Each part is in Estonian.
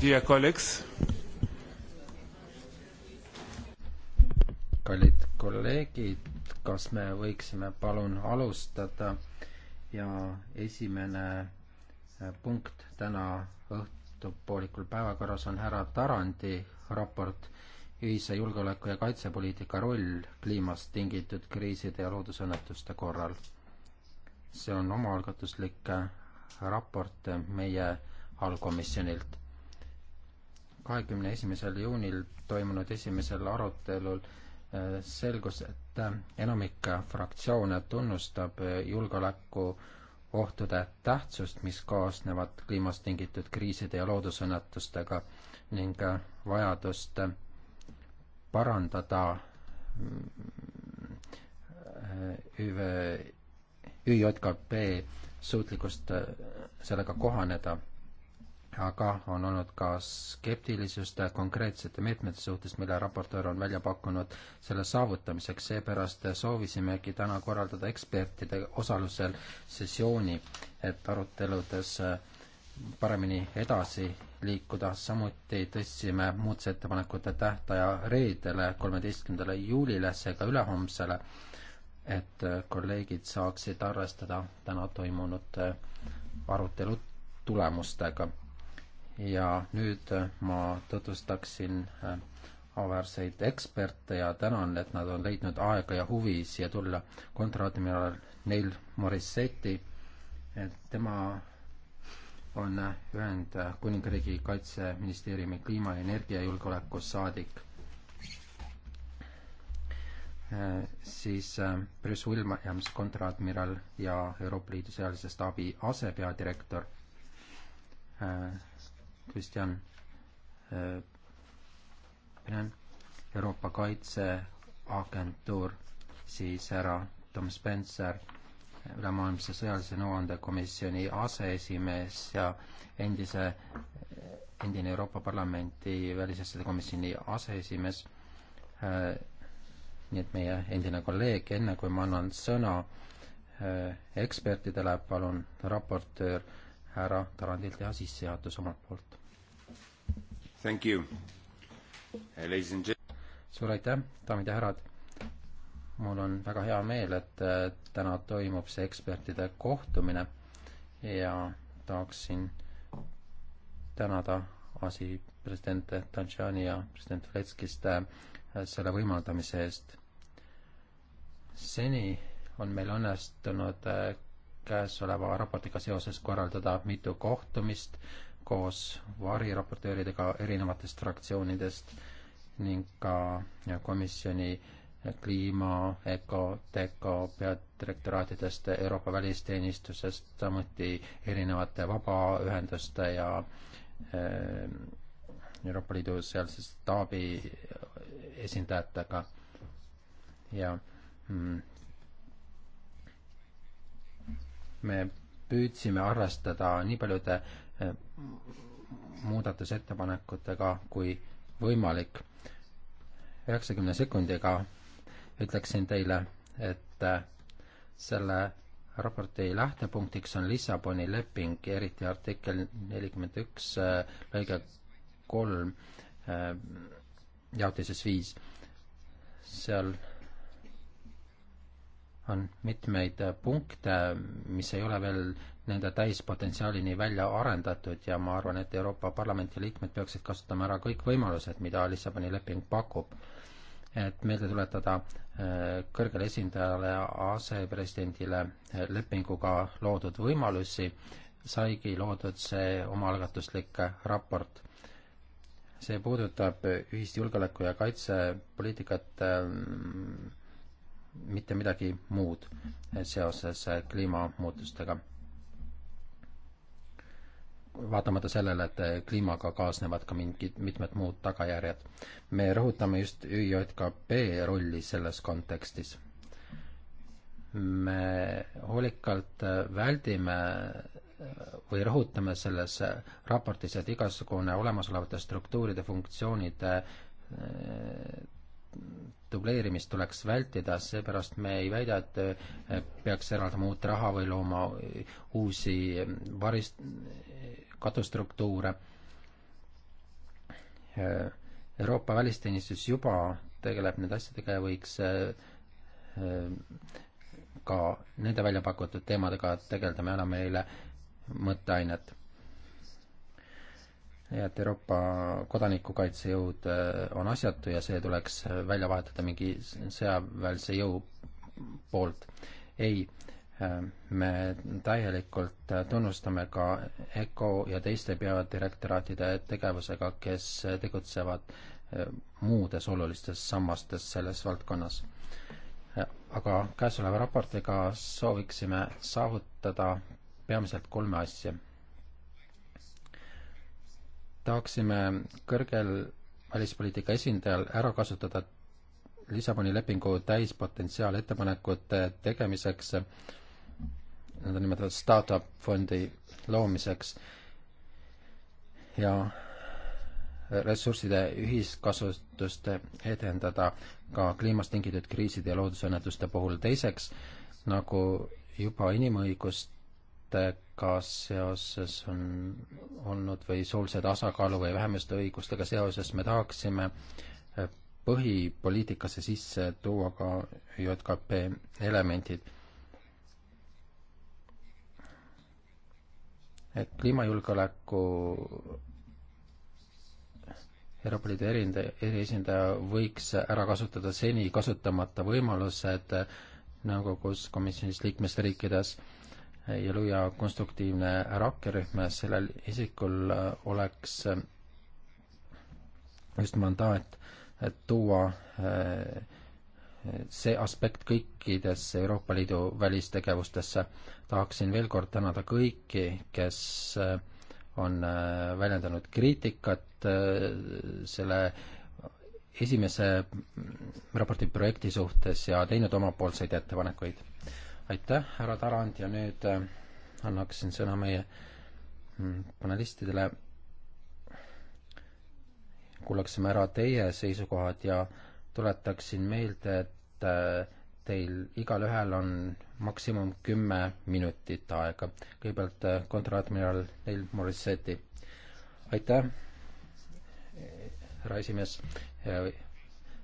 Dear colleagues. kallid kolleegid, kas me võiksime palun alustada ja esimene eh, punkt täna õhtupoolikul päevakorras on härra Tarandi raport ühise julgeoleku- ja kaitsepoliitika roll kliimast tingitud kriiside ja loodusõnnetuste korral. see on omaalgatuslik raport meie allkomisjonilt. kahekümne esimesel juunil toimunud esimesel arutelul eh, selgus, et enamik fraktsioone tunnustab julgeoleku ohtude tähtsust, mis kaasnevad kliimast tingitud kriiside ja loodusõnnetustega ning vajadust parandada mm, ÜJKP suutlikkust äh, sellega kohaneda, aga on olnud ka skeptilisust konkreetsete meetmete suhtes, mille raportöör on välja pakkunud selle saavutamiseks, seepärast soovisimegi täna korraldada ekspertide osalusel sessiooni, et aruteludes äh, paremini edasi liikuda, samuti tõstsime muudatusettepanekute tähtaja reedele, kolmeteistkümnendale juulile, seega ülehomsele, et kolleegid saaksid arvestada täna toimunud äh, arutelu tulemustega. ja nüüd äh, ma tutvustaksin äh, auväärseid eksperte ja tänan, et nad on leidnud aega ja huvi siia tulla. kontradmiral Neil Morisseti, tema on Ühendkuningriigi kaitseministeeriumi kliima- ja energiajulgeoleku saadik siis äh, Bruce Williams, kontradmiral ja Euroopa Liidu sõjalise staabi asepeadirektor Kristjan äh, Penen, äh, Euroopa Kaitseagentuur, siis härra Tom Spencer ülemaailmse sõjalise nõuandekomisjoni aseesimees ja endise, endine Euroopa Parlamenti välisasjade komisjoni aseesimees, äh, nii et meie endine kolleeg, enne kui ma annan sõna äh, ekspertidele, palun raportöör härra Tarandil teha sissejuhatus omalt poolt. suur aitäh, daamid ja härrad mul on väga hea meel, et täna toimub see ekspertide kohtumine ja tahaksin tänada asi president Tantšani ja president Vletskist äh, selle võimaldamise eest. seni on meil õnnestunud äh, käesoleva raportiga seoses korraldada mitu kohtumist koos variraportööridega erinevatest fraktsioonidest ning ka komisjoni äh, kliima, EKO, TEKO peadirektoraatidest, Euroopa välisteenistusest, samuti erinevate vabaühenduste ja eh, Euroopa Liidu sealse staabi esindajatega ja mm, me püüdsime arvestada nii paljude eh, muudatusettepanekutega kui võimalik. üheksakümne sekundiga ütleksin teile, et äh, selle raporti lähtepunktiks on Lissaboni leping, eriti artikkel nelikümmend üks äh, lõige kolm äh, jaotises viis. seal on mitmeid punkte, mis ei ole veel nende täispotentsiaalini välja arendatud ja ma arvan, et Euroopa Parlamenti liikmed peaksid kasutama ära kõik võimalused, mida Lissaboni leping pakub et meelde tuletada äh, kõrgele esindajale, asepresidendile äh, lepinguga loodud võimalusi, saigi loodud see omaalgatuslik raport. see puudutab ühist julgeoleku- ja kaitsepoliitikat, ähm, mitte midagi muud äh, seoses kliimamuutustega vaatamata sellele, et kliimaga kaasnevad ka mingid mitmed muud tagajärjed. me rõhutame just ÜJKP rolli selles kontekstis. me hoolikalt väldime või rõhutame selles raportis, et igasugune olemasolevate struktuuride funktsioonide dubleerimist tuleks vältida, seepärast me ei väida, et eh, peaks eraldama uut raha või looma uusi eh, varist-, katustruktuure. Eh, Euroopa välisteenistus juba tegeleb nende asjadega ja võiks ka nende välja pakutud teemadega tegeleda, me anname neile mõtteainet ja et Euroopa kodanikukaitsejõud äh, on asjatu ja see tuleks äh, välja vahetada mingi sõjaväelise jõu poolt. ei, äh, me täielikult tunnustame ka ECO ja teiste peadirektoraatide tegevusega, kes tegutsevad muudes olulistes sammastes selles valdkonnas. aga käesoleva raportiga sooviksime saavutada peamiselt kolme asja tahaksime kõrgel välispoliitika esindajal ära kasutada Lissaboni lepingu täispotentsiaal ettepanekute tegemiseks, nõndanimetatud startup fondi loomiseks ja ressursside ühiskasutust edendada ka kliimast tingitud kriiside ja loodusõnnetuste puhul. teiseks, nagu juba inimõigust ka seoses on olnud või soolse tasakaalu või vähemuste õigustega seoses me tahaksime eh, põhipoliitikasse sisse tuua ka JKP elemendid. et kliimajulgeoleku Euroopa Liidu erinda-, eriesindaja võiks ära kasutada seni kasutamata võimalused eh, nõukogus, komisjonis, liikmesriikides äh, Jaluja konstruktiivne rakkerühm, sellel isikul oleks just mandaat tuua eh, see aspekt kõikidesse Euroopa Liidu välistegevustesse. tahaksin veel kord tänada kõiki, kes eh, on eh, väljendanud kriitikat selle esimese mm, raporti projekti suhtes ja teinud omapoolseid ettepanekuid aitäh, härra Tarand ja nüüd äh, annaksin sõna meie mm, panelistidele. kuulaksime ära teie seisukohad ja tuletaksin meelde, et äh, teil igalühel on maksimum kümme minutit aega. kõigepealt äh, kontradmiral Neil Morisseti. aitäh, härra esimees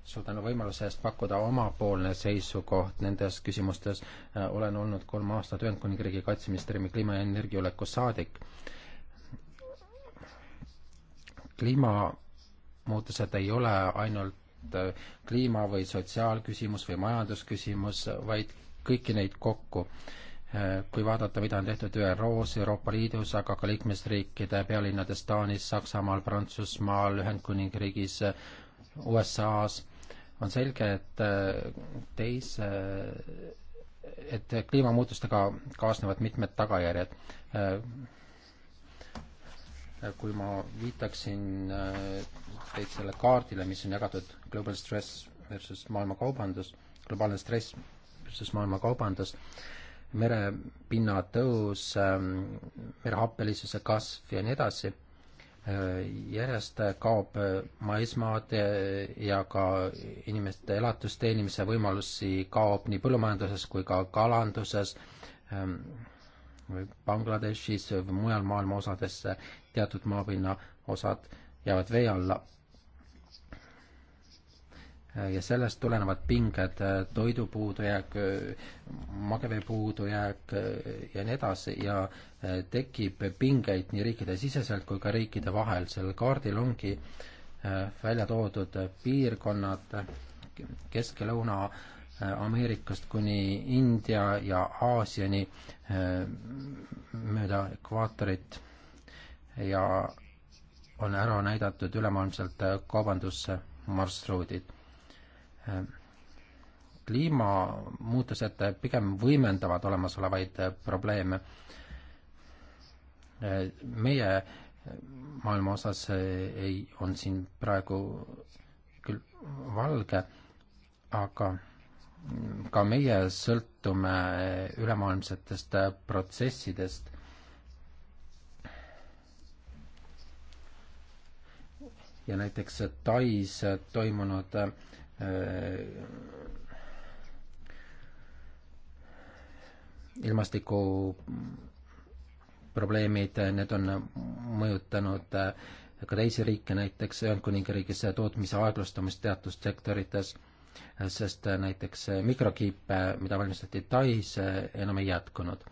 suur tänu võimaluse eest pakkuda omapoolne seisukoht nendes küsimustes. Äh, olen olnud kolm aastat Ühendkuningriigi kaitseministeeriumi kliima- ja energiajuleku saadik. kliimamuutused ei ole ainult äh, kliima- või sotsiaalküsimus või majandusküsimus, vaid kõiki neid kokku. Äh, kui vaadata, mida on tehtud ÜRO-s, Euroopa Liidus, aga ka liikmesriikide pealinnades Taanis, Saksamaal, Prantsusmaal, Ühendkuningriigis, USA-s on selge, et äh, teise, äh, et kliimamuutustega kaasnevad mitmed tagajärjed. Äh, kui ma viitaksin teid selle kaardile, mis on jagatud Global Stress versus maailmakaubandus, globaalne stress versus maailmakaubandus, merepinna tõus, merehappelisuse kasv ja nii edasi järjest kaob äh, maismaad äh, ja ka inimeste elatusteenimise võimalusi kaob nii põllumajanduses kui ka kalanduses ähm, või Bangladeshis või mujal maailma osades teatud maapinna osad jäävad vee alla ja sellest tulenevad pinged, toidu puudujääk, magevee puudujääk äh, ja nii edasi ja äh, tekib pingeid nii riikide siseselt kui ka riikide vahel. sellel kaardil ongi äh, välja toodud piirkonnad Kesk- ja Lõuna-Ameerikast kuni India ja Aasiani mööda ekvaatorit ja on ära näidatud ülemaailmselt kaubandusmarsruudid kliimamuutused pigem võimendavad olemasolevaid probleeme. meie maailma osas ei, on siin praegu küll valge, aga ka meie sõltume ülemaailmsetest protsessidest. ja näiteks Tais toimunud äh, Äh, ilmastiku probleemid, need on mõjutanud äh, ka teisi riike, näiteks Ühendkuningriigis tootmise aeglustamist teatud sektorites, äh, sest näiteks mikrokiipe, mida valmistati Tais, enam ei jätkunud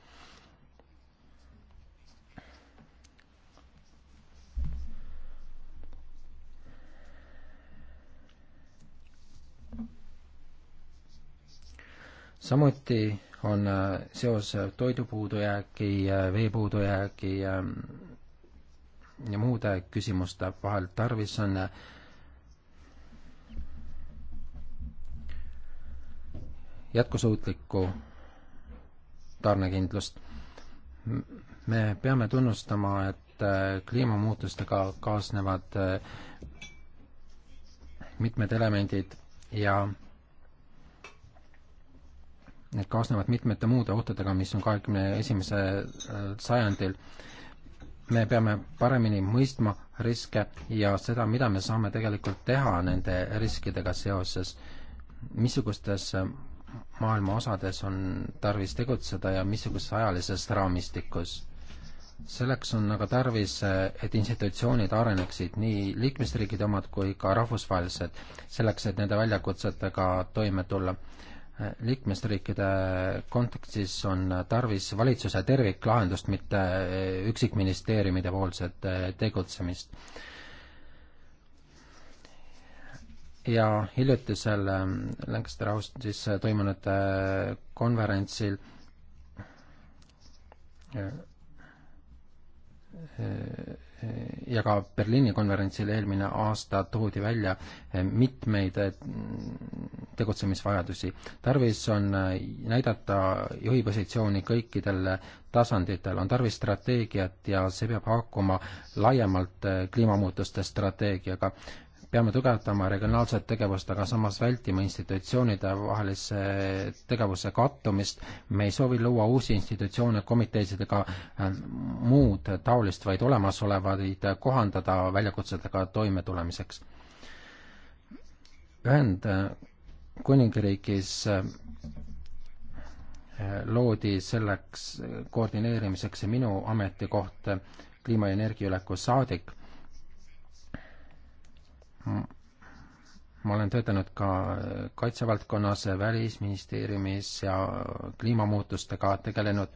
samuti on äh, seos äh, toidupuudujäägi, äh, veepuudujäägi ja, ähm, ja muude küsimuste vahel tarvis on jätkusuutlikku tarnekindlust. me peame tunnustama, et kliimamuutustega kaasnevad mitmed elemendid ja need kaasnevad mitmete muude ohtudega, mis on kahekümne esimesel äh, sajandil. me peame paremini mõistma riske ja seda, mida me saame tegelikult teha nende riskidega seoses, missugustes äh, maailma osades on tarvis tegutseda ja missuguses ajalises raamistikus. selleks on aga tarvis, äh, et institutsioonid areneksid, nii liikmesriigid omad kui ka rahvusvahelised, selleks, et nende väljakutsetega toime tulla liikmesriikide kontekstis on tarvis valitsuse terviklahendust, mitte üksikministeeriumide poolset eh, tegutsemist. ja hiljutisel eh, Lancaster House'is toimunud eh, konverentsil ja ka Berliini konverentsil eelmine aasta toodi välja eh, mitmeid eh, tegutsemisvajadusi. tarvis on eh, näidata juhi positsiooni kõikidel tasanditel, on tarvis strateegiat ja see peab haakuma laiemalt kliimamuutuste strateegiaga peame tugevdama regionaalset tegevust, aga samas vältima institutsioonide vahelise tegevuse kattumist. me ei soovi luua uusi institutsioone, komiteesid ega äh, muud taolist, vaid olemasolevaid kohandada väljakutsetega toimetulemiseks. Ühendkuningriigis äh, loodi selleks koordineerimiseks minu ametikoht kliima- ja energiaüleku saadik ma olen töötanud ka kaitsevaldkonnas, Välisministeeriumis ja kliimamuutustega tegelenud.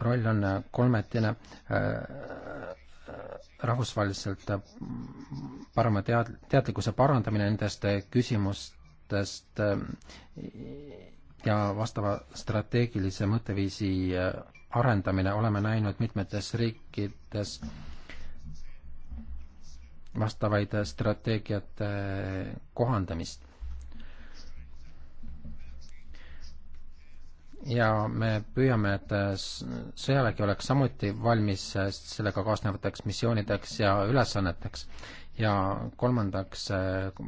roll on kolmetine äh, rahvusvaheliselt parema tead-, teadlikkuse parandamine nendest küsimustest äh, ja vastava strateegilise mõtteviisi äh, arendamine, oleme näinud mitmetes riikides äh, vastavaid strateegiate kohandamist. ja me püüame, et sõjavägi oleks samuti valmis sellega kaasnevateks missioonideks ja ülesanneteks. ja kolmandaks,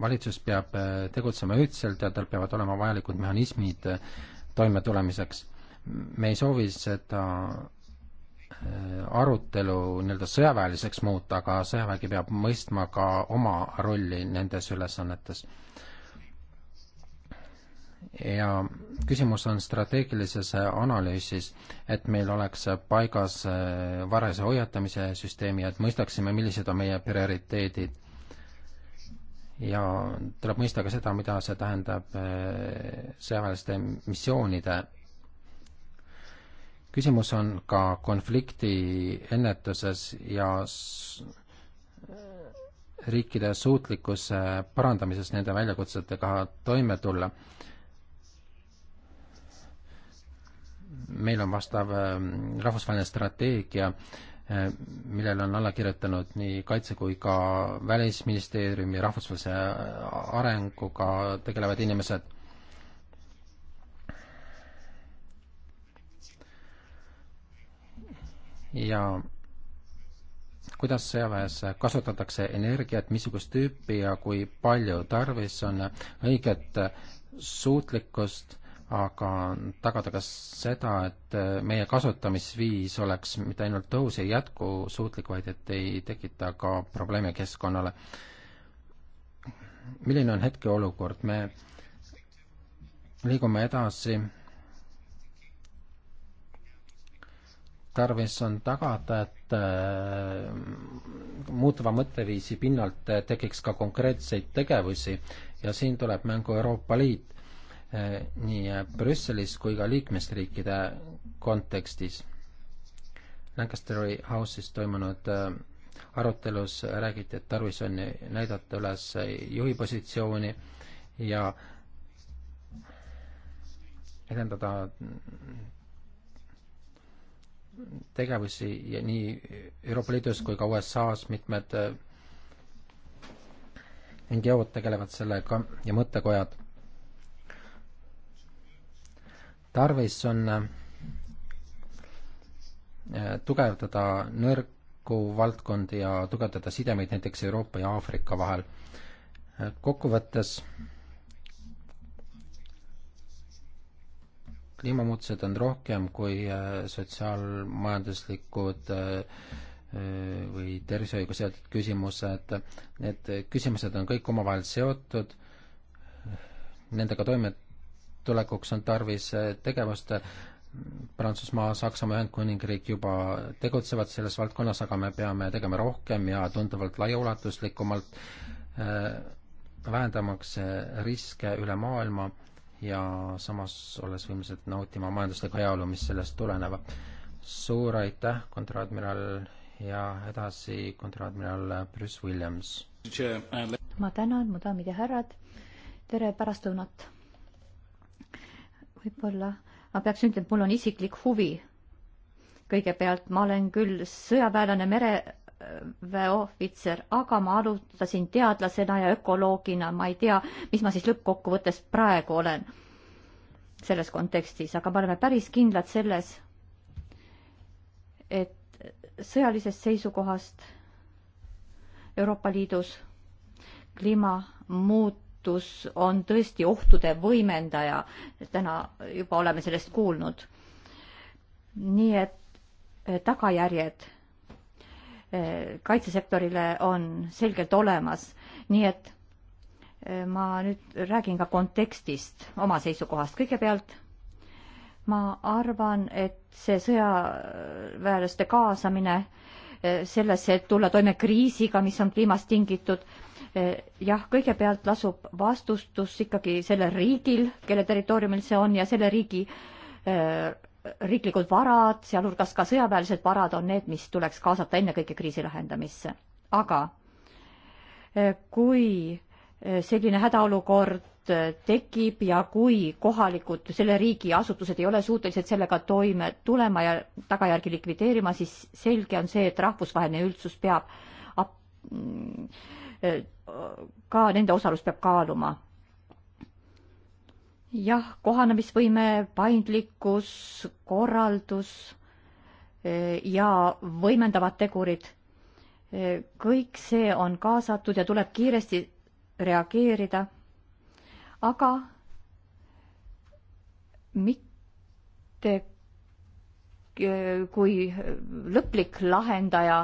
valitsus peab tegutsema ühtselt ja tal peavad olema vajalikud mehhanismid toimetulemiseks. me ei soovi seda arutelu nii-öelda sõjaväeliseks muuta, aga sõjavägi peab mõistma ka oma rolli nendes ülesannetes. ja küsimus on strateegilises analüüsis, et meil oleks paigas äh, varase hoiatamise süsteemi, et mõistaksime, millised on meie prioriteedid. ja tuleb mõista ka seda, mida see tähendab äh, sõjaväeliste missioonide küsimus on ka konflikti ennetuses ja riikide suutlikkuse parandamises nende väljakutsetega toime tulla. meil on vastav ähm, rahvusvaheline strateegia, äh, millele on alla kirjutanud nii Kaitse kui ka Välisministeeriumi rahvusvahelise arenguga tegelevad inimesed. ja kuidas sõjaväes kasutatakse energiat, missugust tüüpi ja kui palju tarvis on õiget suutlikkust, aga tagada ka seda, et meie kasutamisviis oleks mitte ainult tõhus ja jätkusuutlik, vaid et ei tekita ka probleeme keskkonnale. milline on hetkeolukord, me liigume edasi tarvis on tagada, et äh, muutuva mõtteviisi pinnalt äh, tekiks ka konkreetseid tegevusi ja siin tuleb mängu Euroopa Liit äh, nii Brüsselis kui ka liikmesriikide kontekstis. Lancasteri House'is toimunud arutelus räägiti, et tarvis on näidata üles juhi positsiooni ja edendada tegevusi ja nii Euroopa Liidus kui ka USA-s mitmed äh, NGO-d tegelevad sellega ja mõttekojad. tarvis on äh, äh, tugevdada nõrku valdkondi ja tugevdada sidemeid näiteks Euroopa ja Aafrika vahel. kokkuvõttes kliimamuutused on rohkem kui äh, sotsiaalmajanduslikud äh, äh, või tervishoiuga seotud küsimused, need küsimused on kõik omavahel seotud, nendega toimetulekuks on tarvis tegevust, Prantsusmaa, Saksamaa, Ühendkuningriik juba tegutsevad selles valdkonnas, aga me peame tegema rohkem ja tunduvalt laiaulatuslikumalt, vähendamaks riske üle maailma ja samas olles võimelised nautima majanduslikku heaolu, mis sellest tuleneb. suur aitäh, kontradmiral ja edasi kontradmiral Bruce Williams. ma tänan, mu daamid ja härrad. tere pärastlõunat. võib-olla ma peaksin ütlema, et mul on isiklik huvi. kõigepealt ma olen küll sõjaväelane mere väeohvitser, aga ma arutasin teadlasena ja ökoloogina, ma ei tea, mis ma siis lõppkokkuvõttes praegu olen selles kontekstis, aga me oleme päris kindlad selles, et sõjalisest seisukohast Euroopa Liidus kliimamuutus on tõesti ohtude võimendaja, täna juba oleme sellest kuulnud. nii et tagajärjed kaitsesektorile on selgelt olemas, nii et eh, ma nüüd räägin ka kontekstist oma seisukohast. kõigepealt ma arvan, et see sõjaväelaste kaasamine eh, sellesse, et tulla toime kriisiga, mis on kliimast tingitud, eh, jah, kõigepealt lasub vastustus ikkagi sellel riigil, kelle territooriumil see on ja selle riigi riiklikud varad, sealhulgas ka sõjaväelised varad on need, mis tuleks kaasata ennekõike kriisi lahendamisse. aga eh, kui eh, selline hädaolukord eh, tekib ja kui kohalikud selle riigi asutused ei ole suutelised sellega toime tulema ja tagajärgi likvideerima, siis selge on see, et rahvusvaheline üldsus peab mm, ka nende osalust peab kaaluma jah, kohanemisvõime, paindlikkus, korraldus eh, ja võimendavad tegurid. Eh, kõik see on kaasatud ja tuleb kiiresti reageerida. aga mitte eh, kui lõplik lahendaja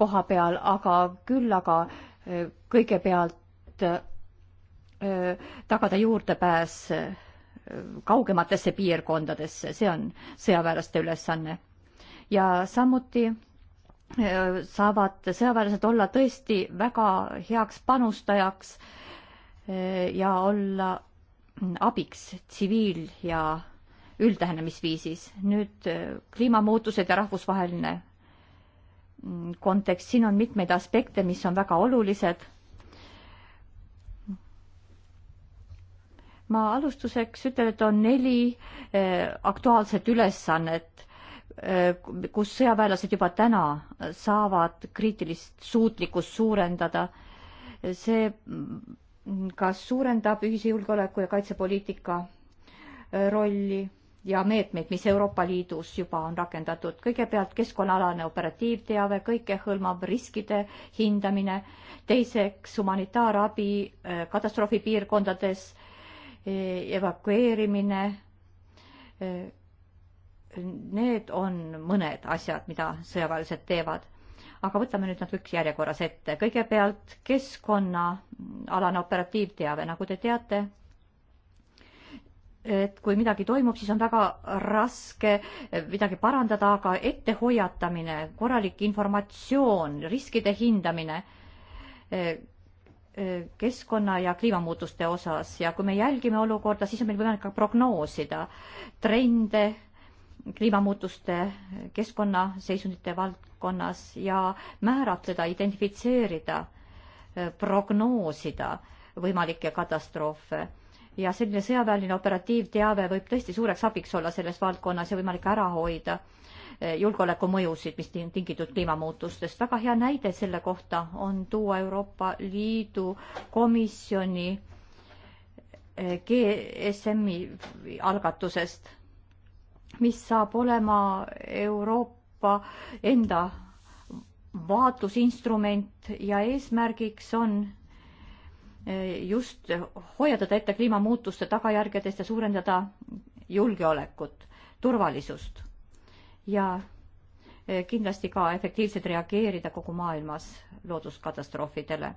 koha peal, aga küll aga kõigepealt Äh, tagada juurdepääs äh, kaugematesse piirkondadesse, see on sõjaväelaste ülesanne. ja samuti äh, saavad sõjaväelased olla tõesti väga heaks panustajaks ja olla abiks tsiviil- ja üldlähenemisviisis. nüüd kliimamuutused ja rahvusvaheline mm, kontekst, siin on mitmeid aspekte, mis on väga olulised ma alustuseks ütlen, et on neli eh, aktuaalset ülesannet, eh, kus sõjaväelased juba täna saavad kriitilist suutlikkust suurendada. see mm, kas suurendab ühise julgeoleku ja kaitsepoliitika eh, rolli ja meetmeid, mis Euroopa Liidus juba on rakendatud. kõigepealt keskkonnaalane operatiivteave, kõikehõlmav riskide hindamine, teiseks humanitaarabi katastroofipiirkondades äh, evakueerimine. Need on mõned asjad, mida sõjaväelased teevad. aga võtame nüüd nad kõik järjekorras ette. kõigepealt keskkonnaalane operatiivteave, nagu te teate, et kui midagi toimub, siis on väga raske midagi parandada, aga ettehoiatamine, korralik informatsioon, riskide hindamine keskkonna ja kliimamuutuste osas ja kui me jälgime olukorda, siis on meil võimalik ka prognoosida trende kliimamuutuste keskkonnaseisundite valdkonnas ja määratleda, identifitseerida, prognoosida võimalikke katastroofe. ja selline sõjaväeline operatiivteave võib tõesti suureks abiks olla selles valdkonnas ja võimalik ära hoida äh, Eh, julgeolekumõjusid, mis tingitud kliimamuutustest. väga hea näide selle kohta on tuua Euroopa Liidu komisjoni eh, GSM-i algatusest, mis saab olema Euroopa enda vaatlusinstrument ja eesmärgiks on eh, just hoiatada ette kliimamuutuste tagajärgedest ja suurendada julgeolekut, turvalisust ja eh, kindlasti ka efektiivselt reageerida kogu maailmas looduskatastroofidele.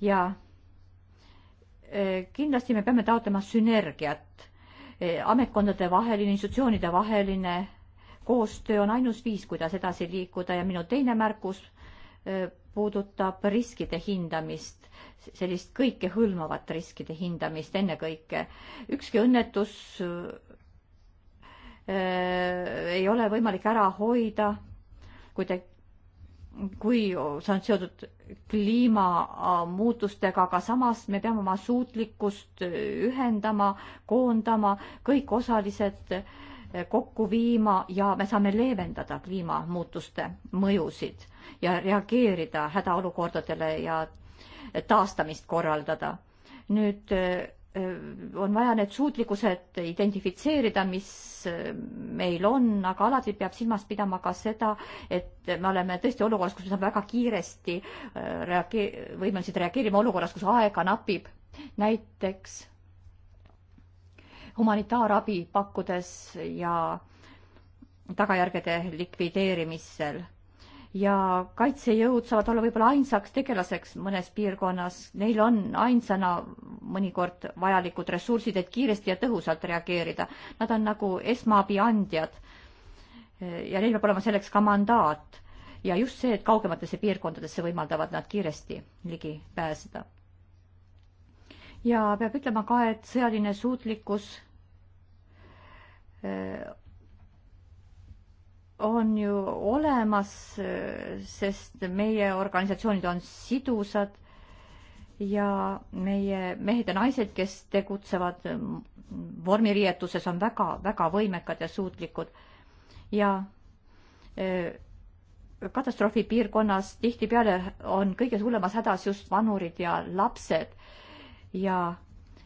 ja eh, kindlasti me peame taotlema sünergiat. Eh, ametkondade vaheline, institutsioonide vaheline koostöö on ainus viis, kuidas edasi liikuda ja minu teine märkus puudutab riskide hindamist, sellist kõikehõlmavat riskide hindamist ennekõike. ükski õnnetus Äh, ei ole võimalik ära hoida, kui te, kui see on seotud kliimamuutustega, aga samas me peame oma suutlikkust ühendama, koondama, kõik osalised äh, kokku viima ja me saame leevendada kliimamuutuste mõjusid ja reageerida hädaolukordadele ja taastamist korraldada. nüüd äh, on vaja need suutlikkused identifitseerida, mis meil on, aga alati peab silmas pidama ka seda, et me oleme tõesti olukorras, kus me saame väga kiiresti reagee-, võimelised reageerima olukorras, kus aega napib. näiteks humanitaarabi pakkudes ja tagajärgede likvideerimisel ja kaitsejõud saavad olla võib-olla ainsaks tegelaseks mõnes piirkonnas, neil on ainsana mõnikord vajalikud ressursid, et kiiresti ja tõhusalt reageerida. Nad on nagu esmaabi andjad ja neil peab olema selleks ka mandaat ja just see, et kaugematesse piirkondadesse võimaldavad nad kiiresti ligi pääseda. ja peab ütlema ka, et sõjaline suutlikkus on ju olemas, sest meie organisatsioonid on sidusad ja meie mehed ja naised, kes tegutsevad vormiriietuses, on väga-väga võimekad ja suutlikud. ja eh, katastroofipiirkonnas tihtipeale on kõige hullemas hädas just vanurid ja lapsed ja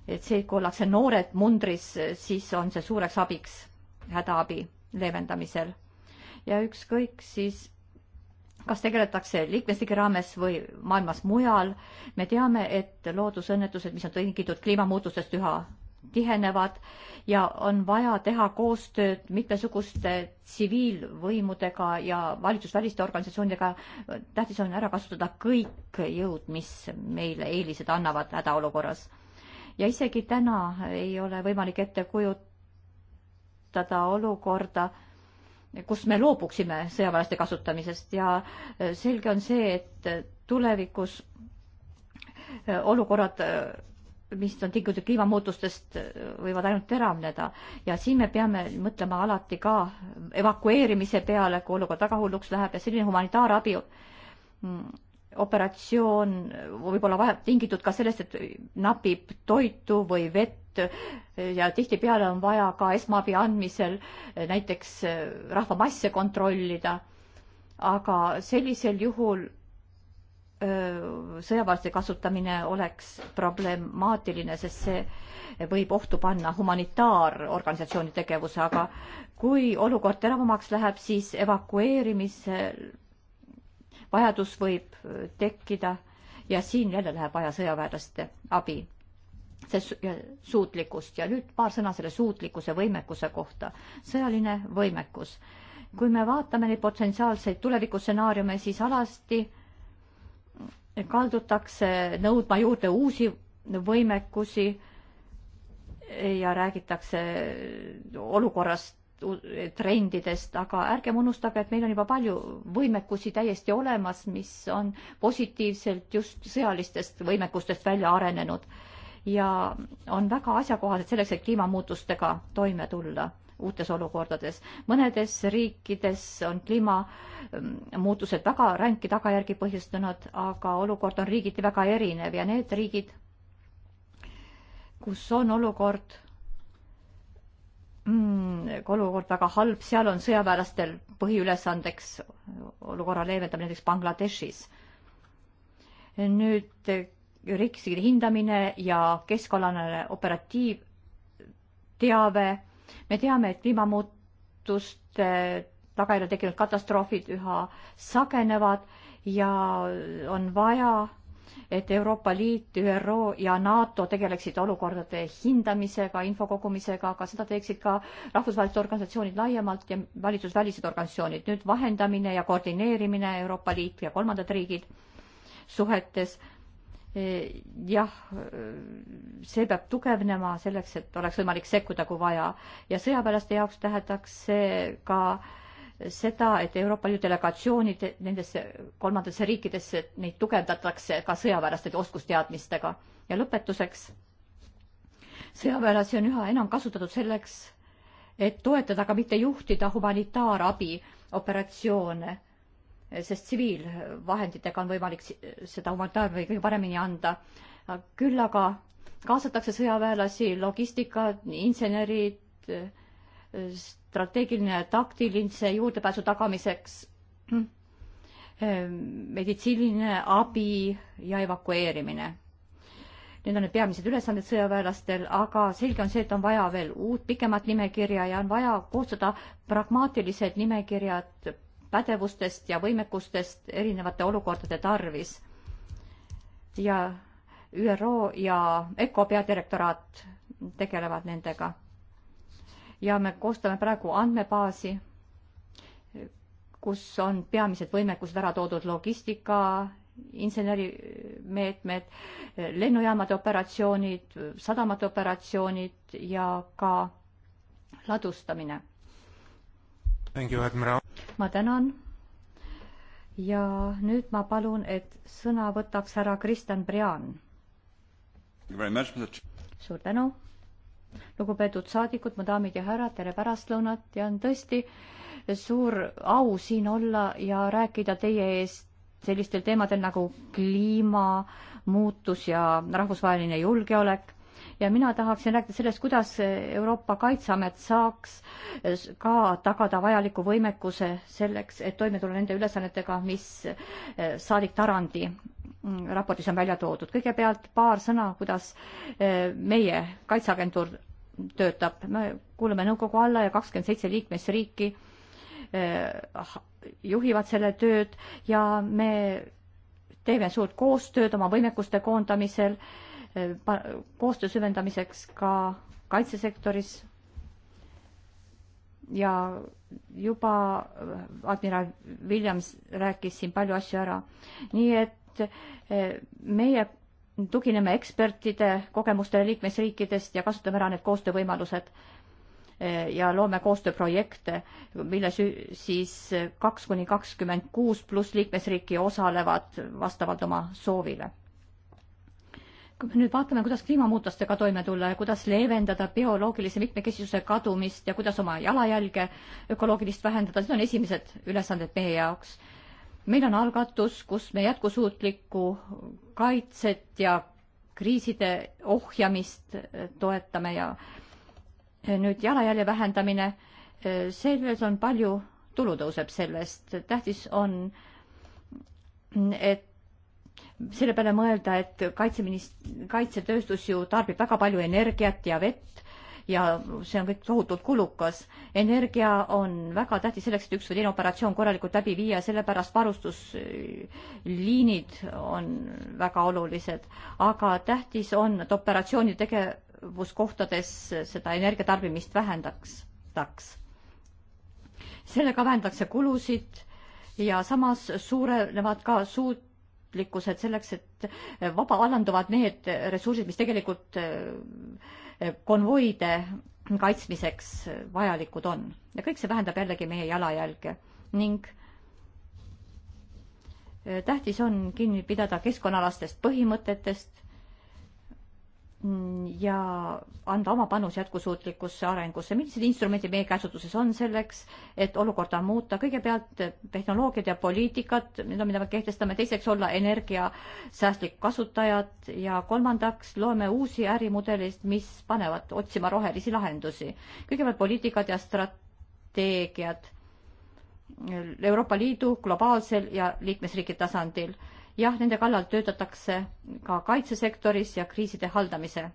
et see, kui ollakse noored mundris, siis on see suureks abiks hädaabi leevendamisel ja ükskõik siis, kas tegeletakse liikmesriigi raames või maailmas mujal, me teame, et loodusõnnetused, mis on tingitud kliimamuutustest üha tihenevad ja on vaja teha koostööd mitmesuguste tsiviilvõimudega ja valitsusväliste organisatsioonidega. tähtis on ära kasutada kõik jõud, mis meile eelised annavad hädaolukorras. ja isegi täna ei ole võimalik ette kujutada olukorda kus me loobuksime sõjaväelaste kasutamisest ja äh, selge on see, et äh, tulevikus äh, olukorrad, mis on tingitud kliimamuutustest, võivad ainult teravneda ja siin me peame mõtlema alati ka evakueerimise peale, kui olukord väga hulluks läheb ja selline humanitaarabi mm, operatsioon võib-olla vajab tingitud ka sellest, et napib toitu või vett ja tihtipeale on vaja ka esmaabi andmisel näiteks eh, rahvamasse kontrollida. aga sellisel juhul eh, sõjaväelaste kasutamine oleks problemaatiline, sest see võib ohtu panna humanitaarorganisatsiooni tegevuse, aga kui olukord teravamaks läheb, siis evakueerimise vajadus võib tekkida ja siin jälle läheb vaja sõjaväelaste abi see suutlikkust ja nüüd paar sõna selle suutlikkuse võimekuse kohta. sõjaline võimekus. kui me vaatame neid potentsiaalseid tulevikustsenaariume, siis alasti kaldutakse nõudma juurde uusi võimekusi ja räägitakse olukorrast, trendidest, aga ärgem unustage, et meil on juba palju võimekusi täiesti olemas, mis on positiivselt just sõjalistest võimekustest välja arenenud ja on väga asjakohased selleks, et kliimamuutustega toime tulla uutes olukordades. mõnedes riikides on kliimamuutused väga ränki tagajärgi põhjustanud, aga olukord on riigiti väga erinev ja need riigid, kus on olukord mm, olukord väga halb, seal on sõjaväelastel põhiülesandeks olukorra leevendamine näiteks Bangladeshis. nüüd riskide hindamine ja keskkonnaalane operatiivteave. me teame, et kliimamuutuste tagajärjel tekkinud katastroofid üha sagenevad ja on vaja, et Euroopa Liit, ÜRO ja NATO tegeleksid olukordade hindamisega, info kogumisega, aga seda teeksid ka rahvusvahelised organisatsioonid laiemalt ja valitsusvälised organisatsioonid. nüüd vahendamine ja koordineerimine Euroopa Liit ja kolmandad riigid suhetes Eh, jah, eh, see peab tugevnema selleks, et oleks võimalik sekkuda, kui vaja. ja sõjaväelaste jaoks tähendaks see ka seda, et Euroopa Liidu delegatsioonid nendesse kolmandatesse riikidesse, neid tugevdatakse ka sõjaväelaste oskusteadmistega. ja lõpetuseks, sõjaväelasi on üha enam kasutatud selleks, et toetada, aga mitte juhtida humanitaarabi operatsioone sest tsiviilvahenditega on võimalik seda humanitaarabi kõige paremini anda. küll aga kaasatakse sõjaväelasi, logistikad, insenerid, strateegiline taktilise juurdepääsu tagamiseks, meditsiiniline abi ja evakueerimine. Need on need peamised ülesanded sõjaväelastel, aga selge on see, et on vaja veel uut pikemat nimekirja ja on vaja koostada pragmaatilised nimekirjad pädevustest ja võimekustest erinevate olukordade tarvis. ja ÜRO ja ECO peadirektoraat tegelevad nendega. ja me koostame praegu andmebaasi, kus on peamised võimekused ära toodud logistika, insenerimeetmed, lennujaamade operatsioonid, sadamate operatsioonid ja ka ladustamine ma tänan. ja nüüd ma palun, et sõna võtaks härra Kristjan Brian. suur tänu. lugupeetud saadikud, mu daamid ja härrad, tere pärastlõunat ja on tõesti suur au siin olla ja rääkida teie eest sellistel teemadel nagu kliimamuutus ja rahvusvaheline julgeolek ja mina tahaksin rääkida sellest, kuidas Euroopa Kaitseamet saaks ka tagada vajaliku võimekuse selleks, et toime tulla nende ülesannetega, mis eh, saadik Tarandi mm, raportis on välja toodud. kõigepealt paar sõna, kuidas eh, meie kaitseagentuur töötab. me kuulume nõukogu alla ja kakskümmend seitse liikmesriiki eh, juhivad selle tööd ja me teeme suurt koostööd oma võimekuste koondamisel Äh, koostöö süvendamiseks ka kaitsesektoris. ja juba äh, admiral Williams rääkis siin palju asju ära, nii et äh, meie tugineme ekspertide kogemustele liikmesriikidest ja kasutame ära need koostöövõimalused ja loome koostööprojekte, milles siis kaks kuni kakskümmend kuus pluss liikmesriiki osalevad vastavalt oma soovile kui me nüüd vaatame, kuidas kliimamuutustega toime tulla ja kuidas leevendada bioloogilise mitmekesisuse kadumist ja kuidas oma jalajälge ökoloogilist vähendada, need on esimesed ülesanded meie jaoks. meil on algatus, kus me jätkusuutlikku kaitset ja kriiside ohjamist äh, toetame ja äh, nüüd jalajälje vähendamine, äh, selles on palju, tulu tõuseb sellest, tähtis on, mm, et selle peale mõelda, et kaitseminist-, kaitsetööstus ju tarbib väga palju energiat ja vett ja see on kõik tohutult kulukas. energia on väga tähtis selleks, et üks või teine operatsioon korralikult läbi viia, sellepärast varustusliinid on väga olulised, aga tähtis on, et operatsiooni tegevuskohtades seda energiatarbimist vähendataks. sellega vähendatakse kulusid ja samas suurenevad ka suud suutlikkused selleks, et vaba vallanduvad need ressursid, mis tegelikult eh, konvoide kaitsmiseks vajalikud on. ja kõik see vähendab jällegi meie jalajälge ning eh, tähtis on kinni pidada keskkonnaalastest põhimõtetest, Mm, ja anda oma panus jätkusuutlikkusse arengusse. millised instrumendid meie käsutuses on selleks, et olukorda muuta? kõigepealt tehnoloogiad ja poliitikad, need on, mida me kehtestame, teiseks olla energiasäästlik kasutajad ja kolmandaks loeme uusi ärimudeleid, mis panevad otsima rohelisi lahendusi. kõigepealt poliitikad ja strateegiad Euroopa Liidu globaalsel ja liikmesriigi tasandil jah, nende kallal töötatakse ka kaitsesektoris ja kriiside haldamise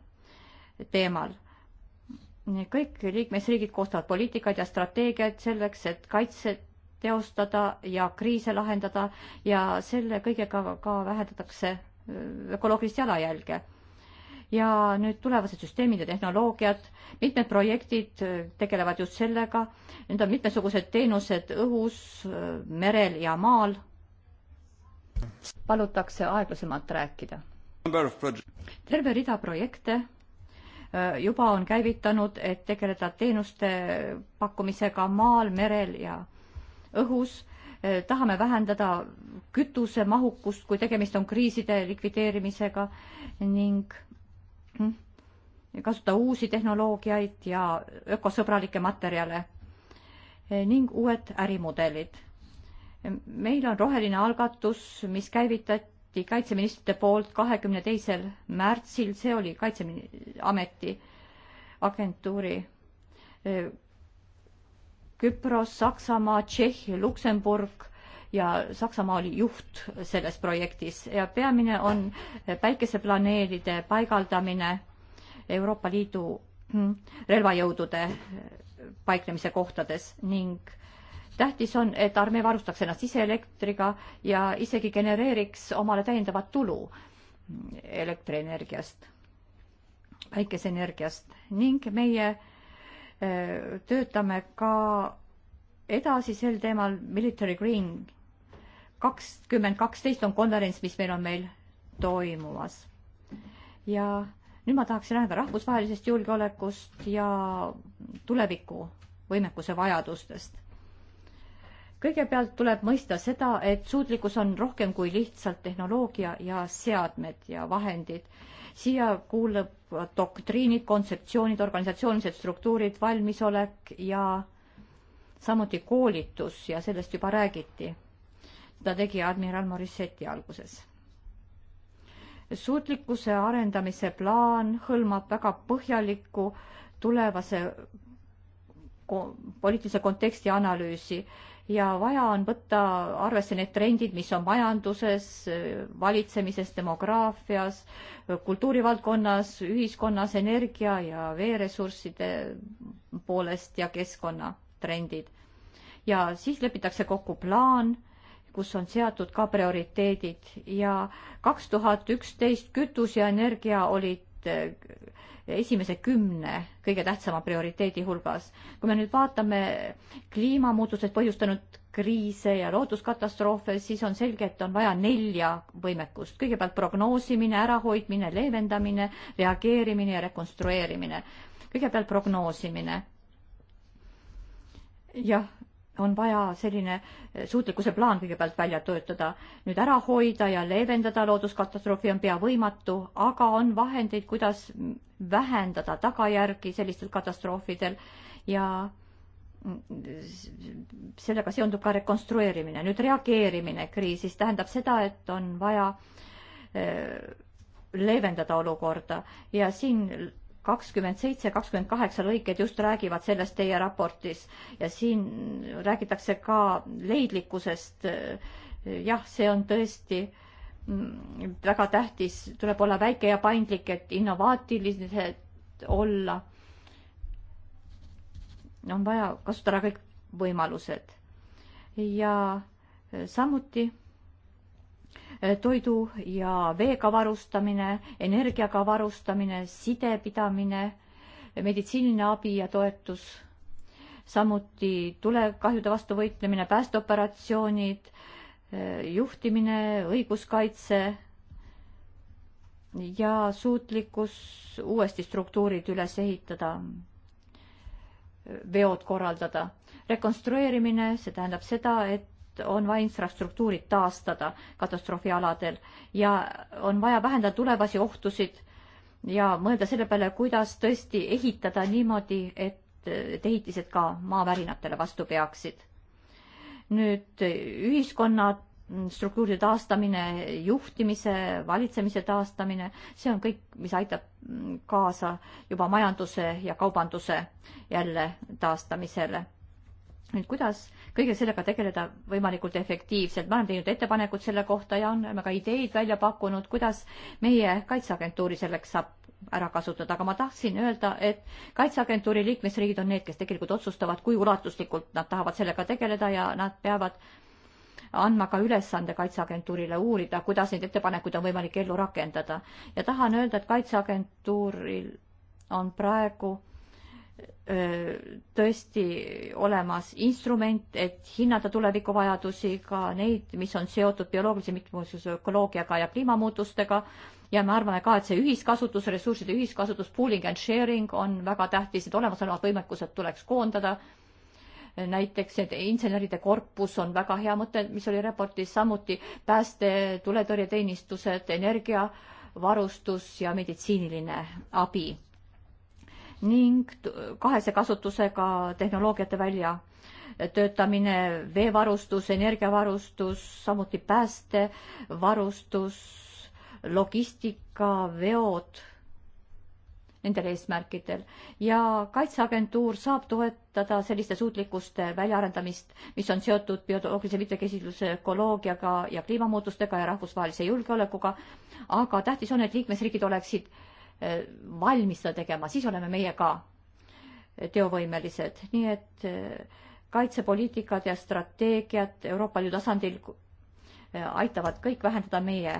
teemal. kõik liikmesriigid koostavad poliitikaid ja strateegiaid selleks, et kaitset teostada ja kriise lahendada ja selle kõigega ka, ka vähendatakse äh, ökoloogilist jalajälge. ja nüüd tulevased süsteemid ja tehnoloogiad, mitmed projektid äh, tegelevad just sellega, need on mitmesugused teenused õhus, äh, merel ja maal palutakse aeglasemalt rääkida. terve rida projekte äh, juba on käivitanud, et tegeleda teenuste pakkumisega maal, merel ja õhus. Äh, tahame vähendada kütusemahukust, kui tegemist on kriiside likvideerimisega ning hm, kasutada uusi tehnoloogiaid ja ökosõbralikke materjale äh, ning uued ärimudelid meil on roheline algatus, mis käivitati kaitseministrite poolt kahekümne teisel märtsil, see oli Kaitseameti agentuuri e, Küpros, Saksamaa, Tšehhi, Luksemburg ja Saksamaa oli juht selles projektis ja peamine on päikeseplaneelide paigaldamine Euroopa Liidu hm, relvajõudude paiknemise kohtades ning tähtis on, et armee varustaks ennast ise elektriga ja isegi genereeriks omale täiendavat tulu elektrienergiast, päikeseenergiast ning meie öö, töötame ka edasi sel teemal Military Green kakskümmend kaksteist on konverents, mis meil on meil toimumas. ja nüüd ma tahaksin rääkida rahvusvahelisest julgeolekust ja tuleviku võimekuse vajadustest kõigepealt tuleb mõista seda, et suutlikkus on rohkem kui lihtsalt tehnoloogia ja seadmed ja vahendid. siia kuulub doktriinid, kontseptsioonid, organisatsioonilised struktuurid, valmisolek ja samuti koolitus ja sellest juba räägiti. seda tegi admiral Morisseti alguses. suutlikkuse arendamise plaan hõlmab väga põhjalikku tulevase poliitilise konteksti analüüsi ja vaja on võtta arvesse need trendid, mis on majanduses, valitsemises, demograafias, kultuurivaldkonnas, ühiskonnas, energia ja veeressursside poolest ja keskkonnatrendid. ja siis lepitakse kokku plaan, kus on seatud ka prioriteedid ja kaks tuhat üksteist kütus ja energia olid esimese kümne kõige tähtsama prioriteedi hulgas. kui me nüüd vaatame kliimamuutused põhjustanud kriise ja looduskatastroofe, siis on selge, et on vaja nelja võimekust. kõigepealt prognoosimine, ärahoidmine, leevendamine, reageerimine ja rekonstrueerimine. kõigepealt prognoosimine. jah on vaja selline eh, suutlikkuse plaan kõigepealt välja töötada, nüüd ära hoida ja leevendada looduskatastroofi on pea võimatu, aga on vahendeid, kuidas vähendada tagajärgi sellistel katastroofidel ja mm, sellega seondub ka rekonstrueerimine, nüüd reageerimine kriisis tähendab seda, et on vaja eh, leevendada olukorda ja siin kakskümmend seitse, kakskümmend kaheksa lõiked just räägivad sellest teie raportis ja siin räägitakse ka leidlikkusest. jah, see on tõesti mm, väga tähtis, tuleb olla väike ja paindlik, et innovaatilised olla. on vaja kasutada kõik võimalused ja samuti Äh, toidu ja veega varustamine, energiaga varustamine, sidepidamine, meditsiiniline abi ja toetus, samuti tulekahjude vastu võitlemine, päästeoperatsioonid, äh, juhtimine, õiguskaitse ja suutlikkus uuesti struktuurid üles ehitada, veod korraldada. rekonstrueerimine, see tähendab seda, et on vaja infrastruktuurid taastada katastroofialadel ja on vaja vähendada tulevasi ohtusid ja mõelda selle peale, kuidas tõesti ehitada niimoodi, et ehitised ka maavärinatele vastu peaksid. nüüd ühiskonna struktuuride taastamine, juhtimise, valitsemise taastamine, see on kõik, mis aitab kaasa juba majanduse ja kaubanduse jälle taastamisele nüüd kuidas kõige sellega tegeleda võimalikult efektiivselt, me oleme teinud ettepanekud selle kohta ja oleme ka ideid välja pakkunud, kuidas meie kaitseagentuuri selleks saab ära kasutada, aga ma tahtsin öelda, et kaitseagentuuri liikmesriigid on need, kes tegelikult otsustavad, kui ulatuslikult nad tahavad sellega tegeleda ja nad peavad andma ka ülesande Kaitseagentuurile uurida, kuidas neid ettepanekuid on võimalik ellu rakendada. ja tahan öelda, et Kaitseagentuuril on praegu äh, tõesti olemas instrument, et hinnata tulevikuvajadusi, ka neid, mis on seotud bioloogilise mitmesuguse ökoloogiaga ja kliimamuutustega. ja me arvame ka, et see ühiskasutus, ressursside ühiskasutus, pooling and sharing on väga tähtis, et olemasolevad võimekused tuleks koondada. näiteks need inseneride korpus on väga hea mõte, mis oli raportis, samuti pääste, tuletõrjeteenistused, energiavarustus ja meditsiiniline abi ning kahese kasutusega tehnoloogiate välja töötamine, veevarustus, energiavarustus, samuti päästevarustus, logistika, veod, nendel eesmärkidel. ja Kaitseagentuur saab toetada selliste suutlikkuste väljaarendamist, mis on seotud bioloogilise mitmekesisuse ökoloogiaga ja kliimamuutustega ja rahvusvahelise julgeolekuga, aga tähtis on, et liikmesriigid oleksid äh, Eh, valmis seda tegema, siis oleme meie ka teovõimelised, nii et eh, kaitsepoliitikad ja strateegiad Euroopa Liidu tasandil eh, aitavad kõik vähendada meie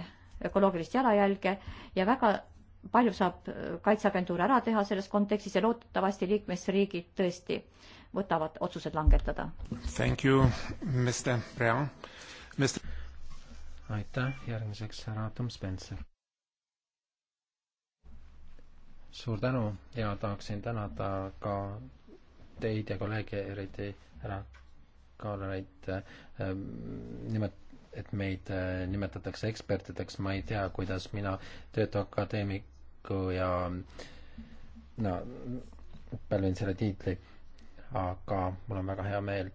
ökoloogilist jalajälge ja väga palju saab Kaitseagentuur ära teha selles kontekstis ja loodetavasti liikmesriigid tõesti võtavad otsused langetada. Thank you, Mr Brown. Mr. aitäh, järgmiseks härra Tom Spencer suur tänu ja tahaksin tänada ka teid ja kolleege, eriti härra Kaarlaid äh,, nimet-, et meid äh, nimetatakse ekspertideks, ma ei tea, kuidas mina töötu akadeemiku ja no pälvin selle tiitli, aga mul on väga hea meel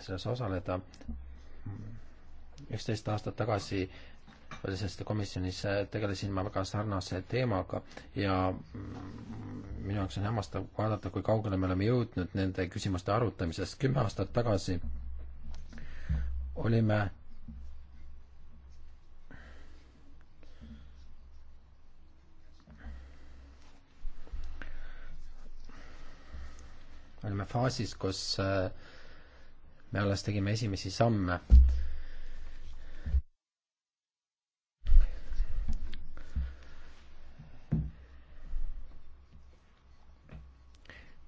selles osaleda. üksteist aastat tagasi äh, rahvuseste komisjonis äh, tegelesin ma väga sarnase teemaga ja minu jaoks on hämmastav vaadata, kui kaugele me oleme jõudnud nende küsimuste arutamisest. kümme aastat tagasi olime olime faasis, kus äh, me alles tegime esimesi samme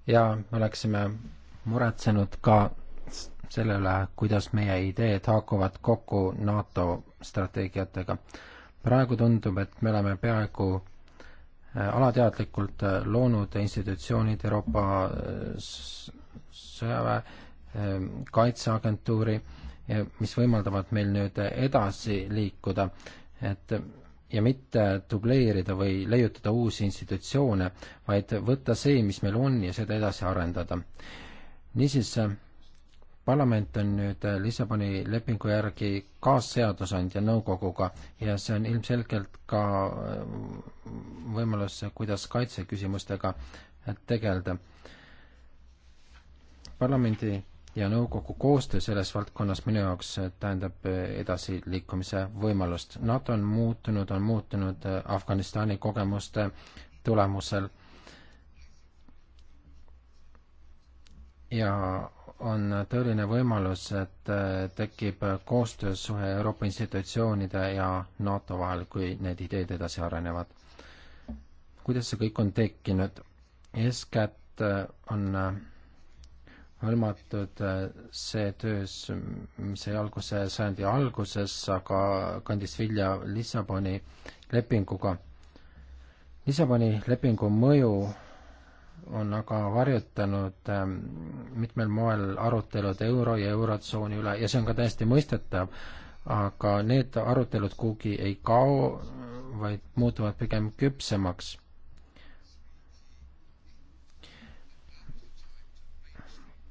ja me oleksime muretsenud ka selle üle, kuidas meie ideed haakuvad kokku NATO strateegiatega. praegu tundub, et me oleme peaaegu äh, alateadlikult äh, loonud institutsioonid Euroopa äh, sõjaväe ähm, kaitseagentuuri, mis võimaldavad meil nüüd edasi liikuda, et ja mitte dubleerida või leiutada uusi institutsioone, vaid võtta see, mis meil on, ja seda edasi arendada. niisiis, parlament on nüüd Lissaboni lepingu järgi kaasseadusandja nõukoguga ja see on ilmselgelt ka võimalus, kuidas kaitseküsimustega tegeleda. parlamendi ja nõukogu koostöö selles valdkonnas minu jaoks tähendab edasiliikumise võimalust. NATO on muutunud, on muutunud äh, Afganistani kogemuste tulemusel ja on tõeline võimalus, et äh, tekib koostöösuhe Euroopa institutsioonide ja NATO vahel, kui need ideed edasi arenevad. kuidas see kõik on tekkinud? eeskätt äh, on hõlmatud äh, see töös, mis sai alguse sajandi alguses, aga kandis vilja Lissaboni lepinguga. Lissaboni lepingu mõju on aga harjutanud ähm, mitmel moel arutelud euro ja eurotsooni üle ja see on ka täiesti mõistetav, aga need arutelud kuhugi ei kao, vaid muutuvad pigem küpsemaks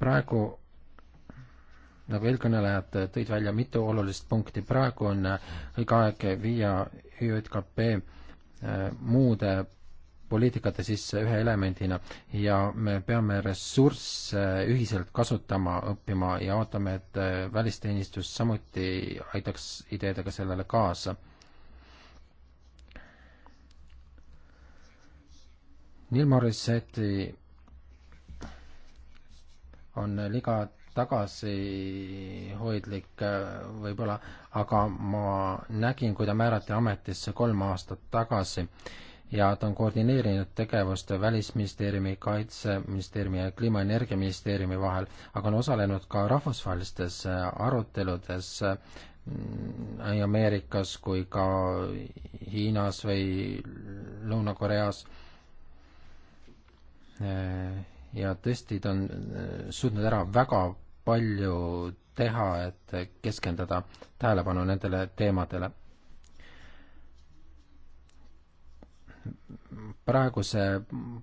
praegu nagu eelkõnelejad tõid välja mitu olulist punkti, praegu on õige aeg viia ÜJKP äh, muude poliitikate sisse ühe elemendina ja me peame ressursse ühiselt kasutama, õppima ja ootame, et äh, välisteenistus samuti aitaks ideedega sellele kaasa. Neil Morisseti on liiga tagasihoidlik võib-olla, aga ma nägin, kui ta määrati ametisse kolm aastat tagasi ja ta on koordineerinud tegevust Välisministeeriumi, Kaitseministeeriumi ja Kliima- ja Energiaministeeriumi vahel, aga on osalenud ka rahvusvahelistes aruteludes mm, nii Ameerikas kui ka Hiinas või Lõuna-Koreas ja tõesti, ta on äh, suutnud ära väga palju teha, et keskenduda tähelepanu nendele teemadele. praeguse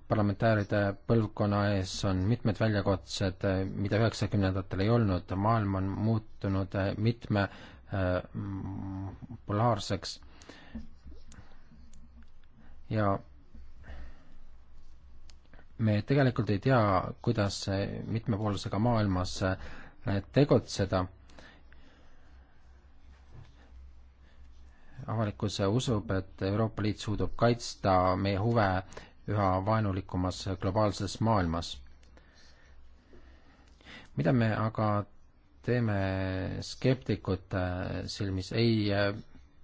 parlamentääride põlvkonna ees on mitmed väljakutsed, äh, mida üheksakümnendatel ei olnud, maailm on muutunud äh, mitme polaarseks ja me tegelikult ei tea, kuidas mitmepoolsega maailmas äh, tegutseda. avalikkus usub, et Euroopa Liit suudab kaitsta meie huve üha vaenulikumas globaalses maailmas. mida me aga teeme skeptikute silmis, ei äh,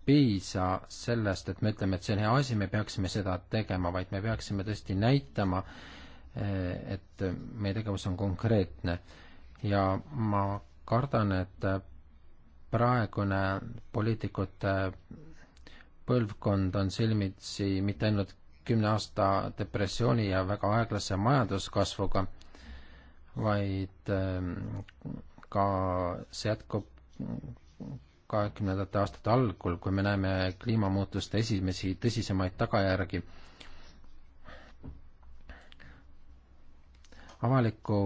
piisa sellest, et me ütleme, et see on hea asi, me peaksime seda tegema, vaid me peaksime tõesti näitama äh, Eh, et meie tegevus on konkreetne ja ma kardan, et praegune poliitikute põlvkond on silmitsi mitte ainult kümne aasta depressiooni ja väga aeglase majanduskasvuga, vaid eh, ka see jätkub kahekümnendate aastate algul, kui me näeme kliimamuutuste esimesi tõsisemaid tagajärgi avaliku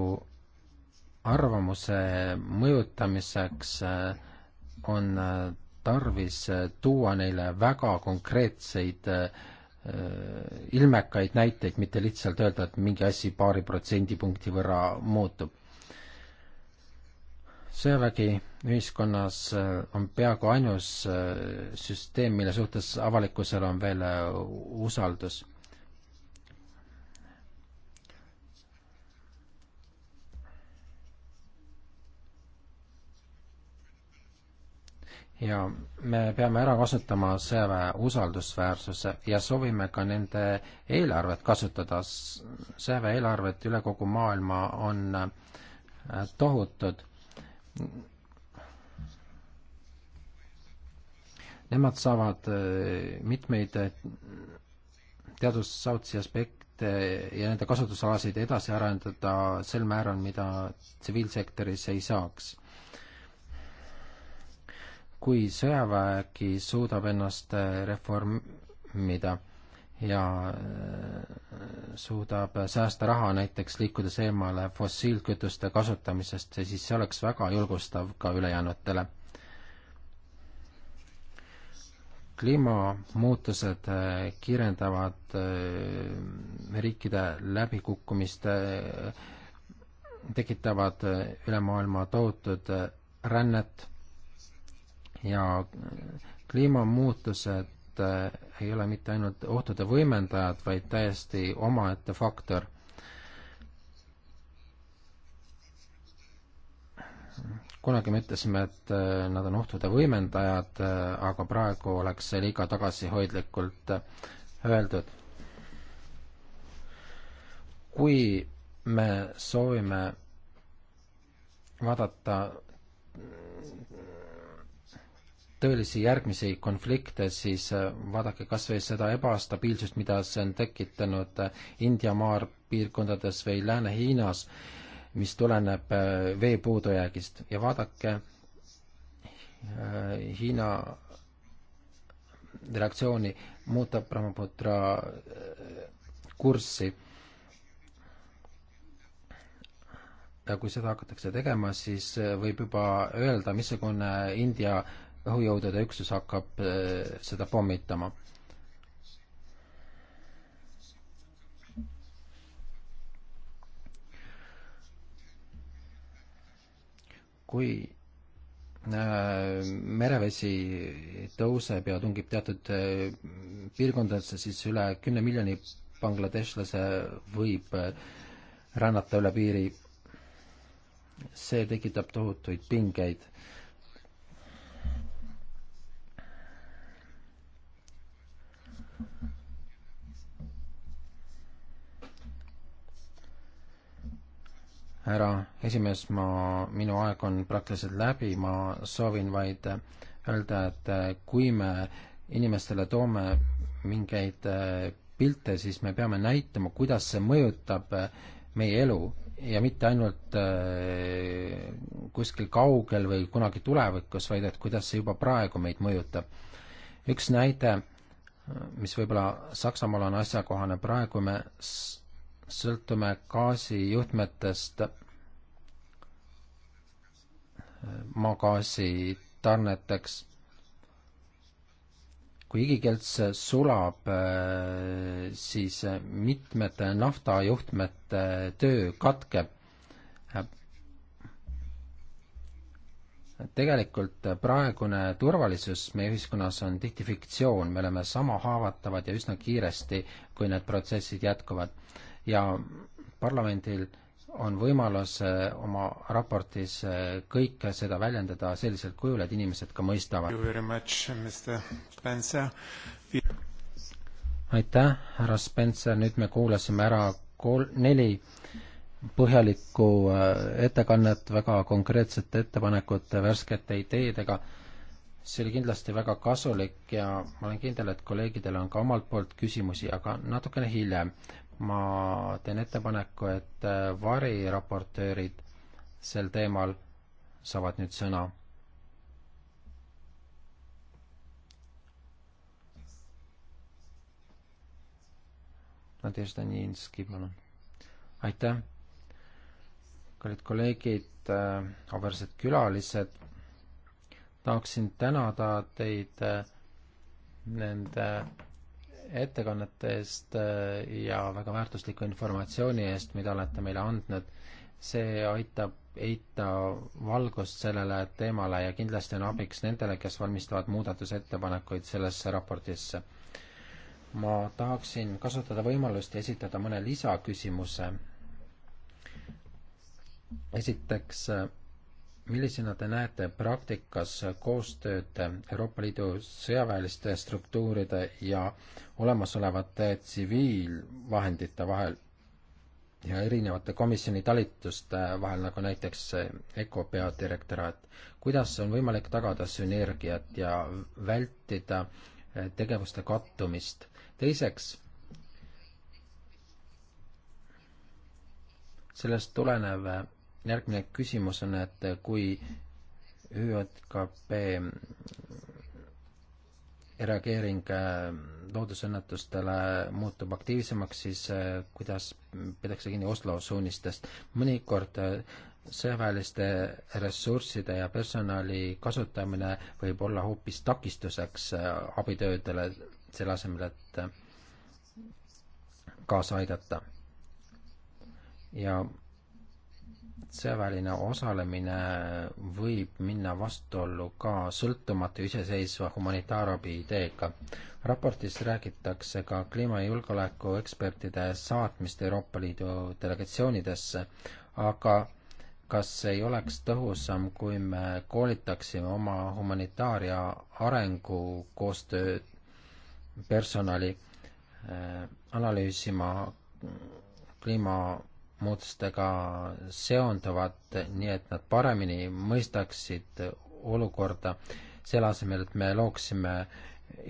arvamuse mõjutamiseks äh, on äh, tarvis äh, tuua neile väga konkreetseid ilmekaid näiteid, mitte lihtsalt öelda, et mingi asi paari protsendipunkti võrra muutub. sõjavägi ühiskonnas on peaaegu ainus süsteem, mille suhtes avalikkusel on veel usaldus. ja me peame ära kasutama sõjaväe usaldusväärsuse ja soovime ka nende eelarvet kasutada. sõjaväe eelarved üle kogu maailma on äh, tohutud. Nemad saavad äh, mitmeid äh, teadussaavutusi aspekte ja nende kasutusalasid edasi arendada sel määral, mida tsiviilsektoris ei saaks kui sõjaväeäki suudab ennast äh, reformida ja äh, suudab äh, säästa raha näiteks liikudes eemale fossiilkütuste kasutamisest, siis see oleks väga julgustav ka ülejäänutele. kliimamuutused kiirendavad riikide läbikukkumist, tekitavad üle maailma tohutud rännet ja kliimamuutused äh, ei ole mitte ainult ohtude võimendajad, vaid täiesti omaette faktor. kunagi me ütlesime, et äh, nad on ohtude võimendajad, äh, aga praegu oleks see liiga tagasihoidlikult öeldud. kui me soovime vaadata tõelisi järgmisi konflikte, siis äh, vaadake kas või seda ebastabiilsust, mida see on tekitanud äh, India maarpiirkondades või Lääne-Hiinas, mis tuleneb äh, vee puudujäägist ja vaadake Hiina reaktsiooni, muuta Brahmaputra kurssi ja kui seda hakatakse tegema, siis võib juba öelda, missugune India õhujõudude üksus hakkab eh, seda pommitama. kui äh, merevesi tõuseb ja tungib teatud äh, piirkondadesse, siis üle kümne miljoni bangladeshlase võib äh, rännata üle piiri. see tekitab tohutuid pingeid äh, härra esimees, ma, minu aeg on praktiliselt läbi, ma soovin vaid öelda, et äh, kui me inimestele toome mingeid äh, pilte, siis me peame näitama, kuidas see mõjutab äh, meie elu ja mitte ainult kuskil kaugel või kunagi tulevikus, vaid et kuidas see juba praegu meid mõjutab. üks näide mis võib-olla Saksamaal on asjakohane, praegu me sõltume gaasijuhtmetest äh, maagaasi tarneteks. kui igikels sulab, äh, siis äh, mitmete naftajuhtmete töö katkeb tegelikult praegune turvalisus meie ühiskonnas on tihti fiktsioon, me oleme sama haavatavad ja üsna kiiresti, kui need protsessid jätkuvad. ja parlamendil on võimalus eh, oma raportis eh, kõike seda väljendada sellisel kujul, et inimesed ka mõistavad. aitäh, härra Spencer, nüüd me kuulasime ära kol-, neli põhjalikku äh, ettekannet väga konkreetsete ettepanekute, värskete ideedega. see oli kindlasti väga kasulik ja ma olen kindel, et kolleegidel on ka omalt poolt küsimusi, aga natukene hiljem. ma teen ettepaneku, et äh, variraportöörid sel teemal saavad nüüd sõna. Nadežda Niinski, palun aitäh! kallid kolleegid, äh, auväärsed külalised, tahaksin tänada teid äh, nende ettekannete eest äh, ja väga väärtusliku informatsiooni eest, mida olete meile andnud. see aitab heita valgust sellele teemale ja kindlasti on abiks nendele, kes valmistavad muudatusettepanekuid sellesse raportisse. ma tahaksin kasutada võimalust ja esitada mõne lisaküsimuse esiteks, äh, millisena te näete praktikas koostööd Euroopa Liidu sõjaväeliste struktuuride ja olemasolevate tsiviilvahendite vahel ja erinevate komisjoni talituste vahel, nagu näiteks EKO peadirektoraat, kuidas on võimalik tagada sünergiat ja vältida äh, tegevuste kattumist? teiseks, sellest tulenev äh, järgmine küsimus on, et kui ÜJKP reageering äh, loodusõnnetustele muutub aktiivsemaks, siis äh, kuidas peetakse kinni Oslo suunistest? mõnikord äh, sõjaväeliste ressursside ja personali kasutamine võib olla hoopis takistuseks abitöödele, selle asemel, et kaasa aidata. ja sõjaväeline osalemine võib minna vastuollu ka sõltumatu iseseisva humanitaarabi ideega. raportis räägitakse ka kliimajulgeoleku ekspertide saatmist Euroopa Liidu delegatsioonidesse, aga kas ei oleks tõhusam, kui me koolitaksime oma humanitaar- ja arengukoostöö personali äh, analüüsima kliima muudatustega seonduvad, nii et nad paremini mõistaksid olukorda, selle asemel, et me looksime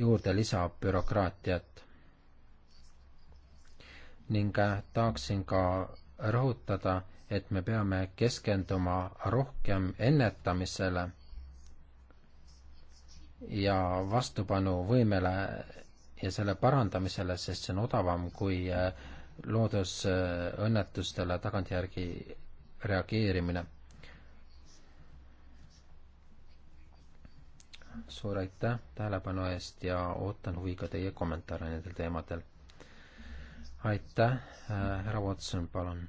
juurde lisabürokraatiat. ning äh, tahaksin ka rõhutada, et me peame keskenduma rohkem ennetamisele ja vastupanuvõimele ja selle parandamisele, sest see on odavam kui äh, loodusõnnetustele tagantjärgi reageerimine. suur aitäh tähelepanu eest ja ootan huviga teie kommentaare nendel teemadel. aitäh, äh, härra Watson, palun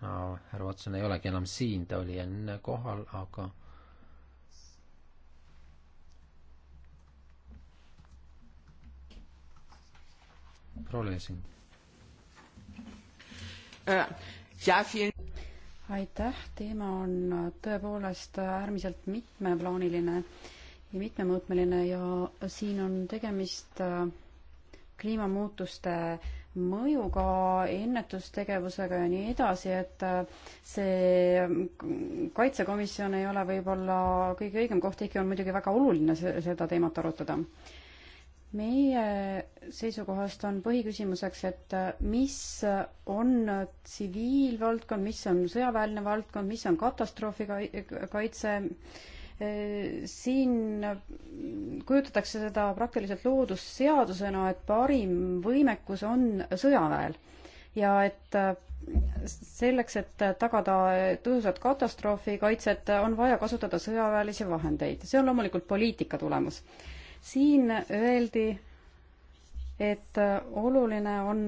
no,. härra Watson ei olegi enam siin, ta oli enne kohal, aga proua Leesin. Äh, aitäh, teema on tõepoolest äärmiselt mitmeplaaniline ja mitmemõõtmeline ja siin on tegemist äh, kliimamuutuste mõjuga, ennetustegevusega ja nii edasi, et äh, see kaitsekomisjon ei ole võib-olla kõige õigem koht, ehkki on muidugi väga oluline seda teemat arutada meie seisukohast on põhiküsimuseks, et äh, mis on tsiviilvaldkond, mis on sõjaväeline valdkond, mis on katastroofikaitse. Äh, siin kujutatakse seda praktiliselt loodusseadusena, et parim võimekus on sõjaväel ja et äh, selleks, et tagada tõhusat katastroofikaitset, on vaja kasutada sõjaväelisi vahendeid. see on loomulikult poliitika tulemus siin öeldi, et oluline on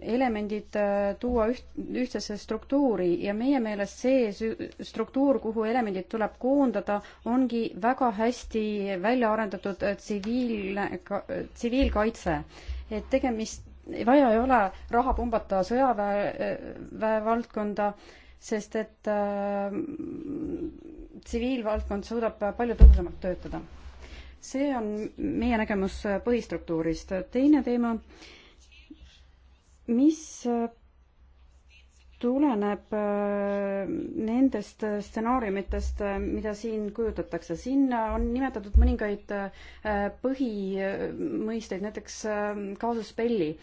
elemendid äh, tuua üht, ühtsesse struktuuri ja meie meelest see struktuur, kuhu elemendid tuleb koondada, ongi väga hästi välja arendatud äh, tsiviil, äh, tsiviilkaitse. et tegemist, vaja ei ole raha pumbata sõjaväe, väe valdkonda, sest et äh, tsiviilvaldkond suudab palju tõhusamalt töötada. see on meie nägemus põhistruktuurist. teine teema, mis tuleneb äh, nendest stsenaariumitest, äh, mida siin kujutatakse. siin on nimetatud mõningaid äh, põhimõisteid, näiteks kaasus Belli.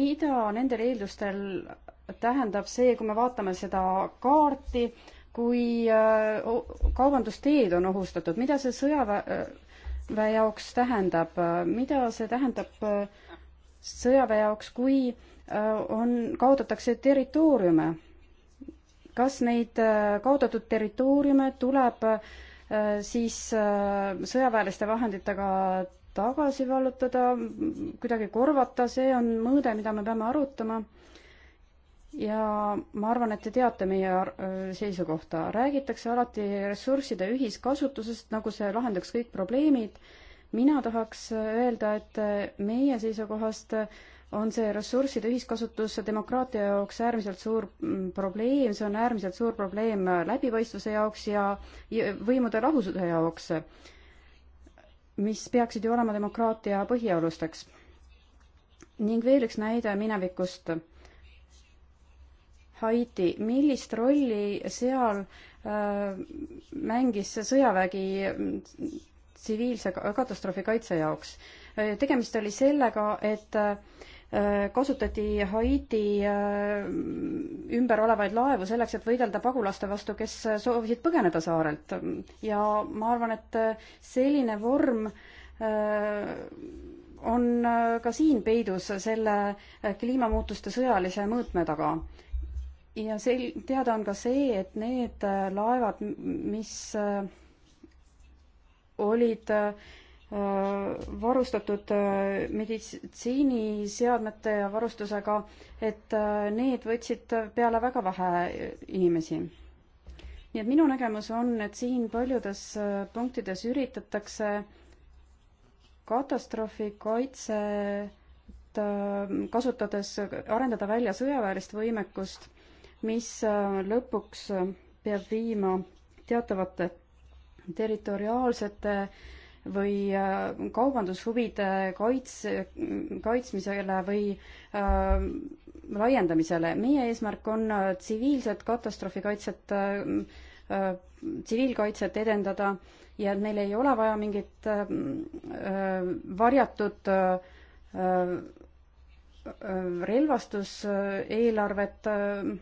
mida nendel eeldustel tähendab see, kui me vaatame seda kaarti, kui äh, kaubandusteed on ohustatud, mida see sõjaväe äh, jaoks tähendab, mida see tähendab äh, sõjaväe jaoks, kui on, kaotatakse territooriume? kas neid kaotatud territooriume tuleb siis sõjaväeliste vahenditega tagasi vallutada, kuidagi korvata, see on mõõde, mida me peame arutama ja ma arvan, et te teate meie äh, seisukohta. räägitakse alati ressursside ühiskasutusest, nagu see lahendaks kõik probleemid. mina tahaks äh, öelda, et äh, meie seisukohast on see ressursside ühiskasutus demokraatia jaoks äärmiselt suur mm, probleem, see on äärmiselt suur probleem läbipaistvuse jaoks ja võimude lahususe jaoks, mis peaksid ju olema demokraatia põhialusteks. ning veel üks näide minevikust Haiti, millist rolli seal äh, mängis sõjavägi mm, tsiviilse katastroofi kaitse jaoks? Äh, tegemist oli sellega, et äh, kasutati Haiti äh, ümber olevaid laevu selleks, et võidelda pagulaste vastu, kes äh, soovisid põgeneda saarelt. ja ma arvan, et selline vorm on ka siin peidus selle kliimamuutuste sõjalise mõõtme taga ja sel-, teada on ka see, et need äh, laevad, mis äh, olid äh, varustatud meditsiiniseadmete ja varustusega, et need võtsid peale väga vähe inimesi. nii et minu nägemus on, et siin paljudes punktides üritatakse katastroofikaitset kasutades arendada välja sõjaväelist võimekust mis äh, lõpuks äh, peab viima teatavate territoriaalsete või äh, kaubandushuvide kaitse, kaitsmisele või äh, laiendamisele. meie eesmärk on tsiviilset katastroofikaitset äh,, tsiviilkaitset edendada ja et meil ei ole vaja mingit äh, varjatud äh, relvastuseelarvet äh,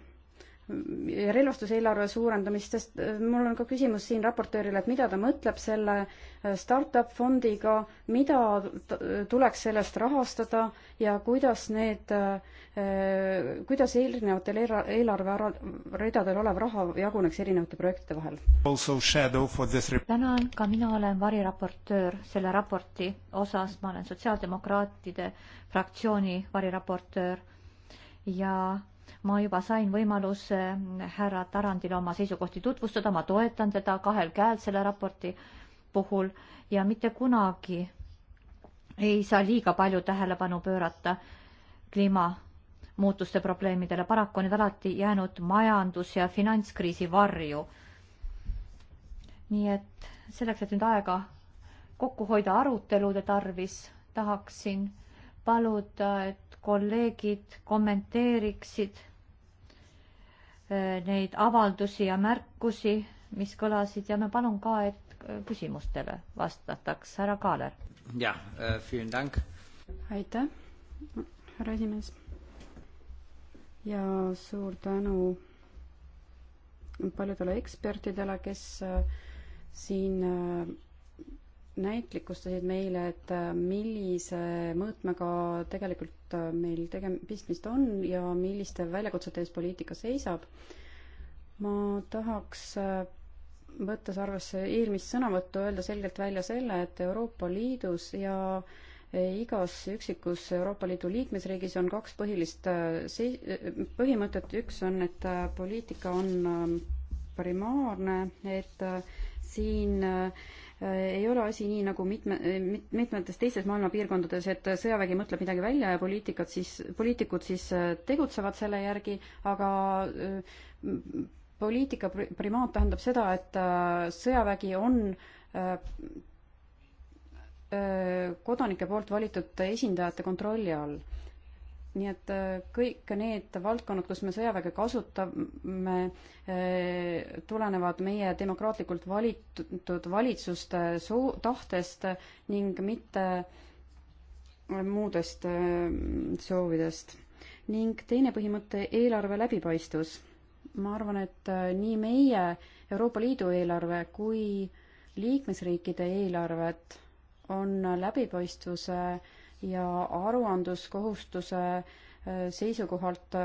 relvastuseelarve suurendamist, sest mul on ka küsimus siin raportöörile, et mida ta mõtleb selle äh, startup fondiga, mida tuleks sellest rahastada ja kuidas need, äh, kuidas erinevatel eelarve redadel olev raha jaguneks erinevate projektide vahel? tänan, ka mina olen variraportöör selle raporti osas, ma olen sotsiaaldemokraatide fraktsiooni variraportöör ja ma juba sain võimaluse eh, härra Tarandile oma seisukohti tutvustada, ma toetan teda kahel käel selle raporti puhul ja mitte kunagi ei saa liiga palju tähelepanu pöörata kliimamuutuste probleemidele, paraku on need alati jäänud majandus- ja finantskriisi varju. nii et selleks, et nüüd aega kokku hoida arutelude tarvis, tahaksin paluda, et kolleegid kommenteeriksid eh, neid avaldusi ja märkusi, mis kõlasid ja ma palun ka, et küsimustele vastataks. härra Kaaler. jah äh,, aitäh, härra esimees. ja suur tänu paljudele ekspertidele, kes eh, siin näitlikustasid meile, et millise mõõtmega tegelikult Äh, meil tegem-, pistmist on ja milliste väljakutsete ees poliitika seisab. ma tahaks, äh, võttes arvesse eelmist sõnavõttu, öelda selgelt välja selle, et Euroopa Liidus ja äh, igas üksikus Euroopa Liidu liikmesriigis on kaks põhilist sei-, põhimõtet, üks on, et poliitika on primaarne, et äh, siin äh, ei ole asi nii nagu mitme, mitmetes teistes maailma piirkondades, et sõjavägi mõtleb midagi välja ja poliitikad siis, poliitikud siis äh, tegutsevad selle järgi, aga äh, poliitika primaat tähendab seda, et sõjavägi on kodanike poolt valitud esindajate kontrolli all nii et äh, kõik need valdkonnad, kus me sõjaväge kasutame, äh, tulenevad meie demokraatlikult valitud valitsuste äh, soo-, tahtest ning mitte muudest soovidest. ning teine põhimõte, eelarve läbipaistvus. ma arvan, et nii meie Euroopa Liidu eelarve kui liikmesriikide eelarved on läbipaistvuse äh, ja aruandluskohustuse äh, seisukohalt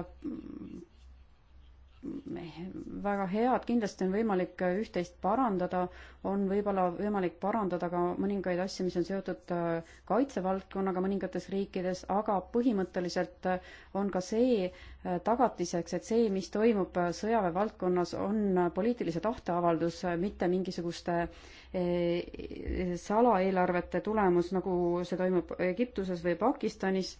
väga head, kindlasti on võimalik üht-teist parandada, on võib-olla võimalik parandada ka mõningaid asju, mis on seotud äh, kaitsevaldkonnaga mõningates riikides, aga põhimõtteliselt äh, on ka see äh, tagatiseks, et see, mis toimub sõjaväe valdkonnas, on poliitilise tahteavaldus, mitte mingisuguste salaeelarvete tulemus, nagu see toimub Egiptuses või Pakistanis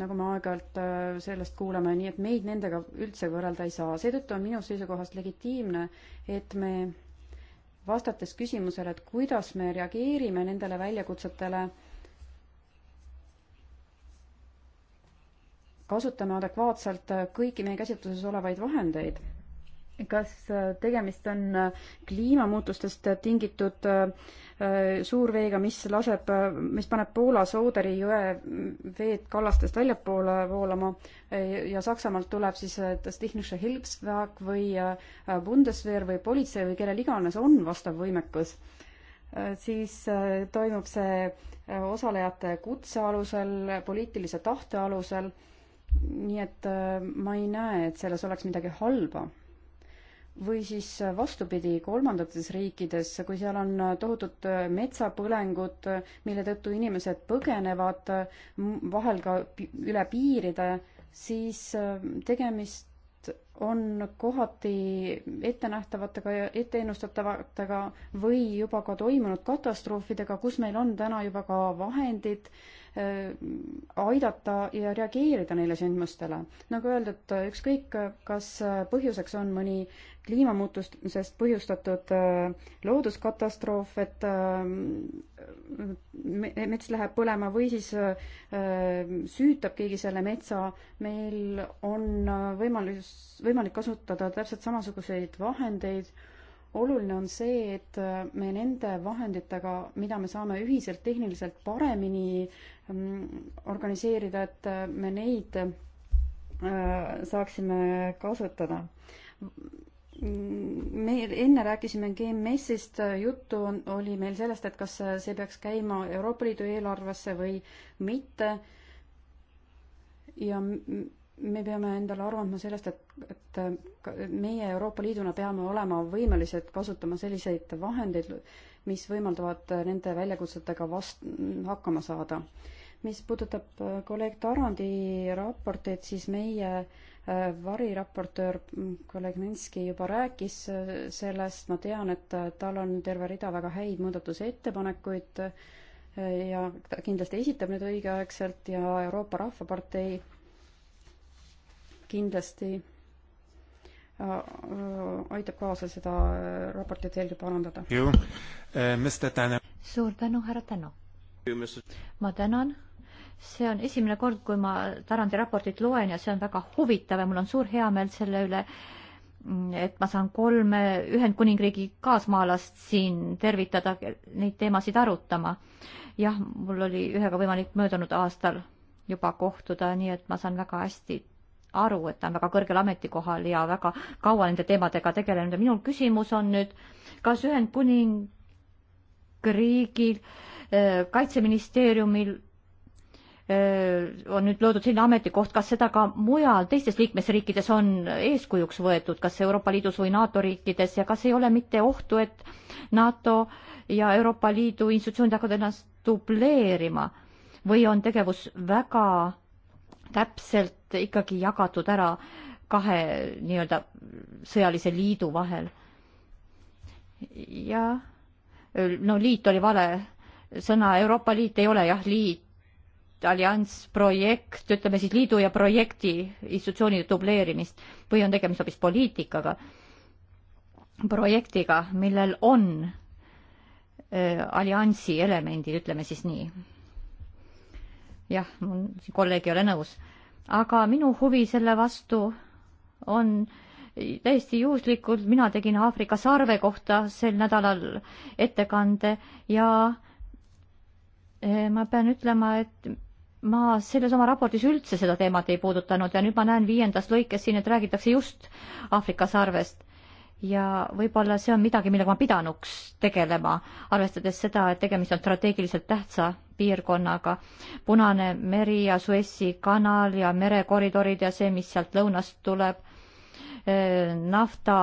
nagu me aeg-ajalt äh, sellest kuuleme, nii et meid nendega üldse võrrelda ei saa. seetõttu on minu seisukohast legitiimne, et me vastates küsimusele, et kuidas me reageerime nendele väljakutsetele, kasutame adekvaatselt äh, kõiki meie käsitluses olevaid vahendeid kas äh, tegemist on äh, kliimamuutustest tingitud äh, suurveega, mis laseb, mis paneb Poola Sooderi jõe veed kallastest väljapoole voolama ja Saksamaalt tuleb siis Stichnuse Hilfswerk või Bundeswehr või politsei või kellel iganes on vastav võimekus, siis toimub see osalejate kutse alusel, poliitilise tahte alusel, nii et ma ei näe, et selles oleks midagi halba või siis vastupidi, kolmandates riikides, kui seal on tohutud metsapõlengud, mille tõttu inimesed põgenevad vahel ka üle piiride, siis äh, tegemist on kohati ettenähtavatega ja etteennustatavatega või juba ka toimunud katastroofidega, kus meil on täna juba ka vahendid äh, aidata ja reageerida neile sündmustele. nagu öeldud, ükskõik, kas põhjuseks on mõni kliimamuutusest põhjustatud äh, looduskatastroof, et äh, mets läheb põlema või siis süütab keegi selle metsa, meil on võimalus, võimalik võimalik kasutada täpselt samasuguseid vahendeid. oluline on see, et me nende vahenditega, mida me saame ühiselt tehniliselt paremini mm, organiseerida, et me neid äh, saaksime kasutada. Mm, me enne rääkisime GMS-ist, juttu on, oli meil sellest, et kas see peaks käima Euroopa Liidu eelarvesse või mitte. ja me peame endale aru andma sellest, et, et meie Euroopa Liiduna peame olema võimelised kasutama selliseid vahendeid, mis võimaldavad nende väljakutsetega vast-, hakkama saada. mis puudutab äh, kolleeg Tarandi raportit, siis meie äh, variraportöör mm, kolleeg Minski juba rääkis äh, sellest, ma tean, et tal on terve rida väga häid muudatusettepanekuid ja ta kindlasti esitab need õigeaegselt ja Euroopa Rahvapartei kindlasti äh, äh, aitab kaasa seda äh, raportit veelgi parandada. suur tänu, härra Tänu. ma tänan. see on esimene kord, kui ma Tarandi raportit loen ja see on väga huvitav ja mul on suur heameel selle üle, et ma saan kolme Ühendkuningriigi kaasmaalast siin tervitada neid teemasid arutama. jah, mul oli ühega võimalik möödunud aastal juba kohtuda, nii et ma saan väga hästi aru, et ta on väga kõrgel ametikohal ja väga kaua nende teemadega tegelenud ja minul küsimus on nüüd, kas Ühendkuningriigil äh, kaitseministeeriumil äh, on nüüd loodud selline ametikoht, kas seda ka mujal teistes liikmesriikides on eeskujuks võetud, kas Euroopa Liidus või NATO riikides ja kas ei ole mitte ohtu, et NATO ja Euroopa Liidu institutsioonid hakkavad ennast dubleerima või on tegevus väga täpselt ikkagi jagatud ära kahe nii-öelda sõjalise liidu vahel. ja no liit oli vale sõna, Euroopa Liit ei ole jah liit, allianss, projekt, ütleme siis liidu ja projekti institutsioonide dubleerimist või on tegemist hoopis poliitikaga, projektiga, millel on äh, alliansi elemendid, ütleme siis nii. jah, mul kolleeg ei ole nõus äh, aga minu huvi selle vastu on täiesti juhuslikult, mina tegin Aafrika sarve kohta sel nädalal ettekande ja eh, ma pean ütlema, et ma selles oma raportis üldse seda teemat ei puudutanud ja nüüd ma näen viiendas lõikes siin, et räägitakse just Aafrika sarvest ja võib-olla see on midagi, millega ma pidanuks tegelema, arvestades seda, et tegemist on strateegiliselt tähtsa piirkonnaga. Punane meri ja Suessi kanal ja merekoridorid ja see, mis sealt lõunast tuleb, eh, nafta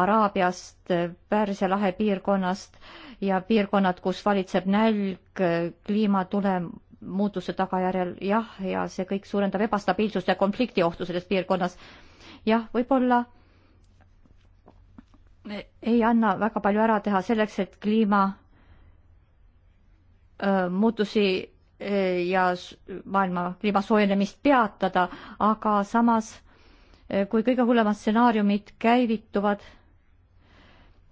Araabiast, eh, Pärsia lahe piirkonnast ja piirkonnad, kus valitseb nälg eh, kliimatule muutuse tagajärjel, jah, ja see kõik suurendab ebastabiilsust ja konfliktiohtu selles piirkonnas. jah, võib-olla äh, ei anna väga palju ära teha selleks, et kliima muutusi ja maailma kliima soojenemist peatada, aga samas kui kõige hullemad stsenaariumid käivituvad,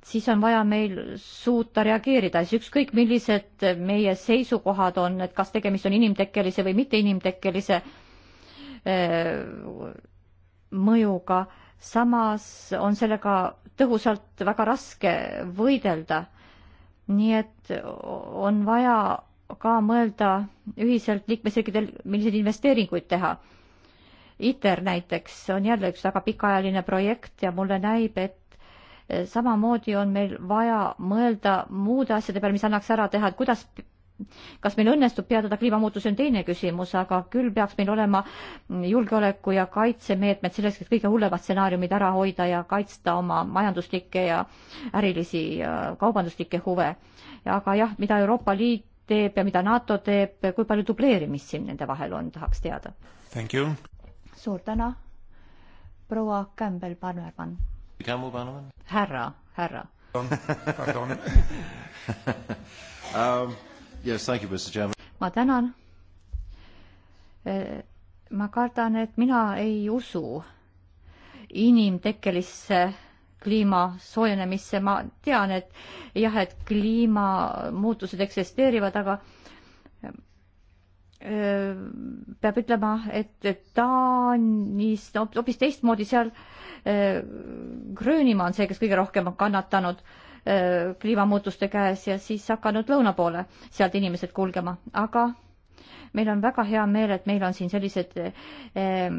siis on vaja meil suuta reageerida, siis ükskõik, millised meie seisukohad on, et kas tegemist on inimtekkelise või mitte inimtekkelise mõjuga samas on sellega tõhusalt väga raske võidelda. nii et on vaja ka mõelda ühiselt liikmesriikidel, milliseid investeeringuid teha. ITER näiteks on jälle üks väga pikaajaline projekt ja mulle näib, et samamoodi on meil vaja mõelda muude asjade peale, mis annaks ära teha, et kuidas kas meil õnnestub peatada kliimamuutusi, on teine küsimus, aga küll peaks meil olema julgeoleku ja kaitsemeetmed selleks, et kõige hullemad stsenaariumid ära hoida ja kaitsta oma majanduslikke ja ärilisi ja äh, kaubanduslikke huve. aga jah, mida Euroopa Liit teeb ja mida NATO teeb, kui palju dubleerimist siin nende vahel on, tahaks teada. suur tänu, proua Campbell-Bannermann. Campbell-Bannermann? härra, härra. pardon, pardon um Yes, thank you, Mr. Chairman. ma tänan. Eh, ma kardan, et mina ei usu inimtekkelisse kliima soojenemisse, ma tean, et jah, et kliimamuutused eksisteerivad, aga eh, peab ütlema, et Taanis hoopis no, teistmoodi, seal eh, Gröönimaa on see, kes kõige rohkem on kannatanud Äh, kliimamuutuste käes ja siis hakanud lõuna poole sealt inimesed kulgema, aga meil on väga hea meel, et meil on siin sellised ähm,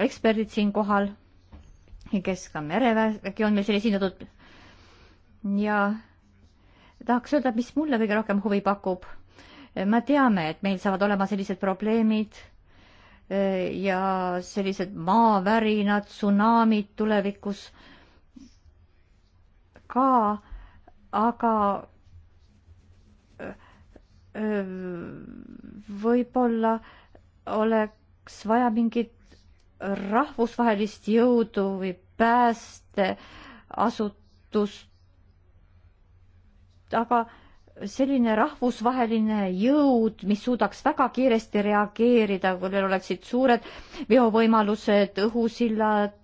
eksperdid siinkohal, kes ka merevägi on meil siin esindatud. ja tahaks öelda, mis mulle kõige rohkem huvi pakub. me teame, et meil saavad olema sellised probleemid äh, ja sellised maavärinad, tsunamid tulevikus ka, aga võib-olla oleks vaja mingit rahvusvahelist jõudu või päästeasutust. aga selline rahvusvaheline jõud, mis suudaks väga kiiresti reageerida, kui meil oleksid suured veovõimalused, õhusillad,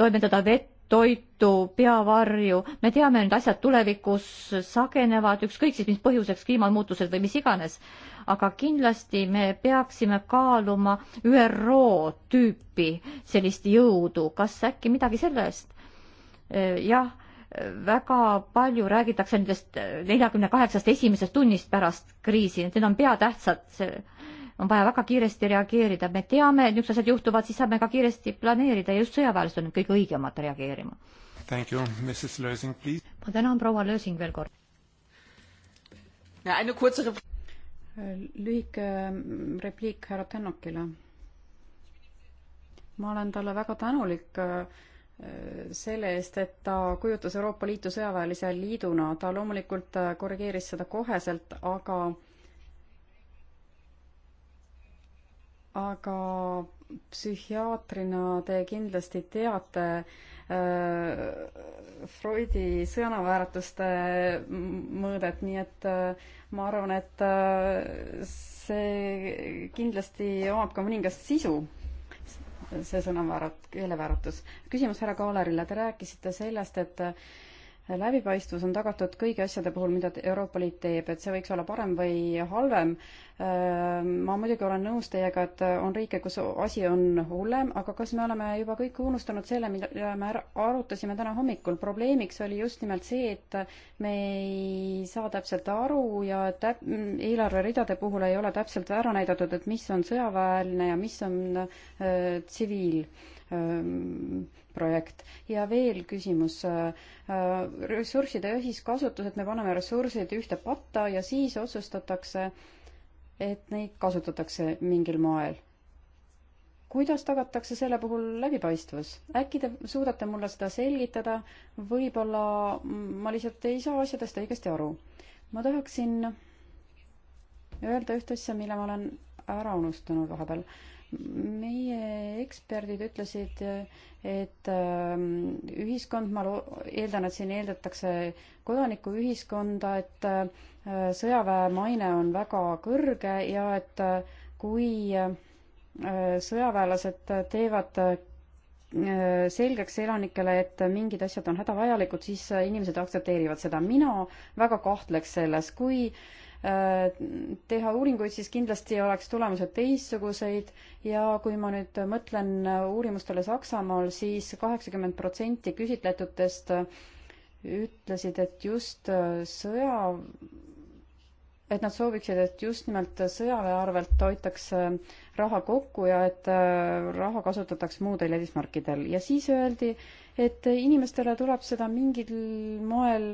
toimetada vett toitu, peavarju, me teame, need asjad tulevikus sagenevad, ükskõik siis mis põhjuseks, kliimamuutused või mis iganes, aga kindlasti me peaksime kaaluma ÜRO tüüpi sellist jõudu, kas äkki midagi sellest? Eh, jah, väga palju räägitakse nendest neljakümne kaheksast esimesest tunnist pärast kriisi, need on peatähtsad, see on vaja väga kiiresti reageerida, me teame, et niisugused asjad juhtuvad, siis saame ka kiiresti planeerida ja just sõjaväelased on kõige õigemad reageerima. ma tänan, proua Lösing veel kord. lühike ähm, repliik härra Tänokile. ma olen talle väga tänulik äh, selle eest, et ta kujutas Euroopa Liitu sõjaväelise liiduna, ta loomulikult äh, korrigeeris seda koheselt, aga aga psühhiaatrina te kindlasti teate äh, Freudi sõnavääretuste mõõdet, nii et äh, ma arvan, et äh, see kindlasti omab ka mõningast sisu, see sõnaväärat-, keelevääratus. küsimus härra Kaalerile, te rääkisite sellest, et äh, läbipaistvus on tagatud kõigi asjade puhul, mida Euroopa Liit teeb, et see võiks olla parem või halvem. ma muidugi olen nõus teiega, et on riike, kus asi on hullem, aga kas me oleme juba kõik unustanud selle, mida me arutasime täna hommikul? probleemiks oli just nimelt see, et me ei saa täpselt aru ja täp-, eelarveridade puhul ei ole täpselt ära näidatud, et mis on sõjaväeline ja mis on tsiviil äh, projekt. ja veel küsimus, äh, äh, ressursside ühiskasutus, et me paneme ressursid ühte patta ja siis otsustatakse, et neid kasutatakse mingil moel. kuidas tagatakse selle puhul läbipaistvus? äkki te suudate mulle seda selgitada, võib-olla ma lihtsalt ei saa asjadest õigesti aru. ma tahaksin öelda ühte asja, mille ma olen ära unustanud vahepeal meie eksperdid ütlesid, et ähm, ühiskond, ma eeldan, et siin eeldatakse kodanikuühiskonda, et äh, sõjaväe maine on väga kõrge ja et äh, kui äh, sõjaväelased teevad selgeks elanikele, et mingid asjad on hädavajalikud, siis inimesed aktsepteerivad seda. mina väga kahtleks selles, kui äh, Äh, teha uuringuid, siis kindlasti oleks tulemused teistsuguseid ja kui ma nüüd mõtlen uurimustele Saksamaal siis, siis kaheksakümmend protsenti küsitletutest ütlesid, et just äh, sõja, et nad sooviksid, et just nimelt sõjaväe arvelt hoitaks raha kokku ja et äh, raha kasutataks muudel eesmärkidel ja siis öeldi, et inimestele tuleb seda mingil moel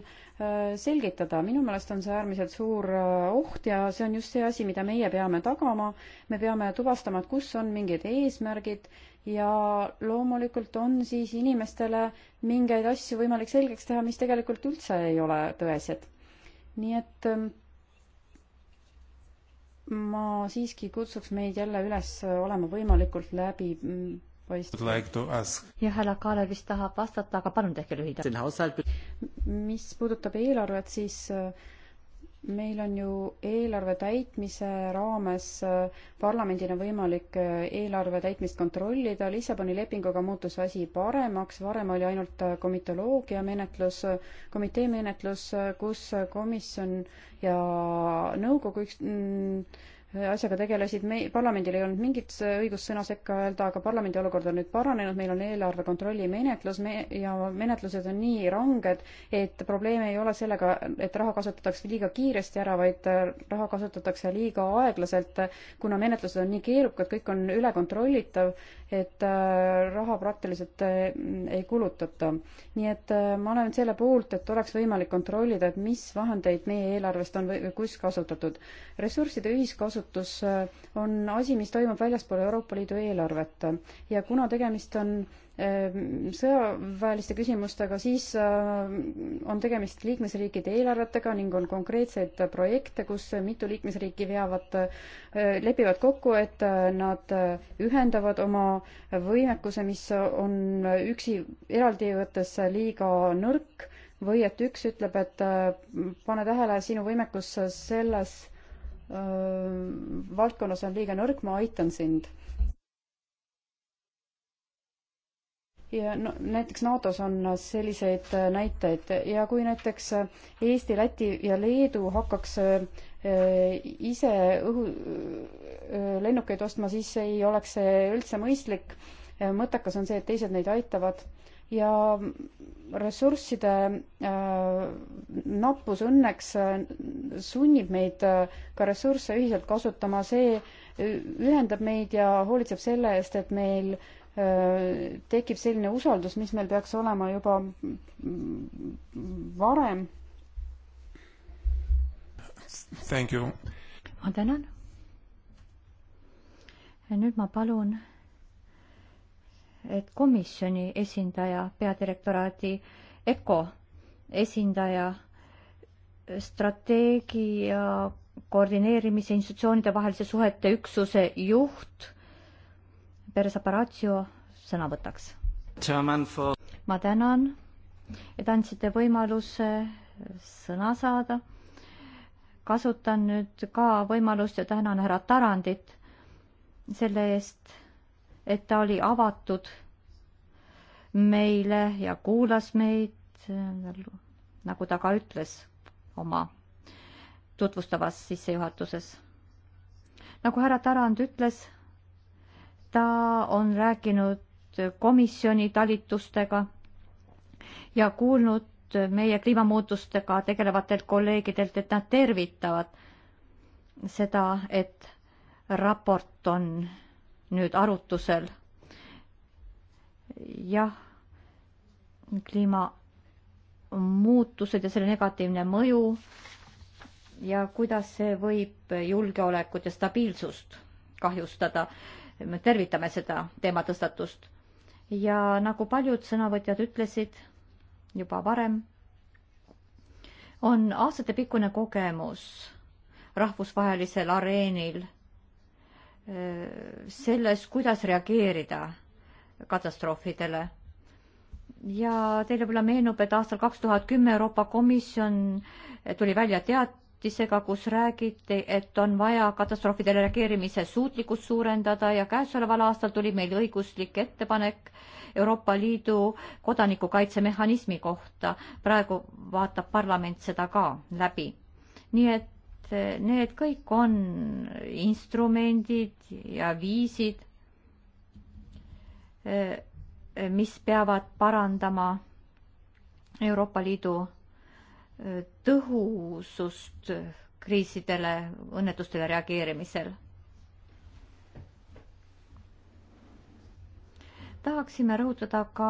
äh, selgitada. minu meelest on see äärmiselt suur äh, oht ja see on just see asi, mida meie peame tagama. me peame tuvastama, et kus on mingid eesmärgid ja loomulikult on siis inimestele mingeid asju võimalik selgeks teha, mis tegelikult üldse ei ole tõesed. nii et ähm, ma siiski kutsuks meid jälle üles äh, olema võimalikult läbi mm, poiss like. ja härra Kaalev vist tahab vastata, aga palun tehke lühidalt. mis puudutab eelarvet, siis äh, meil on ju eelarve täitmise raames äh, parlamendil on võimalik äh, eelarve täitmist kontrollida, Lissaboni lepinguga muutus asi paremaks, varem oli ainult komitoloogia menetlus, komitee menetlus, kus komisjon ja nõukogu üks mm, asjaga tegelesid, me, parlamendil ei olnud mingit õigust sõna sekka öelda, aga parlamendi olukord on nüüd paranenud, meil on eelarve kontrolli menetlus me, ja menetlused on nii ranged, et probleem ei ole sellega, et raha kasutatakse liiga kiiresti ära, vaid äh, raha kasutatakse liiga aeglaselt, kuna menetlused on nii keerukad, kõik on üle kontrollitav et äh, raha praktiliselt äh, ei kulutata. nii et äh, ma olen selle poolt, et oleks võimalik kontrollida, et mis vahendeid meie eelarvest on või kus kasutatud. ressursside ühiskasutus on asi, mis toimub väljaspool Euroopa Liidu eelarvet ja kuna tegemist on Ehm, sõjaväeliste küsimustega, siis äh, on tegemist liikmesriikide eelarvetega ning on konkreetseid projekte, kus mitu liikmesriiki veavad, äh, lepivad kokku, et äh, nad ühendavad oma võimekuse, mis on üksi eraldi võttes liiga nõrk või et üks ütleb, et pane tähele, sinu võimekus selles öö, valdkonnas on liiga nõrk, ma aitan sind ja no, näiteks NATO-s on selliseid näiteid ja kui näiteks Eesti, Läti ja Leedu hakkaks äh, ise õhu, äh, lennukeid ostma, siis ei oleks see üldse mõistlik. mõttekas on see, et teised neid aitavad ja ressursside äh, nappus õnneks sunnib meid ka ressursse ühiselt kasutama, see ühendab meid ja hoolitseb selle eest, et meil tekib selline usaldus, mis meil peaks olema juba varem. ma tänan. nüüd ma palun, et komisjoni esindaja, peadirektoraadi ECO esindaja, strateegia koordineerimise institutsioonide vahelise suhete üksuse juht Persa Paratio sõna võtaks. ma tänan, et andsite võimaluse sõna saada. kasutan nüüd ka võimalust ja tänan härra Tarandit selle eest, et ta oli avatud meile ja kuulas meid, nagu ta ka ütles oma tutvustavas sissejuhatuses. nagu härra Tarand ütles ta on rääkinud komisjoni talitustega ja kuulnud meie kliimamuutustega tegelevatelt kolleegidelt, et nad tervitavad seda, et raport on nüüd arutusel. jah, kliimamuutused ja selle negatiivne mõju ja kuidas see võib julgeolekut ja stabiilsust kahjustada me tervitame seda teematõstatust. ja nagu paljud sõnavõtjad ütlesid juba varem, on aastatepikkune kogemus rahvusvahelisel areenil äh, selles, kuidas reageerida katastroofidele. ja teile võib-olla meenub, et aastal kaks tuhat kümme Euroopa Komisjon tuli välja teat-, teatisega, kus räägiti, et on vaja katastroofidele reageerimise suutlikkust suurendada ja käesoleval aastal tuli meil õiguslik ettepanek Euroopa Liidu kodanikukaitsemehhanismi kohta. praegu vaatab parlament seda ka läbi. nii et eh, need kõik on instrumendid ja viisid, eh, mis peavad parandama Euroopa Liidu tõhusust kriisidele, õnnetustele reageerimisel. tahaksime rõhutada ka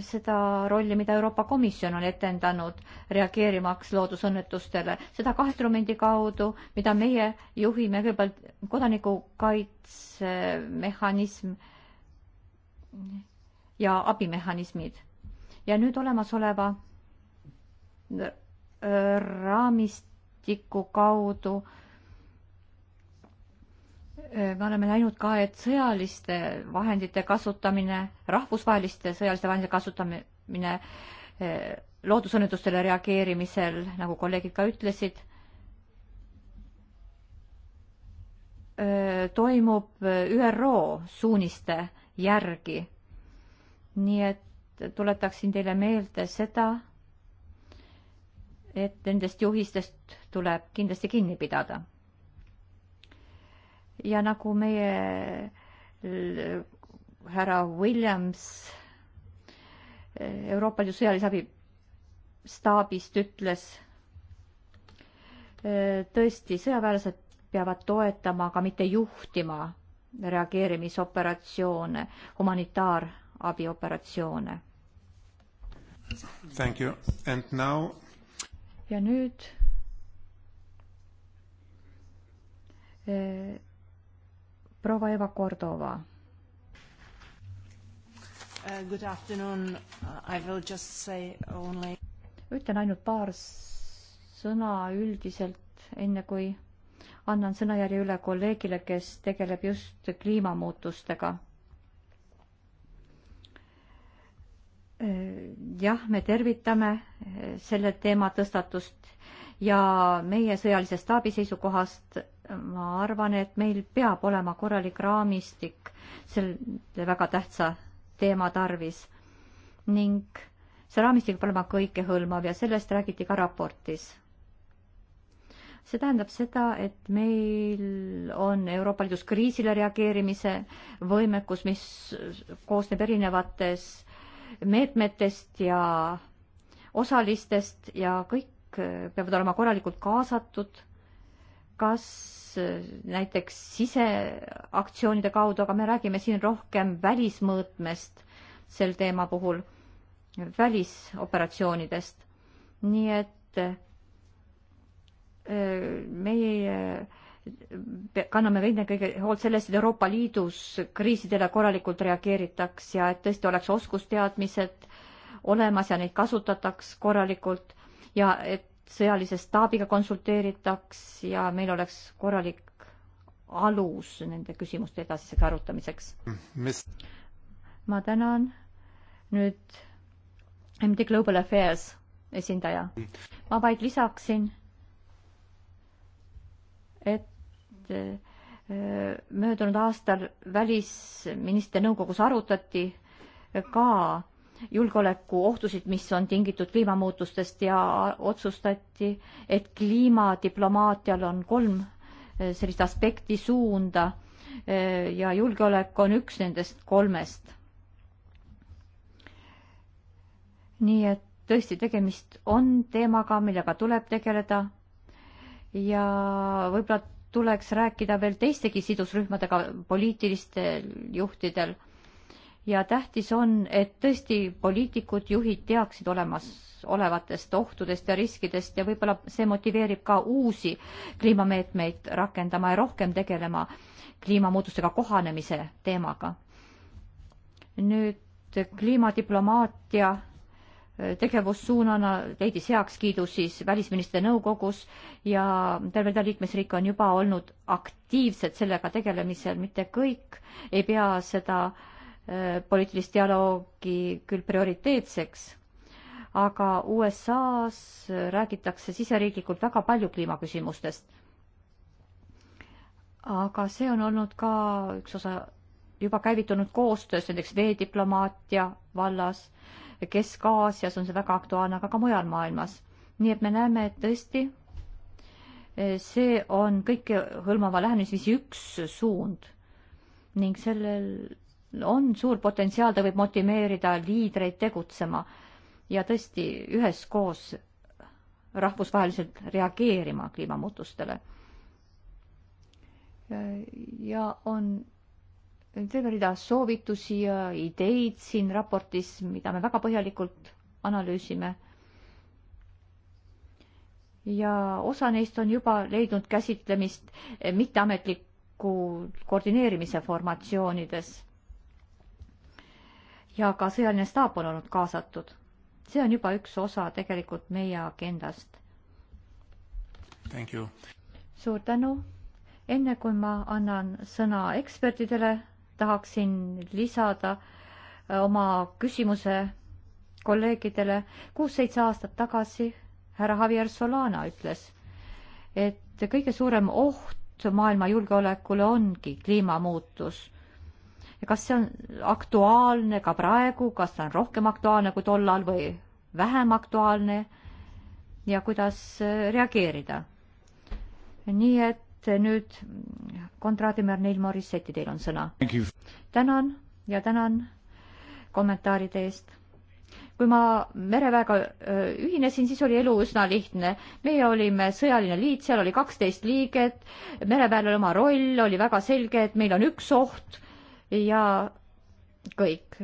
seda rolli, mida Euroopa Komisjon on etendanud reageerimaks loodusõnnetustele, seda kahe instrumendi kaudu, mida meie juhime, kõigepealt kodanikukaitsemehhanism ja abimehhanismid ja nüüd olemasoleva äh, raamistiku kaudu äh, me oleme näinud ka, et sõjaliste vahendite kasutamine, rahvusvaheliste sõjaliste vahendite kasutamine äh, loodusõnnetustele reageerimisel, nagu kolleegid ka ütlesid, toimub ÜRO suuniste järgi. nii et tuletaksin teile meelde seda, et nendest juhistest tuleb kindlasti kinni pidada. ja nagu meie härra Williams Euroopa Liidu sõjalise abi staabist ütles, tõesti, sõjaväelased peavad toetama, aga mitte juhtima reageerimisoperatsioone, humanitaarabioperatsioone Thank you. And now... ja nüüd eh, proua Eva Kordova. Uh, good afternoon, uh, I will just say only. ütlen ainult paar sõna üldiselt, enne kui annan sõnajärje üle kolleegile, kes tegeleb just kliimamuutustega Äh, jah, me tervitame äh, selle teema tõstatust ja meie sõjalise staabi seisukohast äh, ma arvan, et meil peab olema korralik raamistik selle väga tähtsa teema tarvis ning see raamistik peab olema kõikehõlmav ja sellest räägiti ka raportis. see tähendab seda, et meil on Euroopa Liidus kriisile reageerimise võimekus, mis koosneb erinevates meetmetest ja osalistest ja kõik äh, peavad olema korralikult kaasatud. kas äh, näiteks siseaktsioonide kaudu, aga me räägime siin rohkem välismõõtmest sel teema puhul, välisoperatsioonidest. nii et äh, meie kanname kõik need kõige hoolt sellest, et Euroopa Liidus kriisidele korralikult reageeritaks ja et tõesti oleks oskusteadmised olemas ja neid kasutataks korralikult ja et sõjalise staabiga konsulteeritaks ja meil oleks korralik alus nende küsimuste edasiseks arutamiseks Mis.... ma tänan nüüd MD Global Affairs esindaja. ma vaid lisaksin, et et eh, möödunud aastal välisminister nõukogus arutati ka julgeolekuohtusid, mis on tingitud kliimamuutustest ja otsustati, et kliimadiplomaatial on kolm eh, sellist aspekti suunda eh, ja julgeolek on üks nendest kolmest. nii et tõesti, tegemist on teemaga, millega tuleb tegeleda ja võib-olla tuleks rääkida veel teistegi sidusrühmadega poliitilistel juhtidel. ja tähtis on, et tõesti poliitikud, juhid teaksid olemas olevatest ohtudest ja riskidest ja võib-olla see motiveerib ka uusi kliimameetmeid rakendama ja rohkem tegelema kliimamuutustega kohanemise teemaga. nüüd kliimadiplomaatia tegevussuunana leidis heakskiidu siis välisministrite nõukogus ja terve rida liikmesriike on juba olnud aktiivsed sellega tegelemisel, mitte kõik ei pea seda äh, poliitilist dialoogi küll prioriteetseks, aga USA-s räägitakse siseriiklikult väga palju kliimaküsimustest. aga see on olnud ka üks osa juba käivitunud koostöös näiteks veediplomaatia vallas äh, Kesk-Aasias on see väga aktuaalne, aga ka mujal maailmas. nii et me näeme, et tõesti eh, see on kõikehõlmava lähenemisviisi üks suund ning sellel on suur potentsiaal, ta võib motiveerida liidreid tegutsema ja tõesti üheskoos rahvusvaheliselt reageerima kliimamuutustele. ja on terve rida soovitusi ja ideid siin raportis, mida me väga põhjalikult analüüsime. ja osa neist on juba leidnud käsitlemist mitteametliku koordineerimise formatsioonides. ja ka sõjaline staap on olnud kaasatud. see on juba üks osa tegelikult meie agendast. suur tänu enne kui ma annan sõna ekspertidele, tahaksin lisada äh, oma küsimuse kolleegidele. kuus-seitse aastat tagasi härra Javier Solana ütles, et kõige suurem oht maailma julgeolekule ongi kliimamuutus. kas see on aktuaalne ka praegu, kas ta on rohkem aktuaalne kui tollal või vähem aktuaalne ja kuidas äh, reageerida? nii et nüüd kontraadimäär Neil Morisseti, teil on sõna. tänan ja tänan kommentaaride eest. kui ma mereväega ühinesin, siis oli elu üsna lihtne. meie olime sõjaline liit, seal oli kaksteist liiget, mereväel oli oma roll, oli väga selge, et meil on üks oht ja kõik.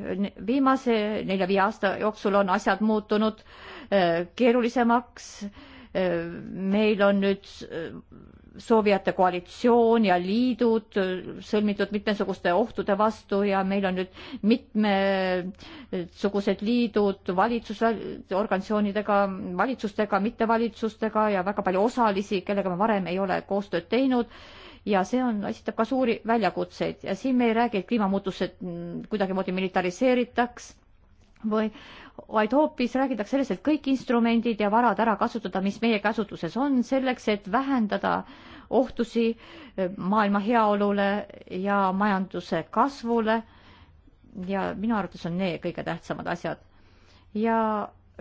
viimase nelja-viie aasta jooksul on asjad muutunud keerulisemaks. meil on nüüd soovijate koalitsioon ja liidud äh, sõlmitud mitmesuguste ohtude vastu ja meil on nüüd mitmesugused liidud valitsusorganisatsioonidega, valitsustega, mittevalitsustega ja väga palju osalisi, kellega me varem ei ole koostööd teinud ja see on, esitab ka suuri väljakutseid ja siin me ei räägi, et kliimamuutused kuidagimoodi militariseeritaks või vaid hoopis räägitakse sellest, et kõik instrumendid ja varad ära kasutada, mis meie käsutuses on, selleks, et vähendada ohtusi eh, maailma heaolule ja majanduse kasvule. ja minu arvates on need kõige tähtsamad asjad. ja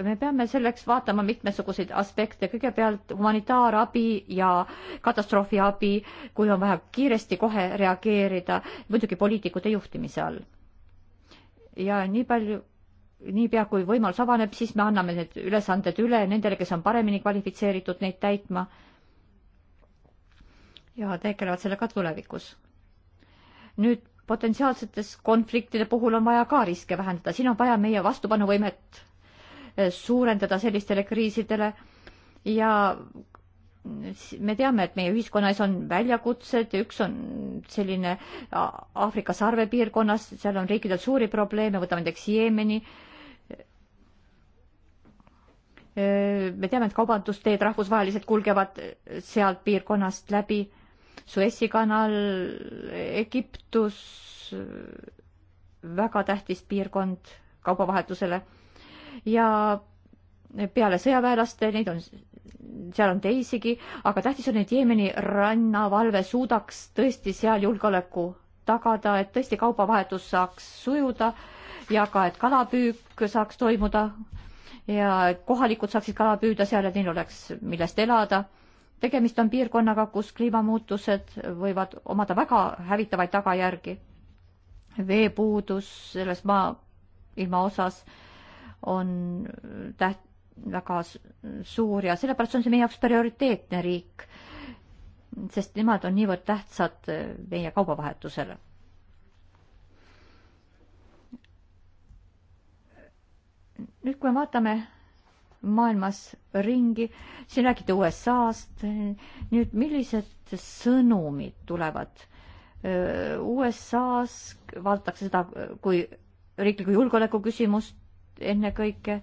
me peame selleks vaatama mitmesuguseid aspekte, kõigepealt humanitaarabi ja katastroofiabi, kui on vaja kiiresti kohe reageerida, muidugi poliitikute juhtimise all. ja nii palju niipea kui võimalus avaneb, siis me anname need ülesanded üle nendele, kes on paremini kvalifitseeritud neid täitma. ja tegelevad sellega tulevikus. nüüd potentsiaalsetes konfliktide puhul on vaja ka riske vähendada, siin on vaja meie vastupanuvõimet eh, suurendada sellistele kriisidele ja me teame, et meie ühiskonnas on väljakutsed, üks on selline Aafrika sarvepiirkonnas, seal on riikidel suuri probleeme, võtame näiteks Jeemeni me teame, et kaubandusteed rahvusvahelised kulgevad sealt piirkonnast läbi. Suessi kanal, Egiptus, väga tähtis piirkond kaubavahetusele ja peale sõjaväelaste, neid on, seal on teisigi, aga tähtis on, et Jeemeni rannavalve suudaks tõesti seal julgeoleku tagada, et tõesti kaubavahetus saaks sujuda ja ka, et kalapüük saaks toimuda ja kohalikud saaksid kala püüda seal ja neil oleks, millest elada. tegemist on piirkonnaga, kus kliimamuutused võivad omada väga hävitavaid tagajärgi. veepuudus selles maa, ilma osas on täht-, väga suur ja sellepärast on see meie jaoks prioriteetne riik, sest nemad on niivõrd tähtsad meie kaubavahetusele nüüd, kui me vaatame maailmas ringi, siin räägite USA-st, nüüd millised sõnumid tulevad? USA-s vaadatakse seda kui riikliku julgeoleku küsimust ennekõike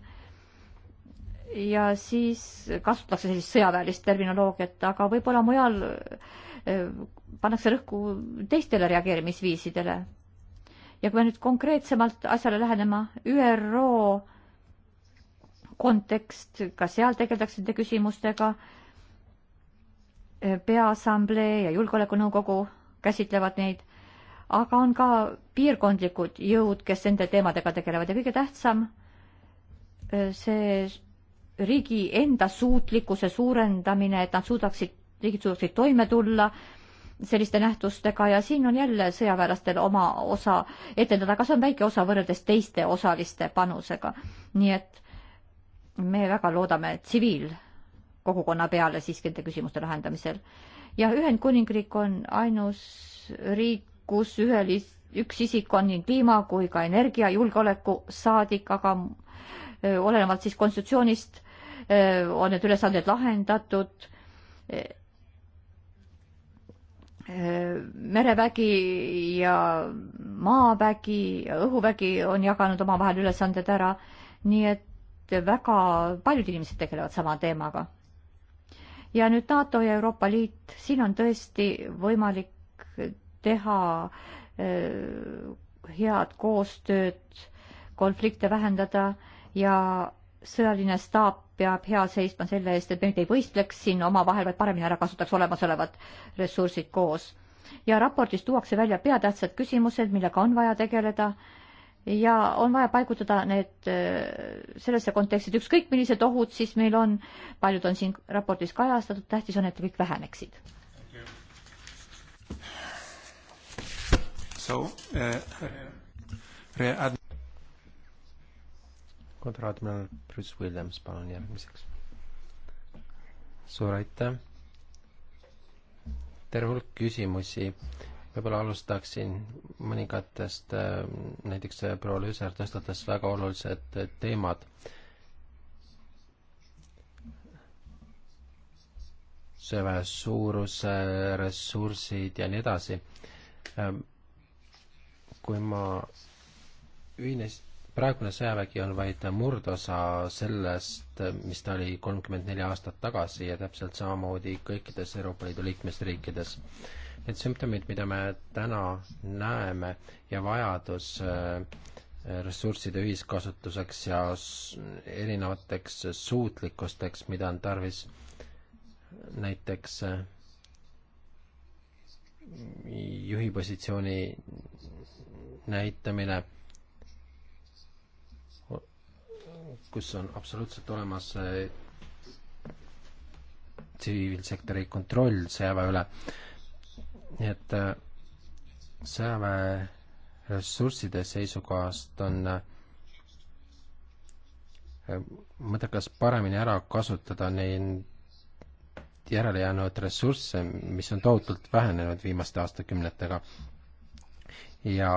ja siis kasutatakse sellist sõjaväelist terminoloogiat, aga võib-olla mujal eh, pannakse rõhku teistele reageerimisviisidele. ja kui me nüüd konkreetsemalt asjale lähenema, ÜRO kontekst, ka seal tegeldakse nende küsimustega. peaassamblee ja julgeolekunõukogu käsitlevad neid, aga on ka piirkondlikud jõud, kes nende teemadega tegelevad ja kõige tähtsam äh, see riigi enda suutlikkuse suurendamine, et nad suudaksid, riigid suudaksid toime tulla selliste nähtustega ja siin on jälle sõjaväelastel oma osa etendada, aga see on väike osa võrreldes teiste osaliste panusega. nii et me väga loodame tsiviilkogukonna peale siiski nende küsimuste lahendamisel. ja Ühendkuningriik on ainus riik, kus ühel is-, üks isik on nii kliima kui ka energiajulgeoleku saadik, aga olenevalt siis konstitutsioonist on need ülesanded lahendatud. merevägi ja maavägi, õhuvägi on jaganud omavahel ülesanded ära, nii et väga paljud inimesed tegelevad sama teemaga. ja nüüd NATO ja Euroopa Liit, siin on tõesti võimalik teha eh, head koostööd, konflikte vähendada ja sõjaline staap peab hea seisma selle eest, et me ei võistleks siin omavahel, vaid paremini ära kasutaks olemasolevad ressursid koos. ja raportis tuuakse välja peatähtsad küsimused, millega on vaja tegeleda ja on vaja paigutada need äh, sellesse konteksti, et ükskõik millised ohud siis meil on, paljud on siin raportis kajastatud, tähtis on, et kõik väheneksid. Äh, kontraadmiral Bruce Williams, palun järgmiseks. suur aitäh. terve hulk küsimusi võib-olla alustaksin mõningatest, äh, näiteks äh, proua Lüüser tõstatas väga olulised äh, teemad. sööväe suurus, ressursid ja nii edasi. Ähm, kui ma ühines-, praegune sõjavägi on vaid murdosa sellest, mis ta oli kolmkümmend neli aastat tagasi ja täpselt samamoodi kõikides Euroopa Liidu liikmesriikides Need sümptomid, mida me täna näeme ja vajadus äh, ressursside ühiskasutuseks ja erinevateks suutlikkusteks, mida on tarvis näiteks äh, juhi positsiooni näitamine, kus on absoluutselt olemas äh, tsiviilsektori kontroll sõjaväe üle nii et äh, sõjaväe ressursside seisukohast on äh, mõttekas paremini ära kasutada neid järelejäänud ressursse, mis on tohutult vähenenud viimaste aastakümnetega. ja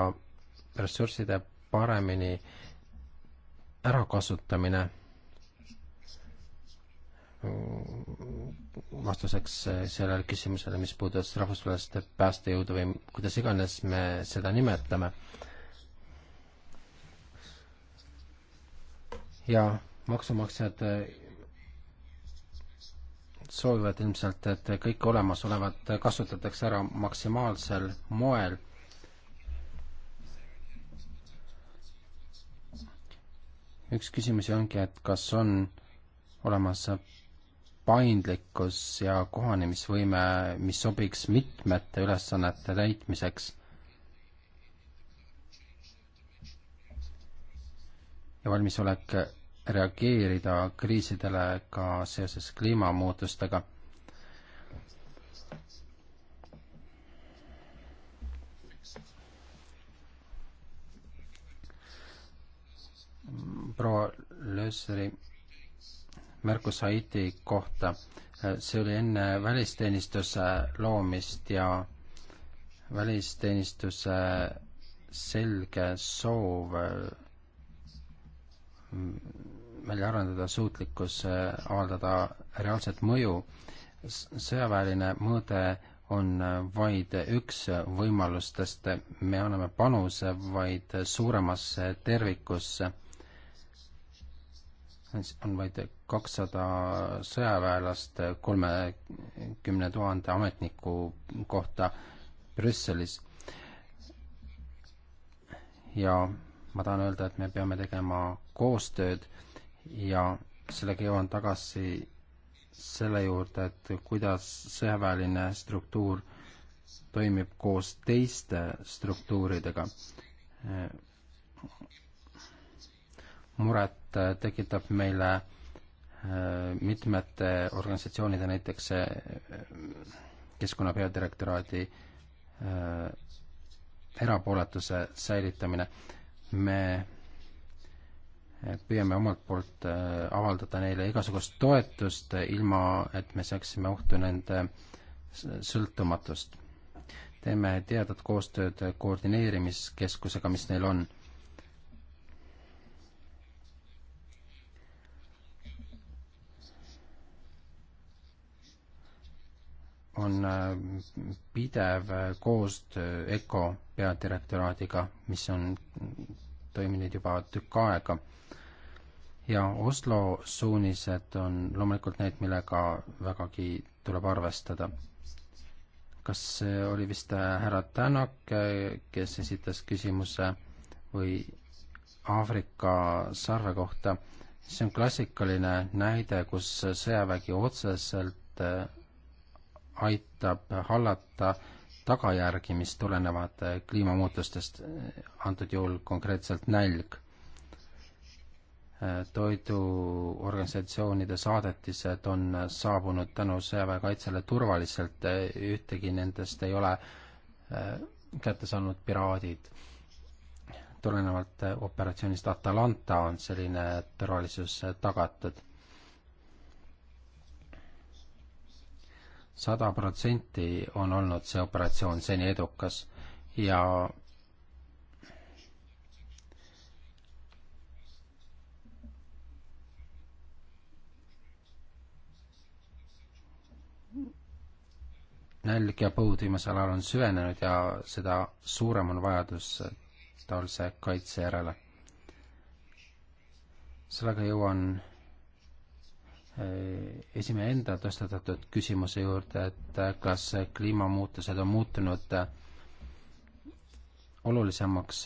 ressursside paremini ärakasutamine vastuseks äh, sellele küsimusele, mis puudutas rahvusvahelist päästejõudu või kuidas iganes me seda nimetame. ja maksumaksjad äh, soovivad ilmselt, et kõik olemasolevat kasutatakse ära maksimaalsel moel. üks küsimusi ongi, et kas on olemas paindlikkus ja kohanemisvõime, mis sobiks mitmete ülesannete täitmiseks. ja valmisolek reageerida kriisidele ka seoses kliimamuutustega proua Lösseri märkus Haiti kohta. see oli enne välisteenistuse loomist ja välisteenistuse selge soov mm, välja arendada suutlikkus äh, avaldada reaalset mõju. sõjaväeline mõõde on äh, vaid üks võimalustest, me anname panuse vaid suuremasse tervikusse on vaid kakssada sõjaväelast kolmekümne tuhande ametniku kohta Brüsselis. ja ma tahan öelda, et me peame tegema koostööd ja sellega jõuan tagasi selle juurde, et kuidas sõjaväeline struktuur toimib koos teiste struktuuridega muret äh, tekitab meile äh, mitmete organisatsioonide, näiteks äh, keskkonna peadirektoraadi erapooletuse säilitamine. me püüame omalt poolt avaldada neile igasugust toetust, ilma et me seaksime ohtu nende sõltumatust. teeme teadat koostööd koordineerimiskeskusega, mis neil on on äh, pidev äh, koostöö ECO peadirektoraadiga, mis on toiminud juba tükk aega. ja Oslo suunised on loomulikult need, millega vägagi tuleb arvestada. kas see oli vist äh, härra Tänak, kes esitas küsimuse või Aafrika sarve kohta, see on klassikaline näide, kus sõjavägi otseselt aitab hallata tagajärgi, mis tulenevad äh, kliimamuutustest, äh, antud juhul konkreetselt nälg. Äh, toiduorganisatsioonide saadetised on saabunud tänu sõjaväekaitsele turvaliselt, ühtegi nendest ei ole kätte saanud piraadid. tulenevalt operatsioonist Atalanta on selline turvalisus tagatud sada protsenti on olnud see operatsioon seni edukas ja nälg ja põud viimasel ajal on süvenenud ja seda suurem on vajadus taolise kaitse järele. sellega jõuan Äh, esimehe enda tõstatatud küsimuse juurde, et äh, kas äh, kliimamuutused on muutunud olulisemaks,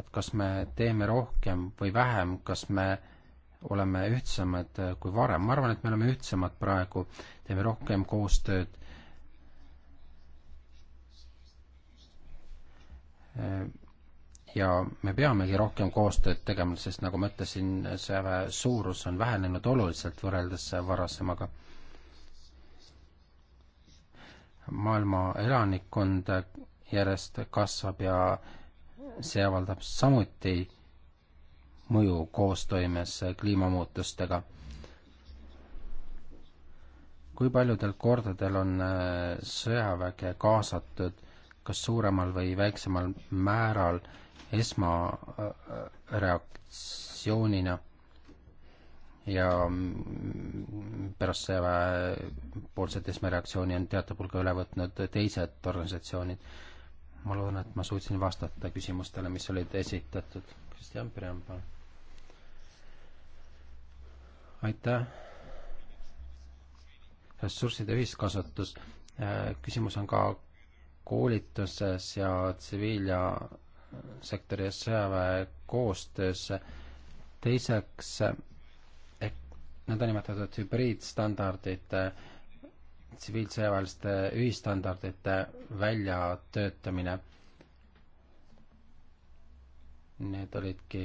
et kas me teeme rohkem või vähem, kas me oleme ühtsemad kui varem, ma arvan, et me oleme ühtsemad praegu, teeme rohkem koostööd ja me peamegi rohkem koostööd tegema, sest nagu ma ütlesin, sõjaväe suurus on vähenenud oluliselt võrreldes varasemaga. maailma elanikkond järjest kasvab ja see avaldab samuti mõju koostoimes kliimamuutustega. kui paljudel kordadel on äh, sõjaväge kaasatud kas suuremal või väiksemal määral äh, esmareaktsioonina äh, ja pärast sõjaväepoolset esmareaktsiooni on teatav hulga üle võtnud teised organisatsioonid. ma loodan, et ma suutsin vastata küsimustele, mis olid esitatud. Kristjan Pirem, palun. aitäh. ressursside ühiskasutus. Äh, küsimus on ka koolituses ja tsiviil- ja sektori ja sõjaväe koostöös. teiseks, ehk nõndanimetatud hübriidstandardite, tsiviilsõjaväeliste ühistandardite väljatöötamine. Need olidki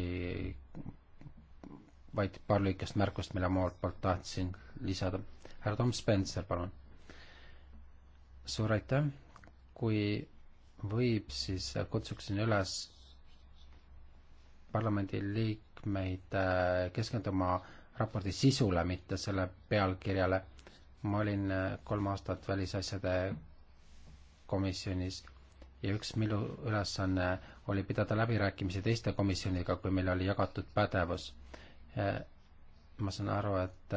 vaid paar lühikest märkust, mille ma omalt poolt tahtsin lisada. härra Tom Spencer, palun. suur aitäh, kui võib, siis kutsuksin üles parlamendiliikmeid äh, keskenduma raporti sisule, mitte selle pealkirjale. ma olin äh, kolm aastat välisasjade komisjonis ja üks minu ülesanne oli pidada läbirääkimisi teiste komisjonidega, kui meil oli jagatud pädevus. Äh, ma saan aru, et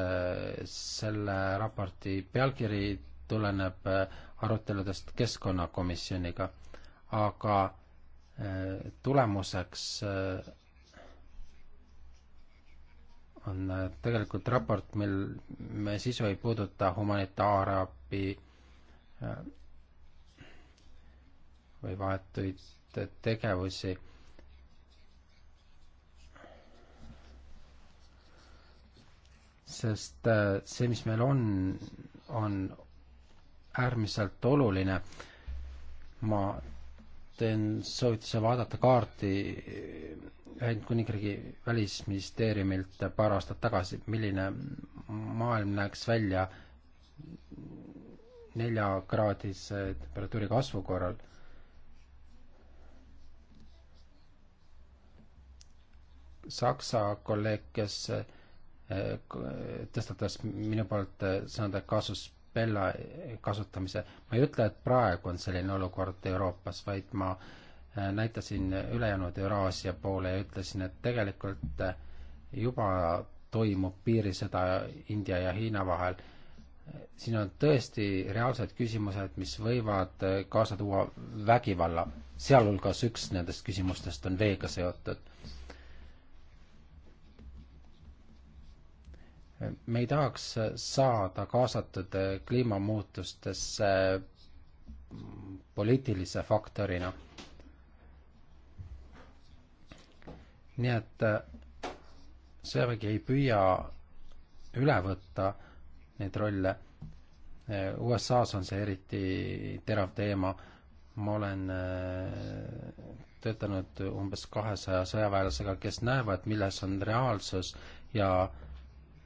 selle raporti pealkiri tuleneb aruteludest keskkonnakomisjoniga aga eh, tulemuseks eh, on eh, tegelikult raport, mil me sisu ei puuduta humanitaarabi või vahetuid tegevusi. sest see, mis meil on, on äärmiselt oluline. ma soovitan, soovituse vaadata kaarti Ühendkuningriigi välisministeeriumilt paar aastat tagasi, milline maailm näeks välja neljakraadise temperatuuri kasvu korral. Saksa kolleeg, kes eh, tõstatas minu poolt sõnade kasus Bella kasutamise. ma ei ütle, et praegu on selline olukord Euroopas, vaid ma äh, näitasin ülejäänud Euraasia poole ja ütlesin, et tegelikult äh, juba toimub piirisõda India ja Hiina vahel. siin on tõesti reaalsed küsimused, mis võivad äh, kaasa tuua vägivalla, sealhulgas üks nendest küsimustest on veega seotud me ei tahaks saada kaasatud kliimamuutustesse poliitilise faktorina. nii et äh, sõjavägi ei püüa üle võtta neid rolle. Äh, USA-s on see eriti terav teema. ma olen äh, töötanud umbes kahesaja sõjaväelasega, kes näevad, milles on reaalsus ja äh,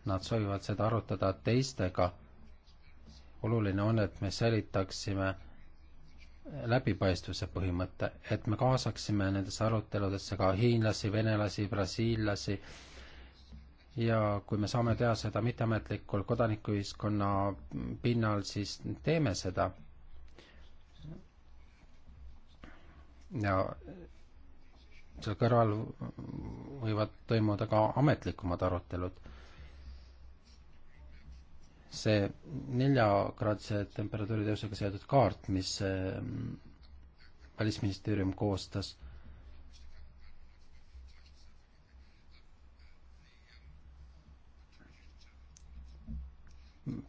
nad soovivad seda arutada teistega. oluline on, et me säilitaksime läbipaistvuse põhimõte, et me kaasaksime nendesse aruteludesse ka hiinlasi, venelasi, brasiillasi ja kui me saame teha seda mitteametlikul kodanikuühiskonna pinnal, siis teeme seda. ja selle kõrval võivad toimuda ka ametlikumad arutelud see neljakradse temperatuuri tõusuga seotud kaart, mis ähm, Välisministeerium koostas,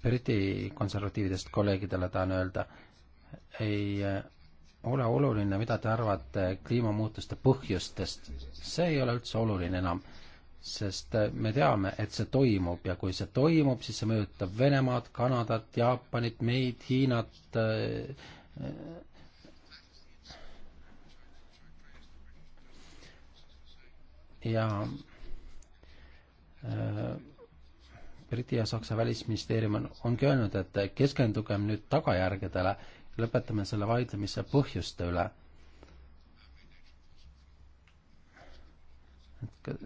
Briti konservatiividest kolleegidele tahan öelda, ei äh, ole oluline, mida te arvate kliimamuutuste põhjustest, see ei ole üldse oluline enam sest äh, me teame, et see toimub ja kui see toimub, siis see mõjutab Venemaad, Kanadat, Jaapanit, meid, Hiinat. Äh, ja äh, Briti ja Saksa välisministeerium on, ongi öelnud, et keskendugem nüüd tagajärgedele, lõpetame selle vaidlemise põhjuste üle. et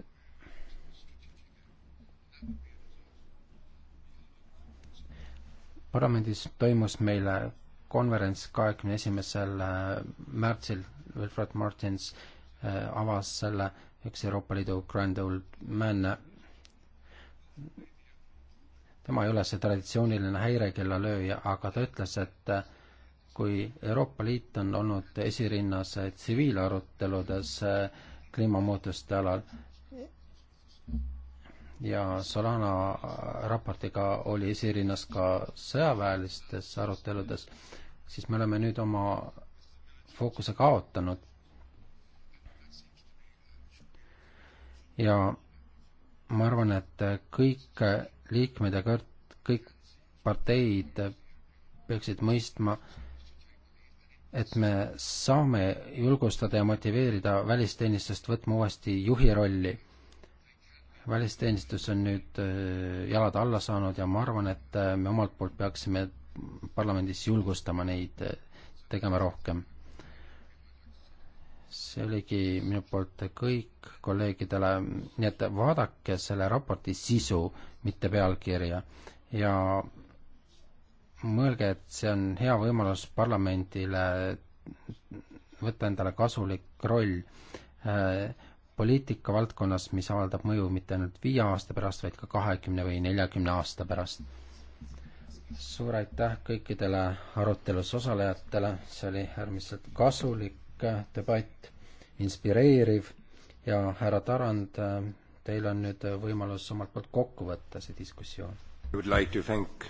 parlamendis toimus meile konverents kahekümne esimesel äh, märtsil, Wilfred Martins äh, avas selle üks Euroopa Liidu grand old man. tema ei ole see traditsiooniline häirekellalööja, aga ta ütles, et äh, kui Euroopa Liit on olnud esirinnas tsiviilaruteludes kliimamuutuste alal, ja Solana äh, raportiga oli esirinnas ka sõjaväelistes aruteludes, siis me oleme nüüd oma fookuse kaotanud. ja ma arvan, et kõik liikmed ja kõik parteid peaksid mõistma, et me saame julgustada ja motiveerida välisteenistust võtma uuesti juhi rolli välisteenistus on nüüd äh, jalad alla saanud ja ma arvan, et äh, me omalt poolt peaksime parlamendis julgustama neid äh, tegema rohkem. see oligi minu poolt kõik kolleegidele, nii et vaadake selle raporti sisu, mitte pealkirja ja mõelge, et see on hea võimalus parlamendile võtta endale kasulik roll poliitika valdkonnas, mis avaldab mõju mitte ainult viie aasta pärast, vaid ka kahekümne või neljakümne aasta pärast. suur aitäh kõikidele arutelus osalejatele, see oli äärmiselt kasulik debatt, inspireeriv ja härra Tarand, teil on nüüd võimalus omalt poolt kokku võtta see diskussioon. Like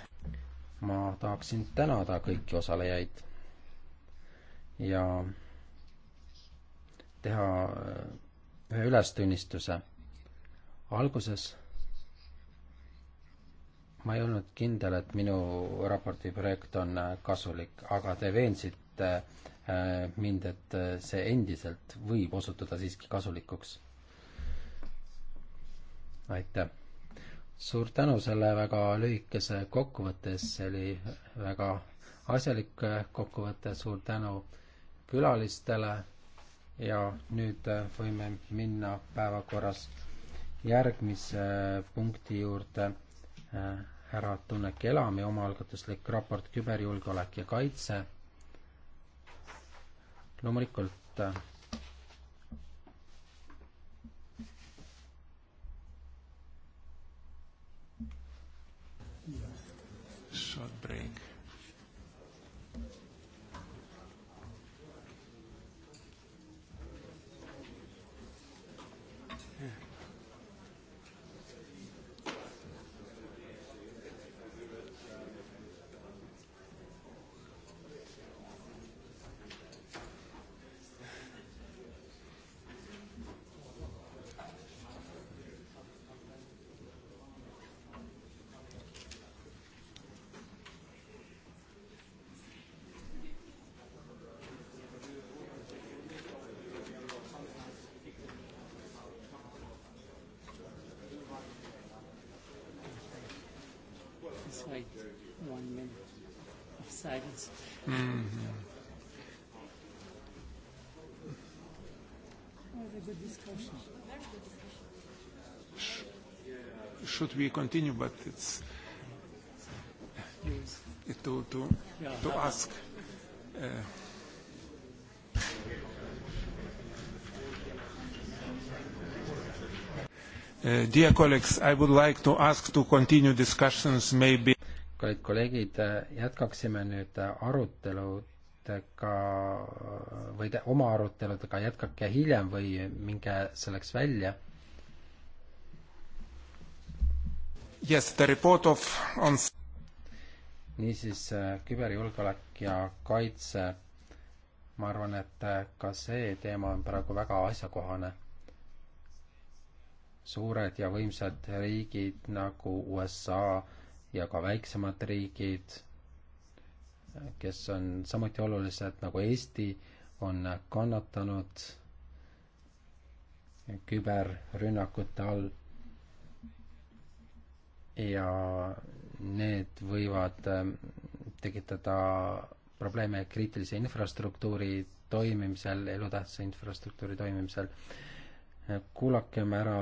ma tahaksin tänada kõiki osalejaid ja teha ühe ülestunnistuse. alguses ma ei olnud kindel, et minu raporti projekt on äh, kasulik, aga te veensite äh, mind, et äh, see endiselt võib osutuda siiski kasulikuks. aitäh! suur tänu selle väga lühikese kokkuvõtte eest, see oli väga asjalik kokkuvõte, suur tänu külalistele ja nüüd äh, võime minna päevakorras järgmise äh, punkti juurde. Äh, härra Tunnek Elami omaalgatuslik raport küberjulgeolek ja kaitse. loomulikult short break. just wait one minute of silence. Mm-hmm. What a good discussion. Very good discussion. Sh- should we continue? But it's yes. to to yeah, to ask. Uh, Uh, dear colleagues, I would like to ask to continue discussions maybe kallid kolleegid, uh, jätkaksime nüüd uh, aruteludega uh, või te, oma aruteludega jätkake hiljem või minge selleks välja. Yes, the report of on niisiis küberjulgeolek ja kaitse. ma arvan, et ka see teema on praegu väga asjakohane suured ja võimsad riigid nagu USA ja ka väiksemad riigid, kes on samuti olulised nagu Eesti, on kannatanud küberrünnakute all. ja need võivad ähm, tekitada probleeme kriitilise infrastruktuuri toimimisel, elutähtsa infrastruktuuri toimimisel. kuulakem ära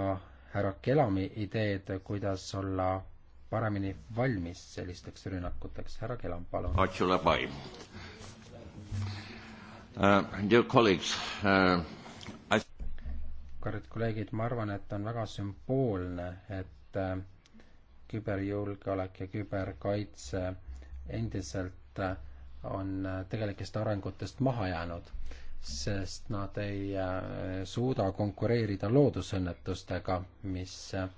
härra Kelami ideed, kuidas olla paremini valmis sellisteks rünnakuteks. härra Kelam, palun. Äh, äh, kallid kolleegid, ma arvan, et on väga sümboolne, et äh, küberjulgeolek ja küberkaitse endiselt on tegelikest arengutest maha jäänud sest nad ei äh, suuda konkureerida loodusõnnetustega, mis äh,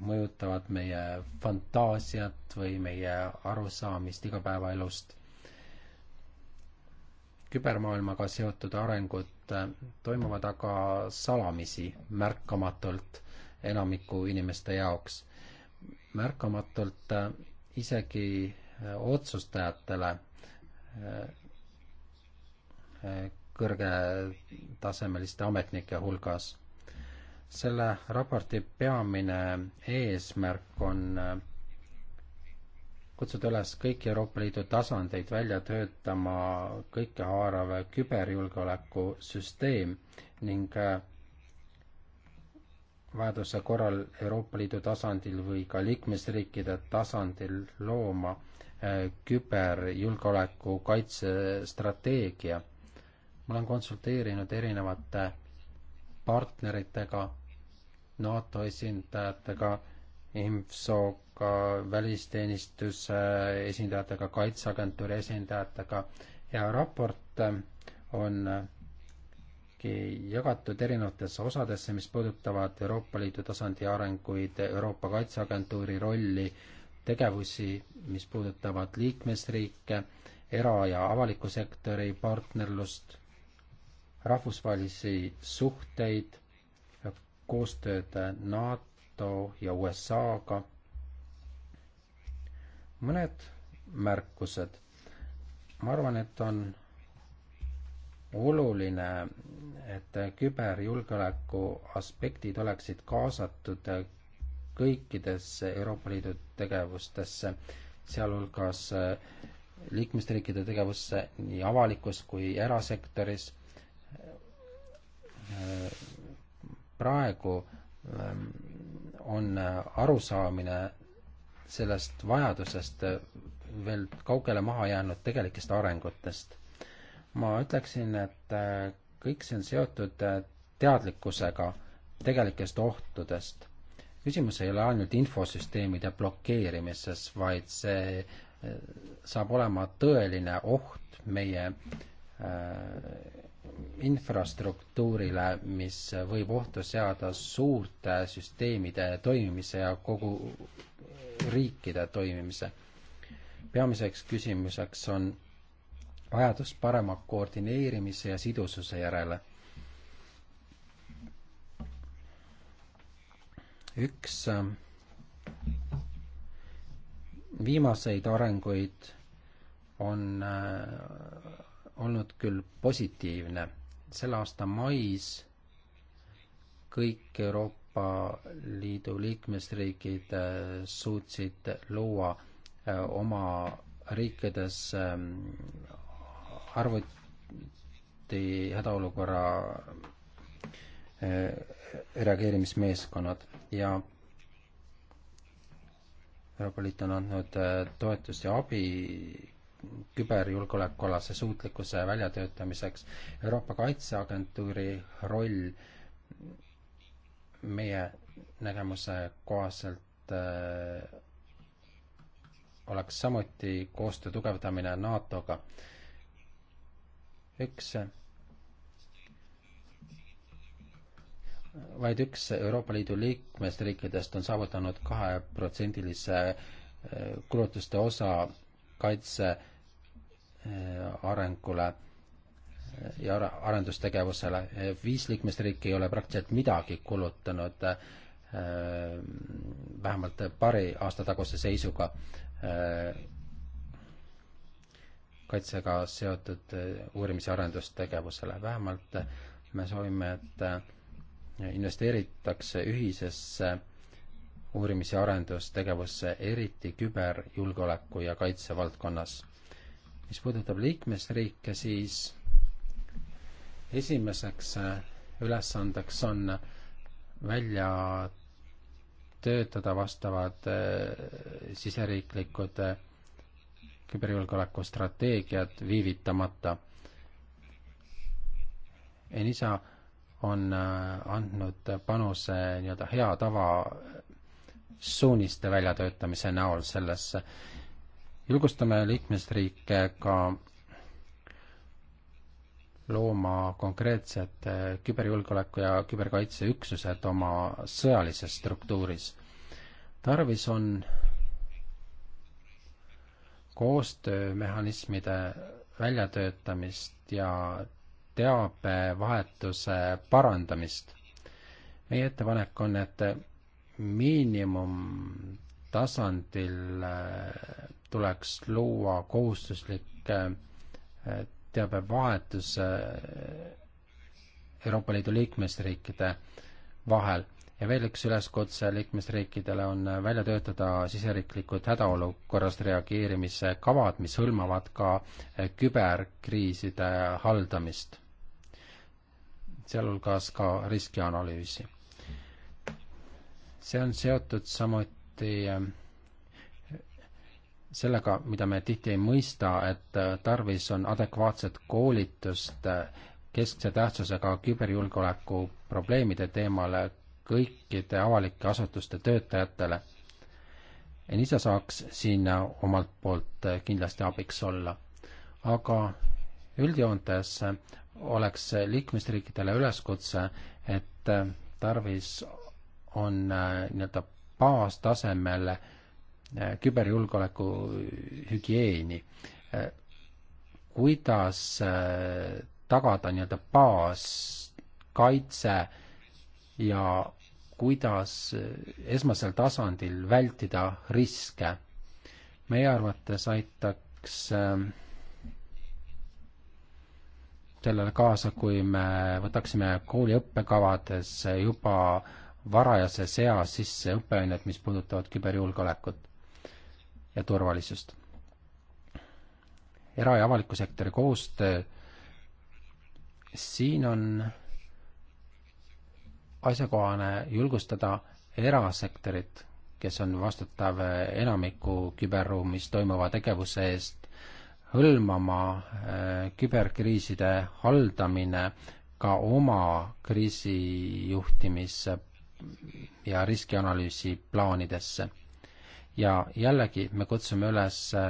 mõjutavad meie fantaasiat või meie arusaamist igapäevaelust. kübermaailmaga seotud arengud äh, toimuvad aga salamisi, märkamatult enamiku inimeste jaoks. märkamatult isegi otsustajatele kõrgetasemeliste ametnike hulgas. selle raporti peamine eesmärk on äh, kutsuda üles kõiki Euroopa Liidu tasandeid välja töötama kõikehaarav küberjulgeoleku süsteem ning äh, vajaduse korral Euroopa Liidu tasandil või ka liikmesriikide tasandil looma äh, küberjulgeoleku kaitsestrateegia ma olen konsulteerinud erinevate partneritega, NATO esindajatega, IMSO-ga, välisteenistuse esindajatega, kaitseagentuuri esindajatega ja raport äh, on äh, jagatud erinevatesse osadesse, mis puudutavad Euroopa Liidu tasandi arenguid, Euroopa Kaitseagentuuri rolli, tegevusi, mis puudutavad liikmesriike, era- ja avaliku sektori partnerlust rahvusvahelisi suhteid, koostööd NATO ja USA-ga. mõned märkused. ma arvan, et on oluline, et küberjulgeoleku aspektid oleksid kaasatud kõikidesse Euroopa Liidu tegevustesse, sealhulgas liikmesriikide tegevusse nii avalikus kui erasektoris praegu ähm, on arusaamine sellest vajadusest veel kaugele maha jäänud tegelikest arengutest. ma ütleksin, et äh, kõik see on seotud äh, teadlikkusega tegelikest ohtudest. küsimus ei ole ainult infosüsteemide blokeerimises, vaid see äh, saab olema tõeline oht meie äh, infrastruktuurile, mis võib ohtu seada suurte süsteemide toimimise ja kogu riikide toimimise. peamiseks küsimuseks on vajadus parema koordineerimise ja sidususe järele. üks ähm, viimaseid arenguid on äh, olnud küll positiivne. selle aasta mais kõik Euroopa Liidu liikmesriigid äh, suutsid luua äh, oma riikides ähm, arvuti hädaolukorra äh, reageerimismeeskonnad ja Euroopa Liit on andnud toetust ja abi küberjulgeolekualase suutlikkuse väljatöötamiseks. Euroopa Kaitseagentuuri roll meie nägemuse kohaselt äh, oleks samuti koostöö tugevdamine NATO-ga. üks, vaid üks Euroopa Liidu liikmesriikidest on saavutanud kaheprotsendilise äh, kulutuste osa kaitse äh, Äh, arengule ja arendustegevusele. viis liikmesriiki ei ole praktiliselt midagi kulutanud äh, vähemalt paari aasta taguse seisuga äh, kaitsega seotud uurimis- ja arendustegevusele. vähemalt me soovime, et investeeritakse ühisesse uurimis- ja arendustegevusse, eriti küberjulgeoleku ja kaitse valdkonnas mis puudutab liikmesriike, siis esimeseks äh, ülesandeks on välja töötada vastavad äh, siseriiklikud äh, küberjulgeoleku strateegiad viivitamata. Enisa on andnud panuse nii-öelda hea tava suuniste väljatöötamise näol sellesse julgustame liikmesriike ka looma konkreetsed eh, küberjulgeoleku ja küberkaitse üksused oma sõjalises struktuuris. tarvis on koostöömehhanismide väljatöötamist ja teabevahetuse parandamist. meie ettepanek on, et miinimumtasandil eh, tuleks luua kohustuslik eh, teabevahetus eh, Euroopa Liidu liikmesriikide vahel. ja veel üks üleskutse liikmesriikidele on eh, välja töötada siseriiklikud hädaolukorrast reageerimise kavad, mis hõlmavad ka küberkriiside haldamist, sealhulgas ka riskianalüüsi. see on seotud samuti sellega, mida me tihti ei mõista, et äh, tarvis on adekvaatset koolitust äh, keskse tähtsusega küberjulgeoleku probleemide teemale kõikide avalike asutuste töötajatele. Enisa saaks siin äh, omalt poolt kindlasti abiks olla. aga üldjoontes oleks liikmesriikidele üleskutse, et tarvis on nii-öelda baastasemel äh, Äh, küberjulgeoleku hügieeni. Äh, kuidas äh, tagada nii-öelda baaskaitse ja kuidas esmasel tasandil vältida riske. meie arvates aitaks sellele kaasa, kui me võtaksime kooli õppekavades juba varajases eas sisse õppeained, mis puudutavad küberjulgeolekut ja turvalisust. era- ja avaliku sektori koostöö, siin on asjakohane julgustada erasektorit, kes on vastutav enamiku küberruumis toimuva tegevuse eest, hõlmama äh, küberkriiside haldamine ka oma kriisijuhtimis- ja riskianalüüsi plaanidesse ja jällegi me kutsume üles äh,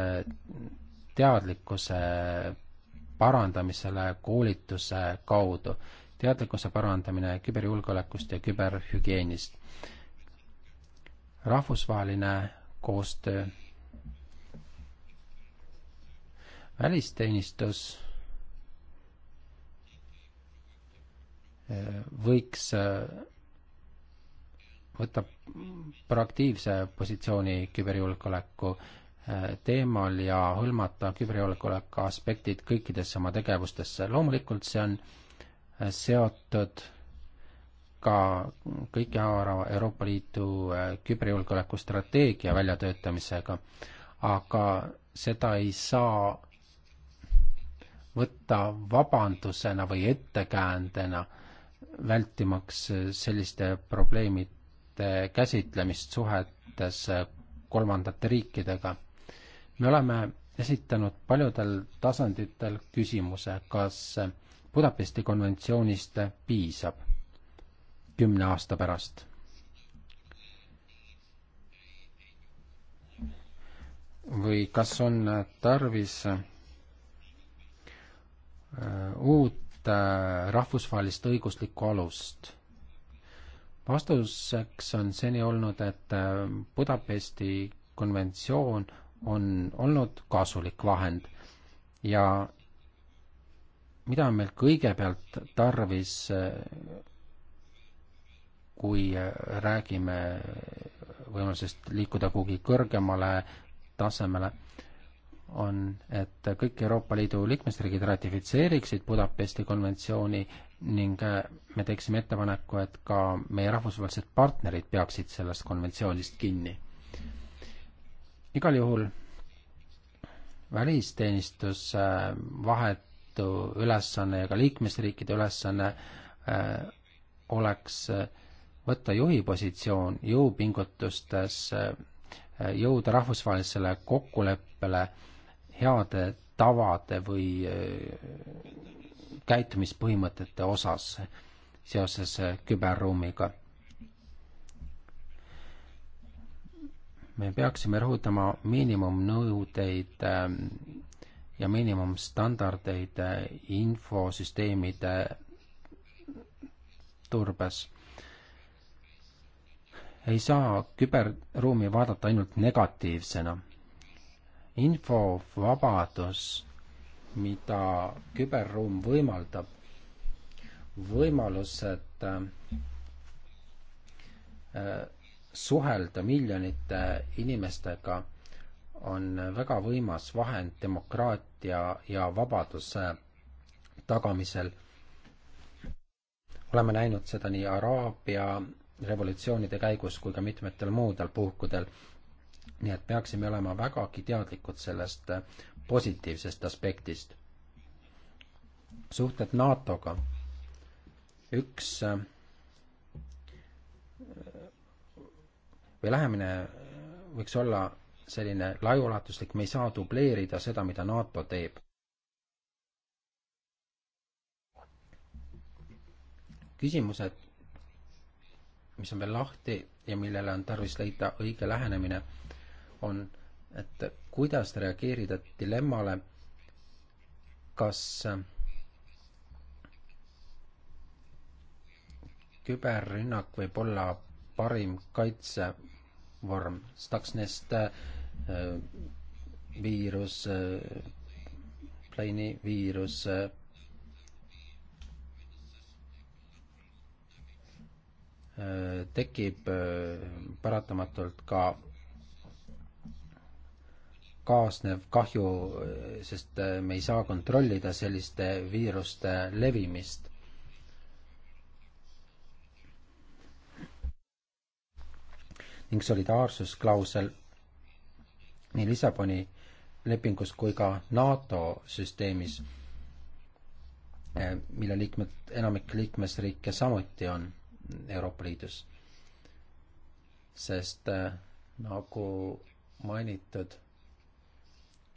teadlikkuse parandamisele koolituse kaudu. teadlikkuse parandamine küberjulgeolekust ja küberhügieenist. rahvusvaheline koostöö. välisteenistus äh, võiks äh, võtab proaktiivse positsiooni küberjulgeoleku äh, teemal ja hõlmata küberjulgeoleku aspektid kõikidesse oma tegevustesse. loomulikult see on äh, seotud ka kõiki haarava Euroopa Liidu äh, küberjulgeoleku strateegia väljatöötamisega, aga seda ei saa võtta vabandusena või ettekäändena, vältimaks selliste probleemid, suhete käsitlemist suhetes kolmandate riikidega. me oleme esitanud paljudel tasanditel küsimuse, kas Budapesti konventsioonist piisab kümne aasta pärast. või kas on tarvis äh, uut äh, rahvusvahelist õiguslikku alust vastuseks on seni olnud, et äh, Budapesti konventsioon on olnud kasulik vahend ja mida on meil kõigepealt tarvis, äh, kui äh, räägime võimalusest liikuda kuhugi kõrgemale tasemele, on, et kõik Euroopa Liidu liikmesriigid ratifitseeriksid Budapesti konventsiooni ning äh, me teeksime ettepaneku, et ka meie rahvusvahelised partnerid peaksid sellest konventsioonist kinni. igal juhul välisteenistus äh, vahetu ülesanne ja ka liikmesriikide ülesanne äh, oleks võtta juhi positsioon jõupingutustes, jõuda rahvusvahelisele kokkuleppele heade tavade või käitumispõhimõtete osas seoses äh, küberruumiga. me peaksime rõhutama miinimumnõudeid äh, ja miinimumstandardeid äh, infosüsteemide turbes. ei saa küberruumi vaadata ainult negatiivsena. infovabadus mida küberruum võimaldab, võimalused äh, äh, suhelda miljonite inimestega on väga võimas vahend demokraatia ja vabaduse tagamisel. oleme näinud seda nii Araabia revolutsioonide käigus kui ka mitmetel muudel puhkudel. nii et peaksime olema vägagi teadlikud sellest äh, positiivsest aspektist. suhted NATO-ga. üks äh, või lähemine võiks olla selline laiaulatuslik, me ei saa dubleerida seda, mida NATO teeb. küsimused, mis on veel lahti ja millele on tarvis leida õige lähenemine, on, et kuidas reageerida dilemmale, kas küberrünnak võib olla parim kaitsevorm, Stuxnest äh, viirus äh,, Plane'i viirus äh,, tekib äh, paratamatult ka kaasnev kahju, sest äh, me ei saa kontrollida selliste viiruste levimist. ning solidaarsusklausel nii Lissaboni lepingus kui ka NATO süsteemis, äh, mille liikmed, enamik liikmesriike samuti on Euroopa Liidus. sest äh, nagu mainitud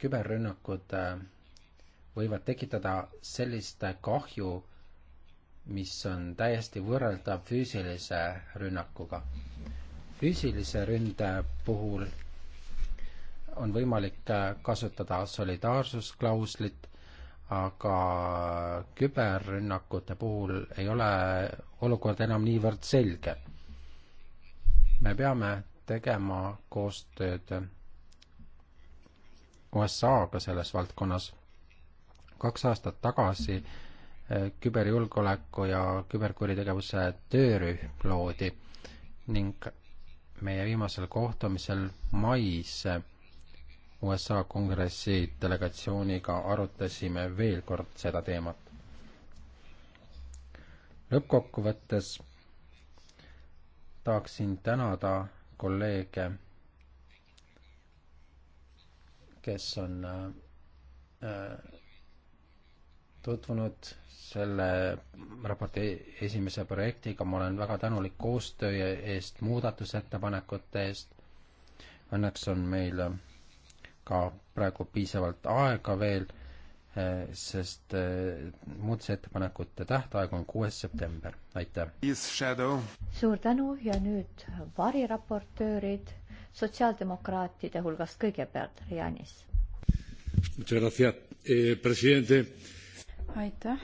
küberrünnakud äh, võivad tekitada sellist äh, kahju, mis on täiesti võrreldav füüsilise rünnakuga. füüsilise ründe puhul on võimalik äh, kasutada solidaarsusklauslit, aga küberrünnakute puhul ei ole olukord enam niivõrd selge. me peame tegema koostööd USA-ga selles valdkonnas. kaks aastat tagasi eh, küberjulgeoleku ja küberkuritegevuse töörühm loodi ning meie viimasel kohtumisel mais USA kongressi delegatsiooniga arutasime veel kord seda teemat. lõppkokkuvõttes tahaksin tänada kolleege kes on äh, äh, tutvunud selle raporti esimese projektiga, ma olen väga tänulik koostöö eest, muudatusettepanekute eest. Õnneks on meil ka praegu piisavalt aega veel, äh, sest muudatusettepanekute tähtaeg on kuues september, aitäh! suur tänu ja nüüd variraportöörid sotsiaaldemokraatide hulgast kõigepealt, Janis. Eh, aitäh.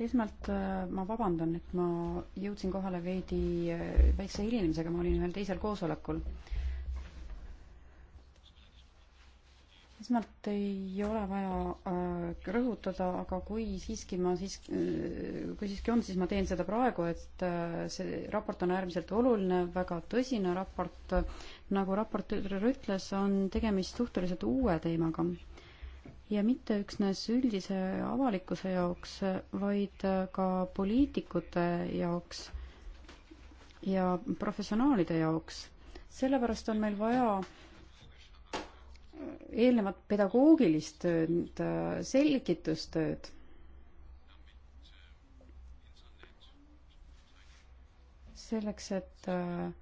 esmalt äh, ma vabandan, et ma jõudsin kohale veidi äh, väikse hilinemisega, ma olin ühel teisel koosolekul esmalt ei ole vaja äh, rõhutada, aga kui siiski ma siis, äh, kui siiski on, siis ma teen seda praegu, et äh, see raport on äärmiselt oluline, väga tõsine raport. nagu raportöör ütles, on tegemist suhteliselt uue teemaga. ja mitte üksnes üldise avalikkuse jaoks, vaid äh, ka poliitikute jaoks ja professionaalide jaoks. sellepärast on meil vaja äh, eelnevat pedagoogilist tööd, äh, selgitustööd. selleks, et äh,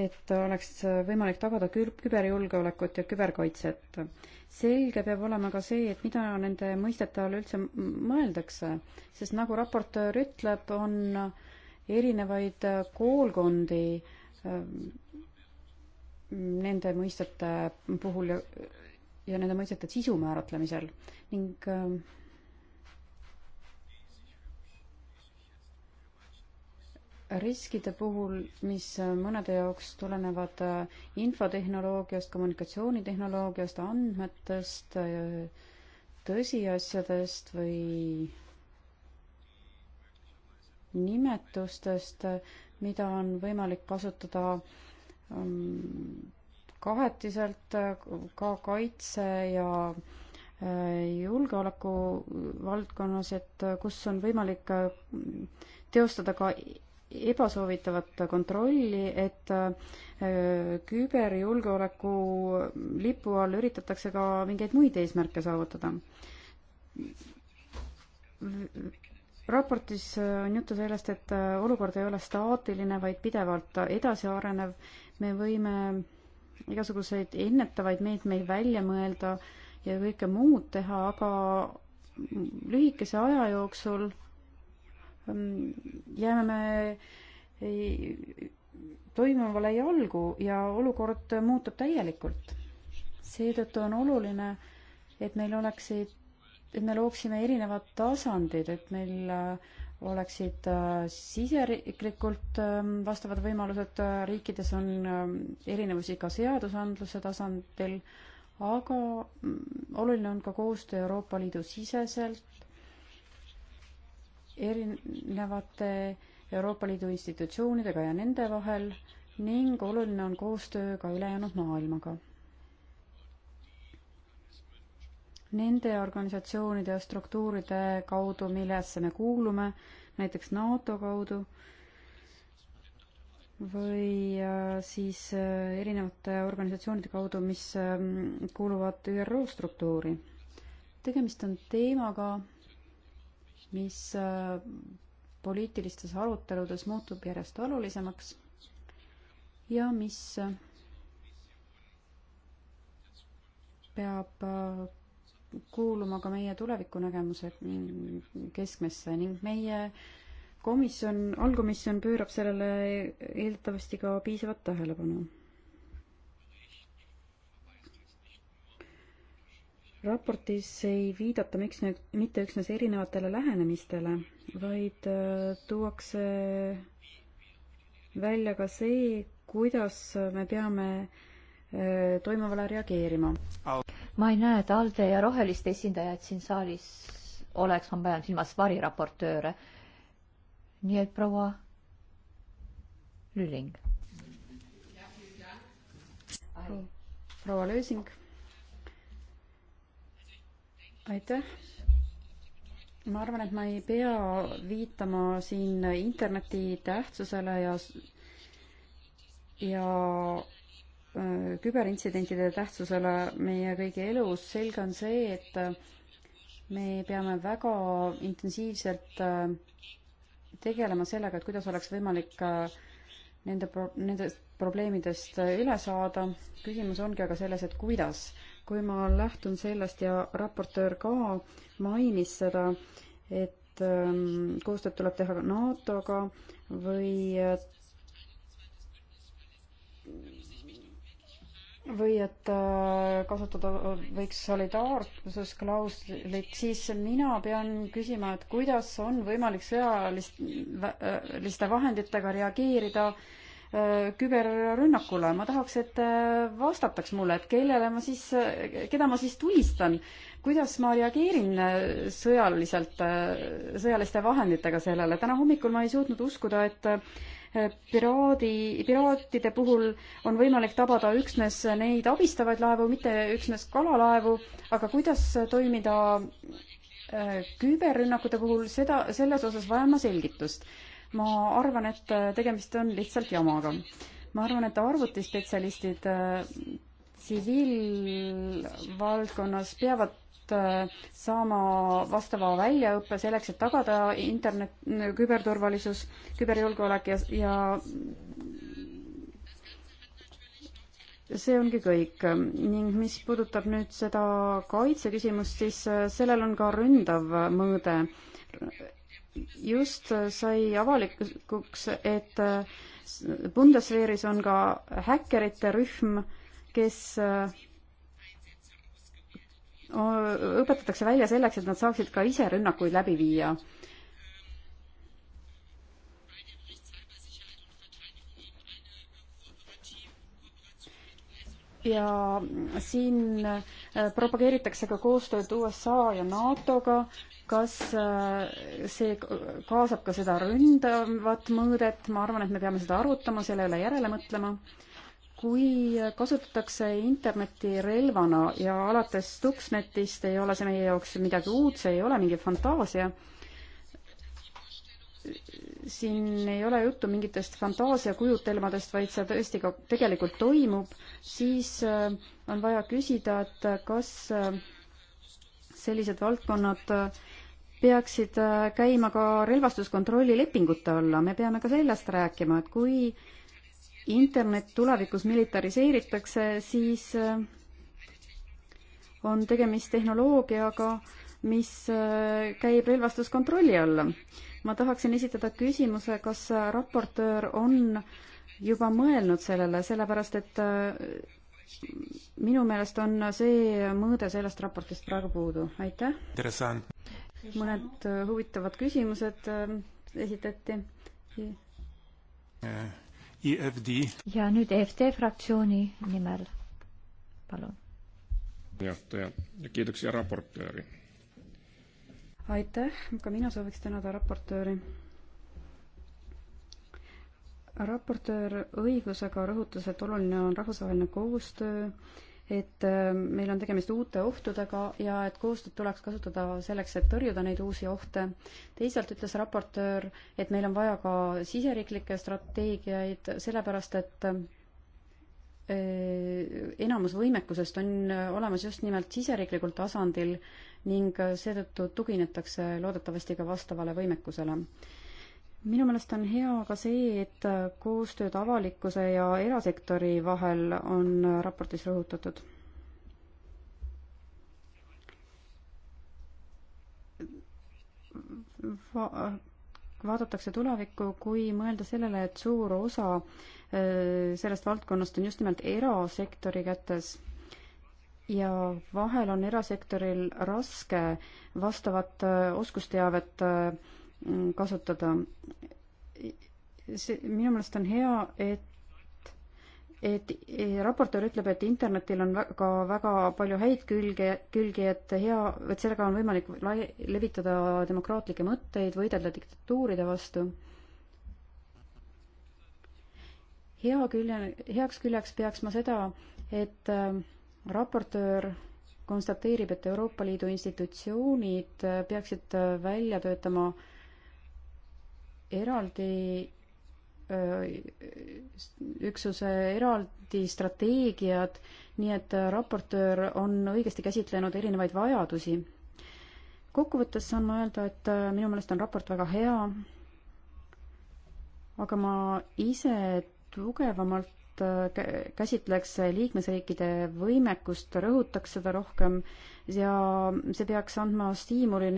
et oleks võimalik tagada kül-, küberjulgeolekut ja küberkaitset. selge peab olema ka see, et mida nende mõistete all üldse mõeldakse, sest nagu raportöör ütleb, on erinevaid koolkondi äh, nende mõistete puhul ja, ja nende mõistete sisu määratlemisel ning äh, riskide puhul, mis äh, mõnede jaoks tulenevad äh, infotehnoloogiast, kommunikatsioonitehnoloogiast, andmetest, tõsiasjadest või nimetustest, mida on võimalik kasutada äh, Ehm, kahetiselt äh, ka kaitse ja äh, julgeoleku valdkonnas, et äh, kus on võimalik teostada ka ebasoovitavat kontrolli, et küberjulgeoleku lipu all üritatakse ka mingeid muid eesmärke saavutada raportis äh, on juttu sellest, et äh, olukord ei ole staatiline, vaid pidevalt edasi arenev. me võime igasuguseid ennetavaid meetmeid välja mõelda ja kõike muud teha, aga lühikese aja jooksul ähm, jääme me ei, toimuvale jalgu ja olukord muutub täielikult. seetõttu on oluline, et meil oleksid et me looksime erinevad tasandid, et meil äh, oleksid äh, siseriiklikult ähm, vastavad võimalused, äh, riikides on ähm, erinevusi ka seadusandluse tasandil, aga mm, oluline on ka koostöö Euroopa Liidu siseselt, erinevate Euroopa Liidu institutsioonidega ja nende vahel ning oluline on koostöö ka ülejäänud maailmaga nende organisatsioonide ja struktuuride kaudu, millesse me kuulume, näiteks NATO kaudu või äh, siis äh, erinevate organisatsioonide kaudu, mis ähm, kuuluvad ÜRO struktuuri. tegemist on teemaga, mis äh, poliitilistes aruteludes muutub järjest olulisemaks ja mis peab kuuluma ka meie tulevikunägemuse keskmesse ning meie komisjon, allkomisjon pöörab sellele eeldatavasti ka piisavat tähelepanu. raportis ei viidata miks nüüd mitte üksnes erinevatele lähenemistele, vaid äh, tuuakse välja ka see, kuidas me peame äh, toimuvale reageerima ma ei näe, et ALDE ja Roheliste esindajaid siin saalis oleks, ma pean silmas variraportööre. nii et proua Lüling. proua Lösing. aitäh. ma arvan, et ma ei pea viitama siin interneti tähtsusele ja ja Äh, küberintsidentide tähtsusele meie kõigi elus. selge on see, et äh, me peame väga intensiivselt äh, tegelema sellega, et kuidas oleks võimalik nende pro-, nendest probleemidest üle saada. küsimus ongi aga selles, et kuidas. kui ma lähtun sellest ja raportöör ka mainis seda, et ähm, koostööd tuleb teha NATO-ga või või et äh, kasutada võiks solidaarsusklauslit, siis mina pean küsima, et kuidas on võimalik sõjaliste vahenditega reageerida äh, küberrünnakule. ma tahaks, et äh, vastataks mulle, et kellele ma siis, keda ma siis tulistan, kuidas ma reageerin sõjaliselt, sõjaliste vahenditega sellele. täna hommikul ma ei suutnud uskuda, et piraadi, piraatide puhul on võimalik tabada üksnes neid abistavaid laevu, mitte üksnes kalalaevu, aga kuidas toimida äh, küberrünnakute puhul, seda, selles osas vajame selgitust. ma arvan, et tegemist on lihtsalt jamaga. ma arvan, et arvutispetsialistid äh, tsiviilvaldkonnas peavad Äh, saama vastava väljaõppe selleks, et tagada internet, küberturvalisus, küberjulgeolek ja, ja see ongi kõik ning mis puudutab nüüd seda kaitseküsimust, siis äh, sellel on ka ründav mõõde. just äh, sai avalikuks, et Bundeswehris on ka häkkerite rühm, kes õpetatakse välja selleks, et nad saaksid ka ise rünnakuid läbi viia. ja siin äh, propageeritakse ka koostööd USA ja NATO-ga, kas äh, see kaasab ka seda ründavat mõõdet, ma arvan, et me peame seda arutama, selle üle järele mõtlema kui kasutatakse Internetti relvana ja alates Stuxnetist ei ole see meie jaoks midagi uut, see ei ole mingi fantaasia, siin ei ole juttu mingitest fantaasiakujutelmadest, vaid see tõesti ka tegelikult toimub, siis äh, on vaja küsida, et kas äh, sellised valdkonnad äh, peaksid käima ka relvastuskontrolli lepingute alla, me peame ka sellest rääkima, et kui äh, internet tulevikus militariseeritakse, siis äh, on tegemist tehnoloogiaga, mis äh, käib relvastuskontrolli alla. ma tahaksin esitada küsimuse, kas raportöör on juba mõelnud sellele, sellepärast et äh, minu meelest on see mõõde sellest raportist praegu puudu. aitäh! mõned huvitavad küsimused esitati. EFD. ja nüüd EFD fraktsiooni nimel, palun. juhataja ja kiidaks ja raportööri. aitäh, ka mina sooviks tänada raportööri raportöör õigusega rõhutas, et oluline on rahvusvaheline koostöö et äh, meil on tegemist uute ohtudega ja et koostööd tuleks kasutada selleks, et tõrjuda neid uusi ohte. teisalt ütles raportöör, et meil on vaja ka siseriiklikke strateegiaid, sellepärast et äh, enamus võimekusest on olemas just nimelt siseriiklikul tasandil ning seetõttu tuginetakse loodetavasti ka vastavale võimekusele minu meelest on hea ka see, et koostööd avalikkuse ja erasektori vahel on raportis rõhutatud. Va-, vaadatakse tulevikku, kui mõelda sellele, et suur osa äh, sellest valdkonnast on just nimelt erasektori kätes ja vahel on erasektoril raske vastavat äh, oskusteavet äh, Mm, kasutada. see, minu meelest on hea, et et raportöör ütleb, et internetil on väga, väga palju häid külge, külgi, et hea, et sellega on võimalik lai-, levitada demokraatlikke mõtteid, võidelda diktatuuride vastu. hea külje, heaks küljeks peaks ma seda, et ähm, raportöör konstateerib, et Euroopa Liidu institutsioonid äh, peaksid äh, välja töötama äh, eraldi üksuse eraldi strateegiad, nii et raportöör on õigesti käsitlenud erinevaid vajadusi. kokkuvõttes saan ma öelda, et minu meelest on raport väga hea, aga ma ise tugevamalt Äh, käsitleks liikmesriikide võimekust, rõhutaks seda rohkem ja see peaks andma stiimuli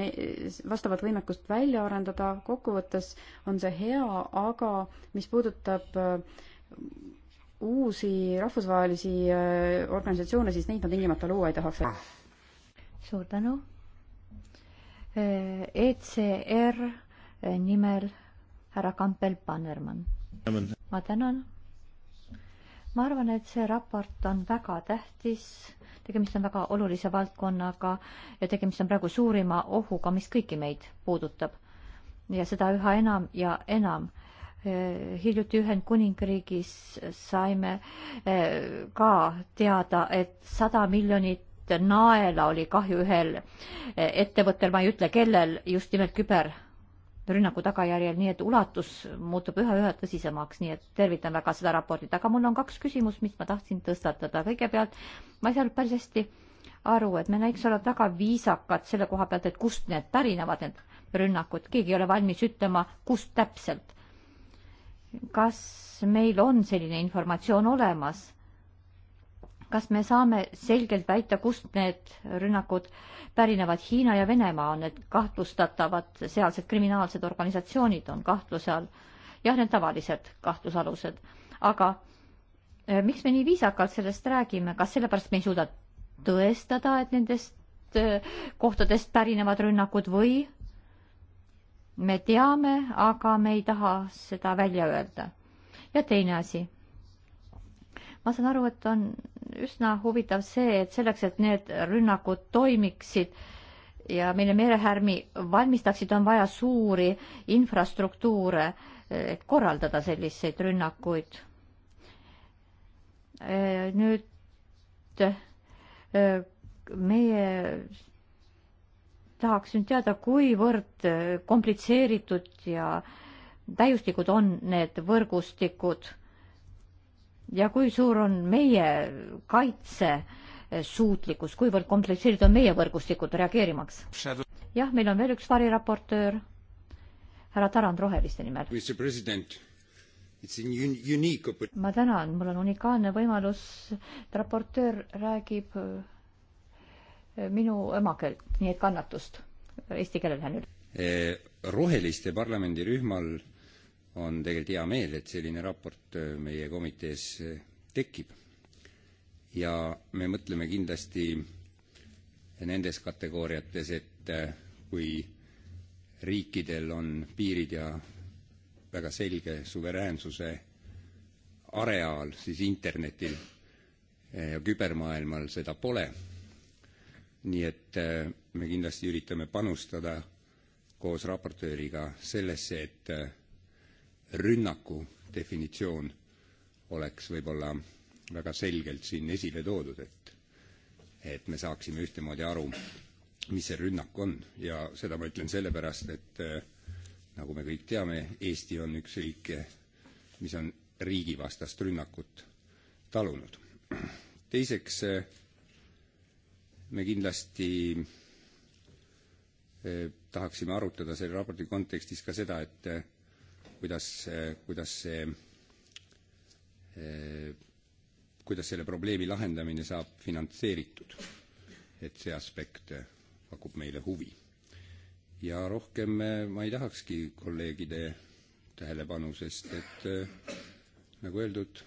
vastavat võimekust välja arendada, kokkuvõttes on see hea, aga mis puudutab äh, uusi rahvusvahelisi äh, organisatsioone, siis neid ma tingimata luua ei tahaks. suur tänu. ECR nimel härra Kampel-Pannermann. ma tänan ma arvan, et see raport on väga tähtis, tegemist on väga olulise valdkonnaga ja tegemist on praegu suurima ohuga, mis kõiki meid puudutab. ja seda üha enam ja enam. E, hiljuti Ühendkuningriigis saime e, ka teada, et sada miljonit naela oli kahju ühel e, ettevõttel, ma ei ütle, kellel, just nimelt küber rünnaku tagajärjel, nii et ulatus muutub üha-üha tõsisemaks, nii et tervitan väga seda raportit, aga mul on kaks küsimust, mis ma tahtsin tõstatada. kõigepealt ma ei saanud päris hästi aru, et me näiks olla väga viisakad selle koha pealt, et kust need pärinevad, need rünnakud, keegi ei ole valmis ütlema, kust täpselt. kas meil on selline informatsioon olemas? kas me saame selgelt väita, kust need rünnakud pärinevad? Hiina ja Venemaa on need kahtlustatavad, sealsed kriminaalsed organisatsioonid on kahtluse all. jah, need tavalised kahtlusalused, aga eh, miks me nii viisakalt sellest räägime, kas sellepärast me ei suuda tõestada, et nendest eh, kohtadest pärinevad rünnakud või me teame, aga me ei taha seda välja öelda. ja teine asi ma saan aru, et on üsna huvitav see, et selleks, et need rünnakud toimiksid ja meile merehärmi valmistaksid, on vaja suuri infrastruktuure, et korraldada selliseid rünnakuid. nüüd e, meie tahaks nüüd teada, kuivõrd komplitseeritud ja täiuslikud on need võrgustikud ja kui suur on meie kaitsesuutlikkus, eh, kuivõrd komplekseeritud on meie võrgustikud reageerimaks? jah, meil on veel üks variraportöör, härra Tarand Roheliste nimel. ma tänan, mul on unikaalne võimalus, et raportöör räägib eh, minu emakeelt, nii et kannatust eh, eesti keelele nüüd eh,. roheliste parlamendirühmal on tegelikult hea meel, et selline raport äh, meie komitees äh, tekib. ja me mõtleme kindlasti nendes kategooriates, et äh, kui riikidel on piirid ja väga selge suveräänsuse areaal, siis internetil ja kübermaailmal seda pole. nii et me kindlasti üritame panustada koos raportööriga sellesse, et rünnaku definitsioon oleks võib-olla väga selgelt siin esile toodud, et, et me saaksime ühtemoodi aru, mis see rünnak on ja seda ma ütlen sellepärast, et eh, nagu me kõik teame, Eesti on üks riike, mis on riigivastast rünnakut talunud. teiseks, eh, me kindlasti eh, tahaksime arutada selle raporti kontekstis ka seda, et kuidas, kuidas see, kuidas selle probleemi lahendamine saab finantseeritud. et see aspekt pakub meile huvi. ja rohkem äh, ma ei tahakski kolleegide tähelepanu, sest et äh, nagu öeldud,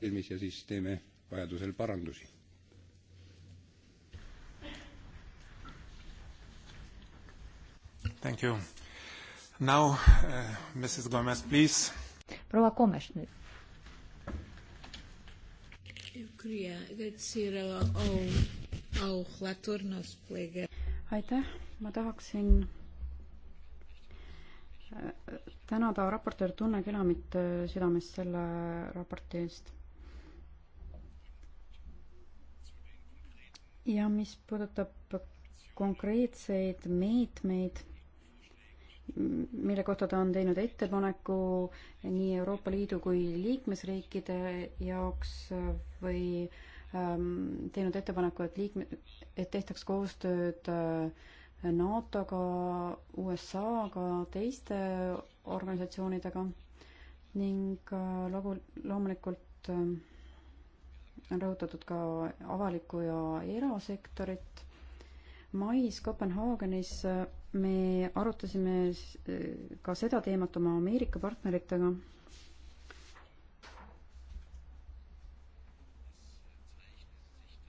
filmis ja siis teeme vajadusel parandusi. Thank you. Now uh,, Mrs Gomez, please. proua Gomes nüüd. Eu queria agradecer ao, ao relator, nosso colega. Aitäh, ma tahaksin äh, tänada raportöör Tunne Külamit äh, südamest selle raporti eest. ja mis puudutab konkreetseid meetmeid meet mille kohta ta on teinud ettepaneku nii Euroopa Liidu kui liikmesriikide jaoks või ähm, teinud ettepaneku, et liikme, et tehtaks koostööd äh, NATO-ga, USA-ga, teiste organisatsioonidega ning äh, logu-, loomulikult äh, on rõhutatud ka avalikku ja erasektorit. mais Kopenhaagenis me arutasime ka seda teemat oma Ameerika partneritega.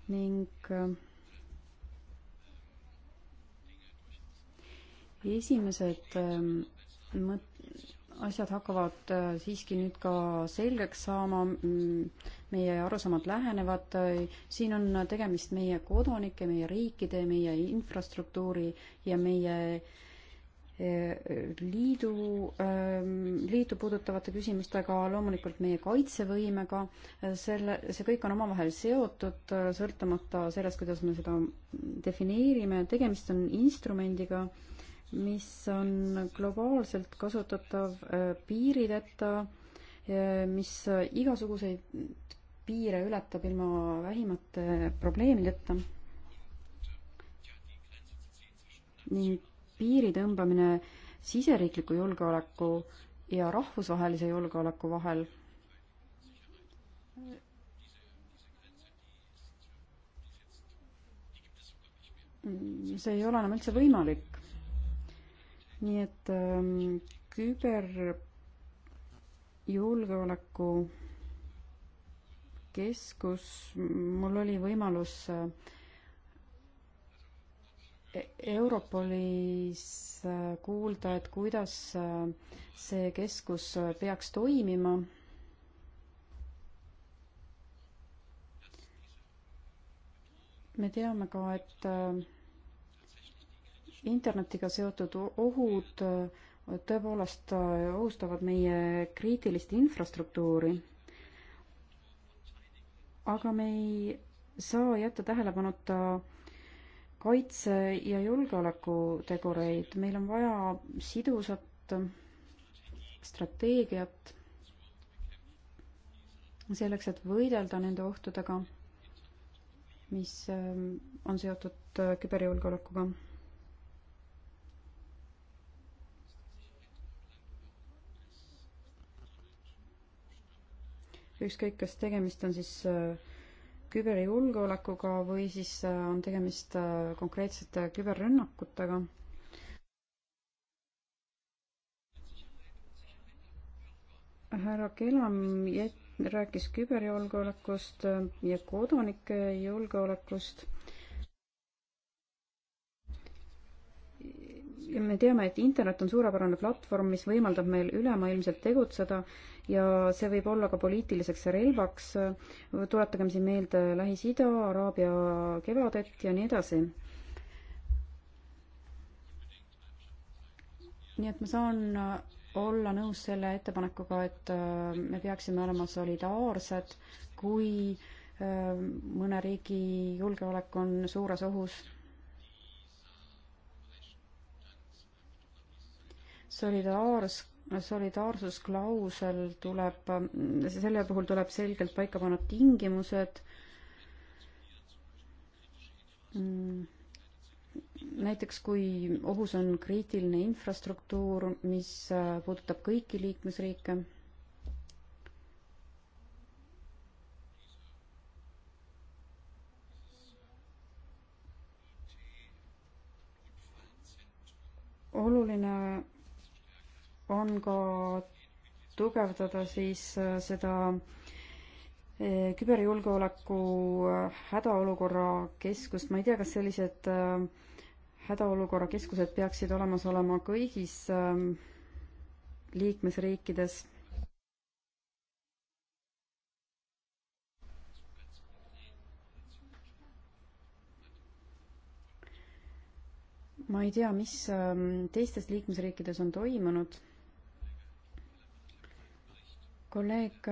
ning äh, esimesed ähm, mõt-, asjad hakkavad äh, siiski nüüd ka selgeks saama, mm, meie arusaamad lähenevad, äh, siin on tegemist meie kodanike, meie riikide, meie infrastruktuuri ja meie äh, liidu, ähm, liitu puudutavate küsimustega, loomulikult meie kaitsevõimega, selle, see kõik on omavahel seotud, sõltumata sellest, kuidas me seda defineerime, tegemist on instrumendiga, mis on globaalselt kasutatav äh, piirideta, äh, mis igasuguseid piire ületab ilma vähimate probleemideta. ning piiri tõmbamine siseriikliku julgeoleku ja rahvusvahelise julgeoleku vahel mm, see ei ole enam üldse võimalik nii et ähm, küberjulgeoleku keskus, mul oli võimalus äh, e-, Europolis äh, kuulda, et kuidas äh, see keskus peaks toimima. me teame ka, et internetiga seotud ohud äh, tõepoolest äh, ohustavad meie kriitilist infrastruktuuri. aga me ei saa jätta tähelepanuta kaitse- ja julgeolekutegureid, meil on vaja sidusat äh, strateegiat selleks, et võidelda nende ohtudega, mis on seotud küberjulgeolekuga ükskõik, kas tegemist on siis äh, küberjulgeolekuga või siis äh, on tegemist äh, konkreetsete küberrünnakutega. härra Kelam jät-, rääkis küberjulgeolekust ja kodanike julgeolekust ja me teame, et internet on suurepärane platvorm, mis võimaldab meil ülemaailmselt tegutseda ja see võib olla ka poliitiliseks relvaks. tuletagem siin meelde Lähis-Ida, Araabia kevadet ja nii edasi. nii et ma saan olla nõus selle ettepanekuga, et äh, me peaksime olema solidaarsed, kui äh, mõne riigi julgeolek on suures ohus solidaars, solidaarsusklausel tuleb, selle puhul tuleb selgelt paika panna tingimused. näiteks kui ohus on kriitiline infrastruktuur, mis puudutab kõiki liikmesriike oluline on ka tugevdada siis äh, seda äh, küberjulgeoleku äh, hädaolukorra keskust, ma ei tea, kas sellised hädaolukorra keskused peaksid olemas olema kõigis ähm, liikmesriikides ma ei tea, mis ähm, teistes liikmesriikides on toimunud kolleeg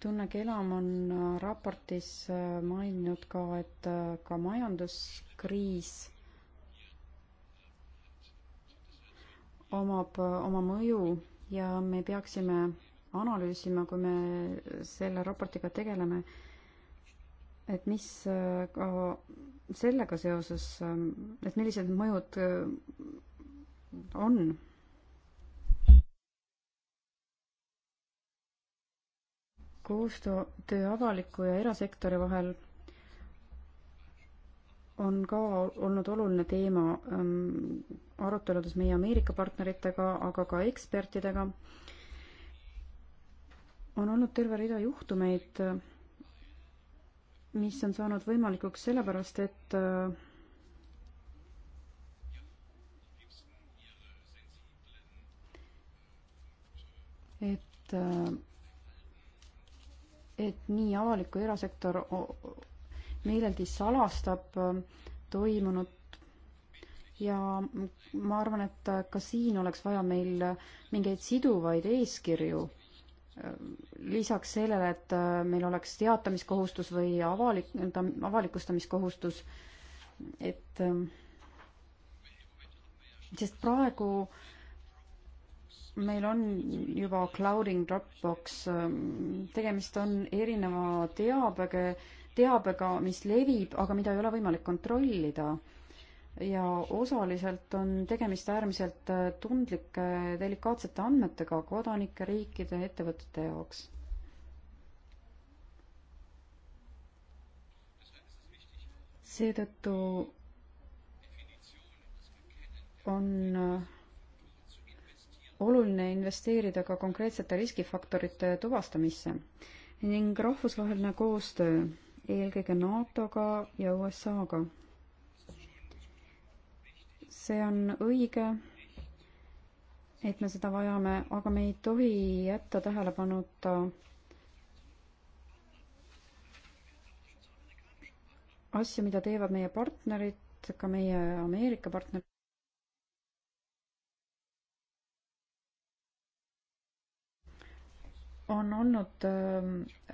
Tunne Kelam on raportis maininud ka, et ka majanduskriis omab oma mõju ja me peaksime analüüsima, kui me selle raportiga tegeleme, et mis ka sellega seoses, et millised mõjud on koostöö avaliku ja erasektori vahel on ka olnud oluline teema ähm, aruteludes meie Ameerika partneritega, aga ka ekspertidega. on olnud terve rida juhtumeid, mis on saanud võimalikuks sellepärast, et äh, et äh, et nii avalik kui erasektor meeleldi salastab ähm, toimunut ja ma arvan, et äh, ka siin oleks vaja meil äh, mingeid siduvaid eeskirju. Ähm, lisaks sellele, et äh, meil oleks teatamiskohustus või avalik, avalikustamiskohustus, et ähm, sest praegu äh, meil on juba clouding Dropbox, ähm, tegemist on erineva teabega, teabega, mis levib, aga mida ei ole võimalik kontrollida. ja osaliselt on tegemist äärmiselt äh, tundlike delikaatsete andmetega kodanike, riikide, ettevõtete jaoks. seetõttu on äh, oluline investeerida ka konkreetsete riskifaktorite tuvastamisse ning rahvusvaheline koostöö eelkõige NATO-ga ja USA-ga. see on õige, et me seda vajame, aga me ei tohi jätta tähelepanuta asju, mida teevad meie partnerid, ka meie Ameerika partnerid. on olnud ähm,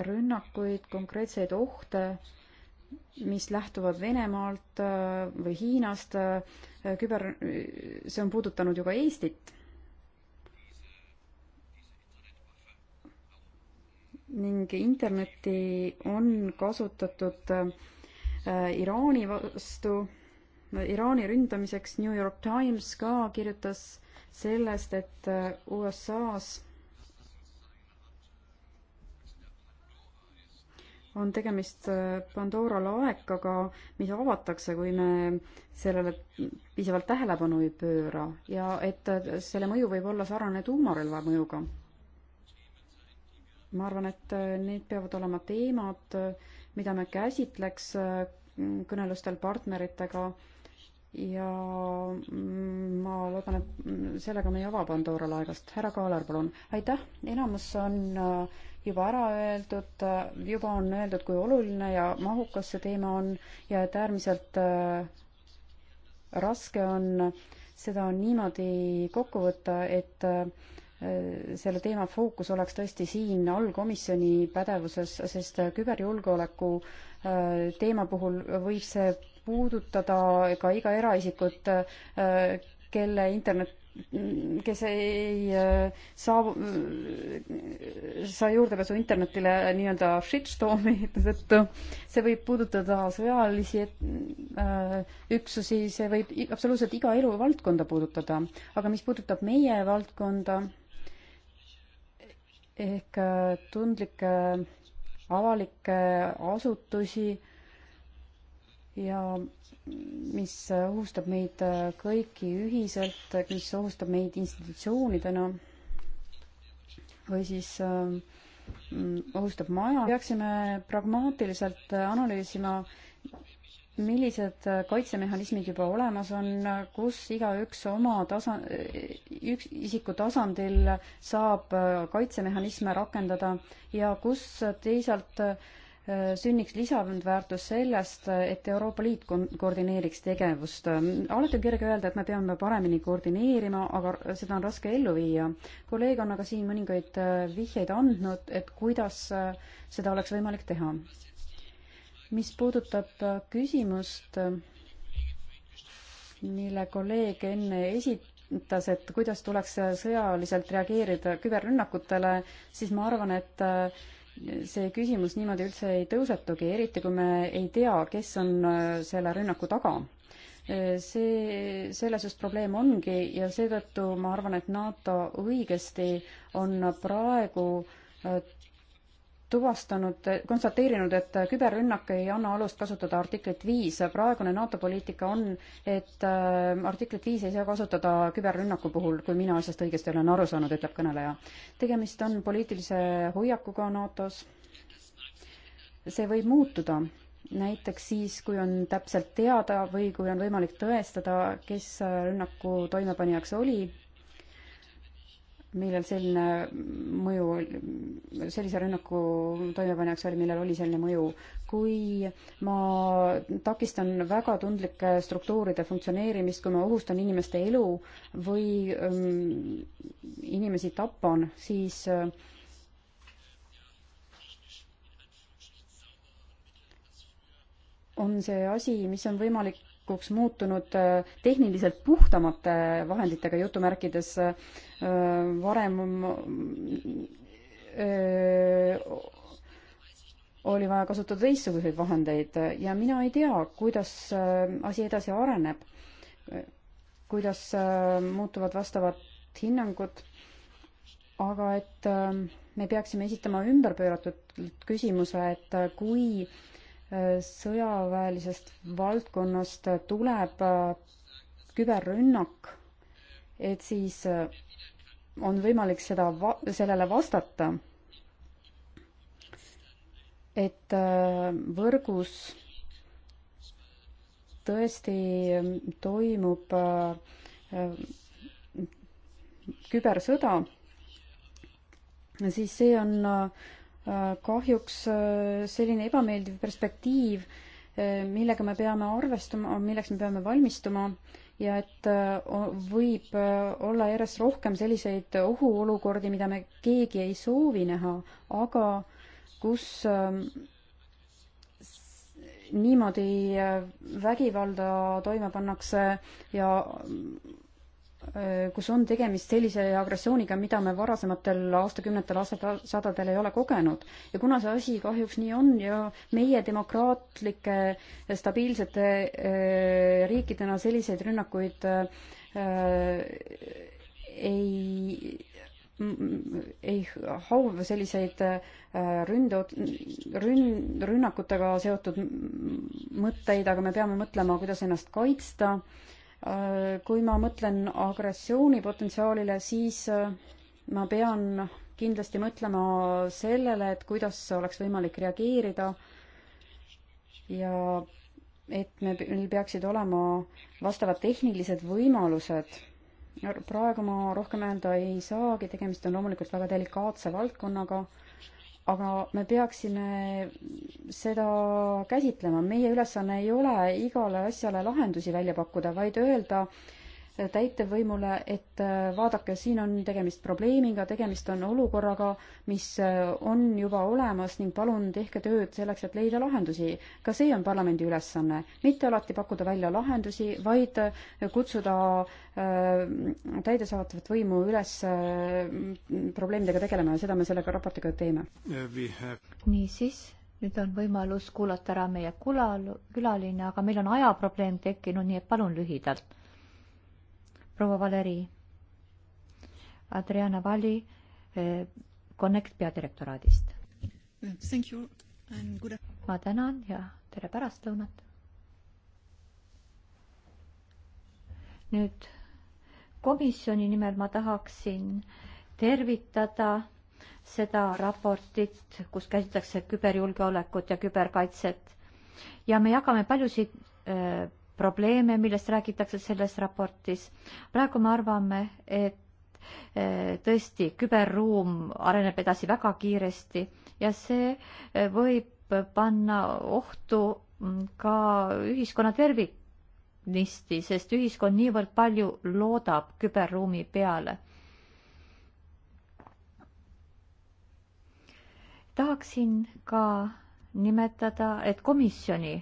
rünnakuid, konkreetseid ohte, mis lähtuvad Venemaalt äh, või Hiinast, äh, küber, see on puudutanud ju ka Eestit. ning internetti on kasutatud äh, Iraani vastu, Iraani ründamiseks New York Times ka kirjutas sellest, et USA-s on tegemist äh, Pandora laekaga, mis avatakse, kui me sellele piisavalt tähelepanu ei pööra ja et äh, selle mõju võib olla sarnane tuumarelva mõjuga. ma arvan, et äh, need peavad olema teemad, mida me käsitleks kõnelustel partneritega ja mm, ma loodan, et sellega me ei ava Pandora laegast. härra Kaaler, palun. aitäh, enamus on äh, juba ära öeldud, juba on öeldud, kui oluline ja mahukas see teema on ja et äärmiselt äh, raske on seda niimoodi kokku võtta, et äh, selle teema fookus oleks tõesti siin allkomisjoni pädevuses, sest küberjulgeoleku äh, teema puhul võib see puudutada ka iga eraisikut, kelle internet kes ei saa, äh, saa äh, juurdepääsu internetile nii-öelda shitstormi tõttu, see võib puudutada sõjalisi äh, üksusi, see võib absoluutselt iga eluvaldkonda puudutada, aga mis puudutab meie valdkonda ehk tundlikke avalikke asutusi ja mis ohustab meid kõiki ühiselt, mis ohustab meid institutsioonidena või siis mm, ohustab maja, peaksime pragmaatiliselt analüüsima, millised kaitsemehhanismid juba olemas on, kus igaüks oma tasa, üks isiku tasandil saab kaitsemehhanisme rakendada ja kus teisalt äh, sünniks lisandväärtus sellest, et Euroopa Liit koordineeriks tegevust. alati on kerge öelda, et me peame paremini koordineerima, aga seda on raske ellu viia. kolleeg on aga siin mõningaid äh, vihjeid andnud, et kuidas äh, seda oleks võimalik teha. mis puudutab äh, küsimust, mille kolleeg enne esit-, ütles, et kuidas tuleks sõjaliselt reageerida küberrünnakutele, siis ma arvan, et see küsimus niimoodi üldse ei tõusetugi, eriti kui me ei tea, kes on äh, selle rünnaku taga. Äh, see, selles just probleem ongi ja seetõttu ma arvan, et NATO õigesti on praegu äh, tuvastanud, konstateerinud, et küberrünnak ei anna alust kasutada artiklit viis. praegune NATO poliitika on, et äh, artiklit viis ei saa kasutada küberrünnaku puhul, kui mina asjast õigesti olen aru saanud, ütleb kõneleja. tegemist on poliitilise hoiakuga NATO-s. see võib muutuda näiteks siis, kui on täpselt teada või kui on võimalik tõestada, kes rünnaku toimepanijaks oli millel selline mõju, sellise rünnaku toimepanijaks oli, millel oli selline mõju. kui ma takistan väga tundlike struktuuride funktsioneerimist, kui ma ohustan inimeste elu või ähm, inimesi tapan, siis äh, on see asi, mis on võimalik valikuks muutunud äh, tehniliselt puhtamate vahenditega jutumärkides äh, varem öö, äh, oli vaja kasutada teistsuguseid vahendeid ja mina ei tea, kuidas asi edasi areneb, kuidas muutuvad vastavad hinnangud, aga et me peaksime esitama ümberpööratud küsimuse, et kui sõjaväelisest valdkonnast tuleb äh, küberrünnak, et siis äh, on võimalik seda va-, sellele vastata, et äh, võrgus tõesti toimub kübersõda, siis see on äh, Äh, kahjuks äh, selline ebameeldiv perspektiiv, äh, millega me peame arvestama, milleks me peame valmistuma ja et võib olla järjest rohkem selliseid ohuolukordi, mida me keegi ei soovi näha, aga kus ähm, niimoodi vägivalda toime pannakse ja Äh, kus on tegemist sellise agressiooniga, mida me varasematel aastakümnetel, aastasadadel ei ole kogenud. ja kuna see asi kahjuks nii on ja meie demokraatlike stabiilsete äh, riikidena selliseid rünnakuid äh, ei ei hauva selliseid ründe, rünn, rünnakutega seotud mõtteid, aga me peame mõtlema, kuidas ennast kaitsta äh, kui ma mõtlen agressiooni potentsiaalile, siis äh, ma pean kindlasti mõtlema sellele, et kuidas oleks võimalik reageerida ja et me, meil peaksid olema vastavad tehnilised võimalused. praegu ma rohkem öelda ei saagi, tegemist on loomulikult väga delikaatse valdkonnaga aga me peaksime seda käsitlema. meie ülesanne ei ole igale asjale lahendusi välja pakkuda, vaid öelda, täitevvõimule, et äh, vaadake, siin on tegemist probleemiga, tegemist on olukorraga, mis äh, on juba olemas ning palun tehke tööd selleks, et leida lahendusi. ka see on parlamendi ülesanne, mitte alati pakkuda välja lahendusi, vaid äh, kutsuda täidesaatvat võimu üles probleemidega tegelema ja seda me selle raportiga teeme. niisiis nüüd on võimalus kuulata ära meie kula, külaline, aga meil on ajaprobleem tekkinud, nii et palun lühidalt proua Valeri Adriana Valli eh, Connect peadirektoraadist. ma tänan ja tere pärastlõunat. nüüd komisjoni nimel ma tahaksin tervitada seda raportit, kus käsitletakse küberjulgeolekut ja küberkaitset ja me jagame paljusid öö, eh, probleeme, millest räägitakse selles raportis. praegu me arvame, et eh, tõesti, küberruum areneb edasi väga kiiresti ja see eh, võib panna ohtu mm, ka ühiskonna terviknisti, sest ühiskond niivõrd palju loodab küberruumi peale. tahaksin ka nimetada, et komisjoni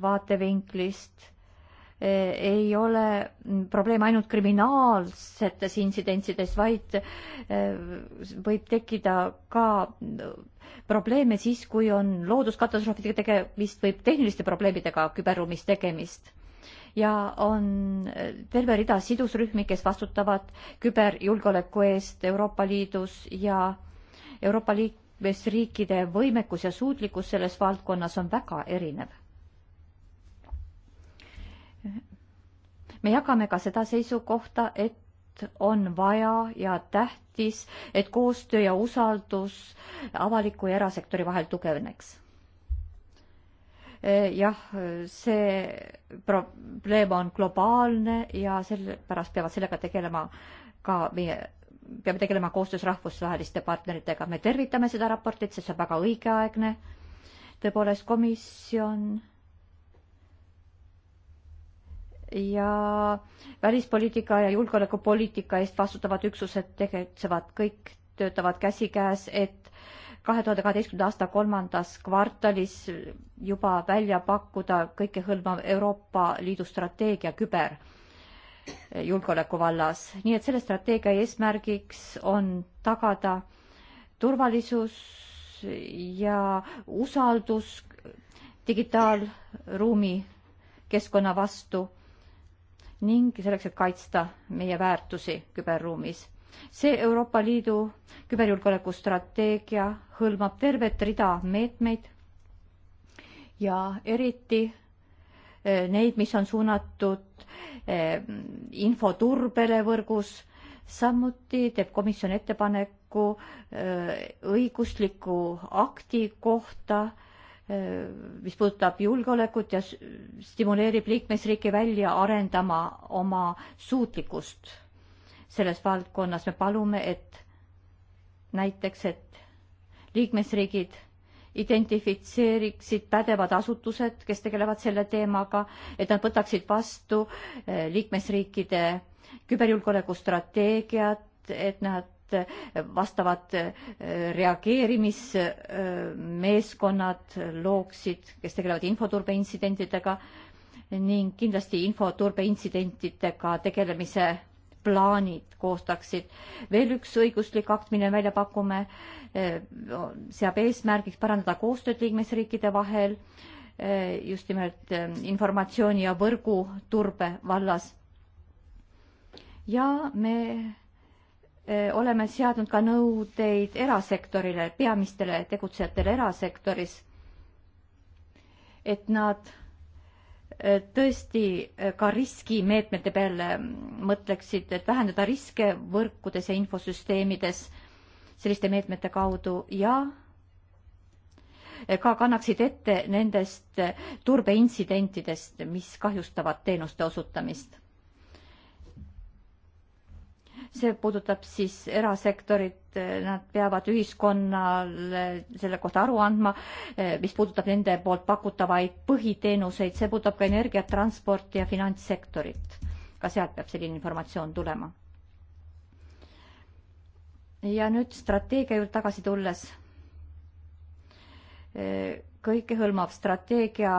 vaatevinklist Eh, ei ole mm, probleem ainult kriminaalsetes intsidentsides, vaid eh, võib tekkida ka mm, probleeme siis, kui on looduskatastroofidega tegemist, võib tehniliste probleemidega küberruumis tegemist ja on eh, terve rida sidusrühmi, kes vastutavad küberjulgeoleku eest Euroopa Liidus ja Euroopa liikmesriikide võimekus ja suutlikkus selles valdkonnas on väga erinev me jagame ka seda seisukohta, et on vaja ja tähtis, et koostöö ja usaldus avaliku ja erasektori vahel tugevneks. Eh, jah, see probleem on globaalne ja sellepärast peavad sellega tegelema ka meie peame tegelema koostöös rahvusvaheliste partneritega. me tervitame seda raportit, sest see on väga õigeaegne. tõepoolest, komisjon ja välispoliitika ja julgeolekupoliitika eest vastutavad üksused tegutsevad, kõik töötavad käsikäes, et kahe tuhande kaheteistkümnenda aasta kolmandas kvartalis juba välja pakkuda kõikehõlmav Euroopa Liidu strateegia küberjulgeoleku vallas. nii et selle strateegia eesmärgiks on tagada turvalisus ja usaldus digitaalruumi keskkonna vastu ning selleks, et kaitsta meie väärtusi küberruumis. see Euroopa Liidu küberjulgeoleku strateegia hõlmab tervet rida meetmeid ja eriti eh, neid, mis on suunatud eh, infoturbele võrgus, samuti teeb komisjon ettepaneku eh, õigusliku akti kohta, mis puudutab julgeolekut ja stimuleerib liikmesriike välja arendama oma suutlikkust selles valdkonnas. me palume, et näiteks, et liikmesriigid identifitseeriksid pädevad asutused, kes tegelevad selle teemaga, et nad võtaksid vastu liikmesriikide küberjulgeoleku strateegiat, et nad Eh, vastavad eh, reageerimismeeskonnad looksid, kes tegelevad infoturbeintsidentidega ning kindlasti infoturbeintsidentidega tegelemise plaanid koostaksid. veel üks õiguslik akt, mille välja pakume, eh, seab eesmärgiks parandada koostööd liikmesriikide vahel just nimelt informatsiooni ja võrguturbe vallas. ja me oleme seadnud ka nõudeid erasektorile, peamistele tegutsejatele erasektoris, et nad tõesti ka riskimeetmete peale mõtleksid, et vähendada riske võrkudes ja infosüsteemides selliste meetmete kaudu ja ka kannaksid ette nendest turbeintsidentidest, mis kahjustavad teenuste osutamist see puudutab siis erasektorit, nad peavad ühiskonnale selle kohta aru andma, mis puudutab nende poolt pakutavaid põhiteenuseid, see puudutab ka energiat, transporti ja finantssektorit. ka sealt peab selline informatsioon tulema. ja nüüd strateegia juurde tagasi tulles. kõike hõlmav strateegia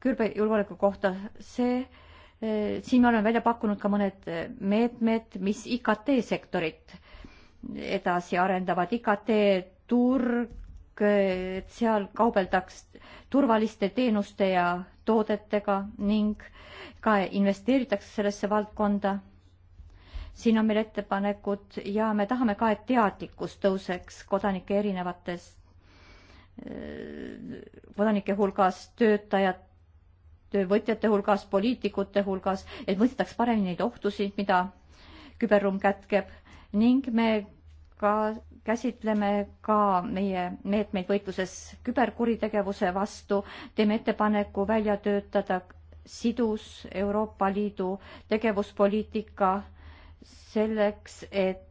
küberjulgeoleku kohta, see Äh, siin me oleme välja pakkunud ka mõned äh, meetmed, mis IKT sektorit edasi arendavad, IKT turg, äh, et seal kaubeldaks turvaliste teenuste ja toodetega ning ka investeeritakse sellesse valdkonda. siin on meil ettepanekud ja me tahame ka, et teadlikkus tõuseks kodanike erinevates, kodanike hulgas töötajad, töövõtjate hulgas, poliitikute hulgas, et mõistetaks paremini neid ohtusid, mida küberruum kätkeb ning me ka käsitleme ka meie meetmeid võitluses küberkuritegevuse vastu, teeme ettepaneku välja töötada sidus Euroopa Liidu tegevuspoliitika selleks, et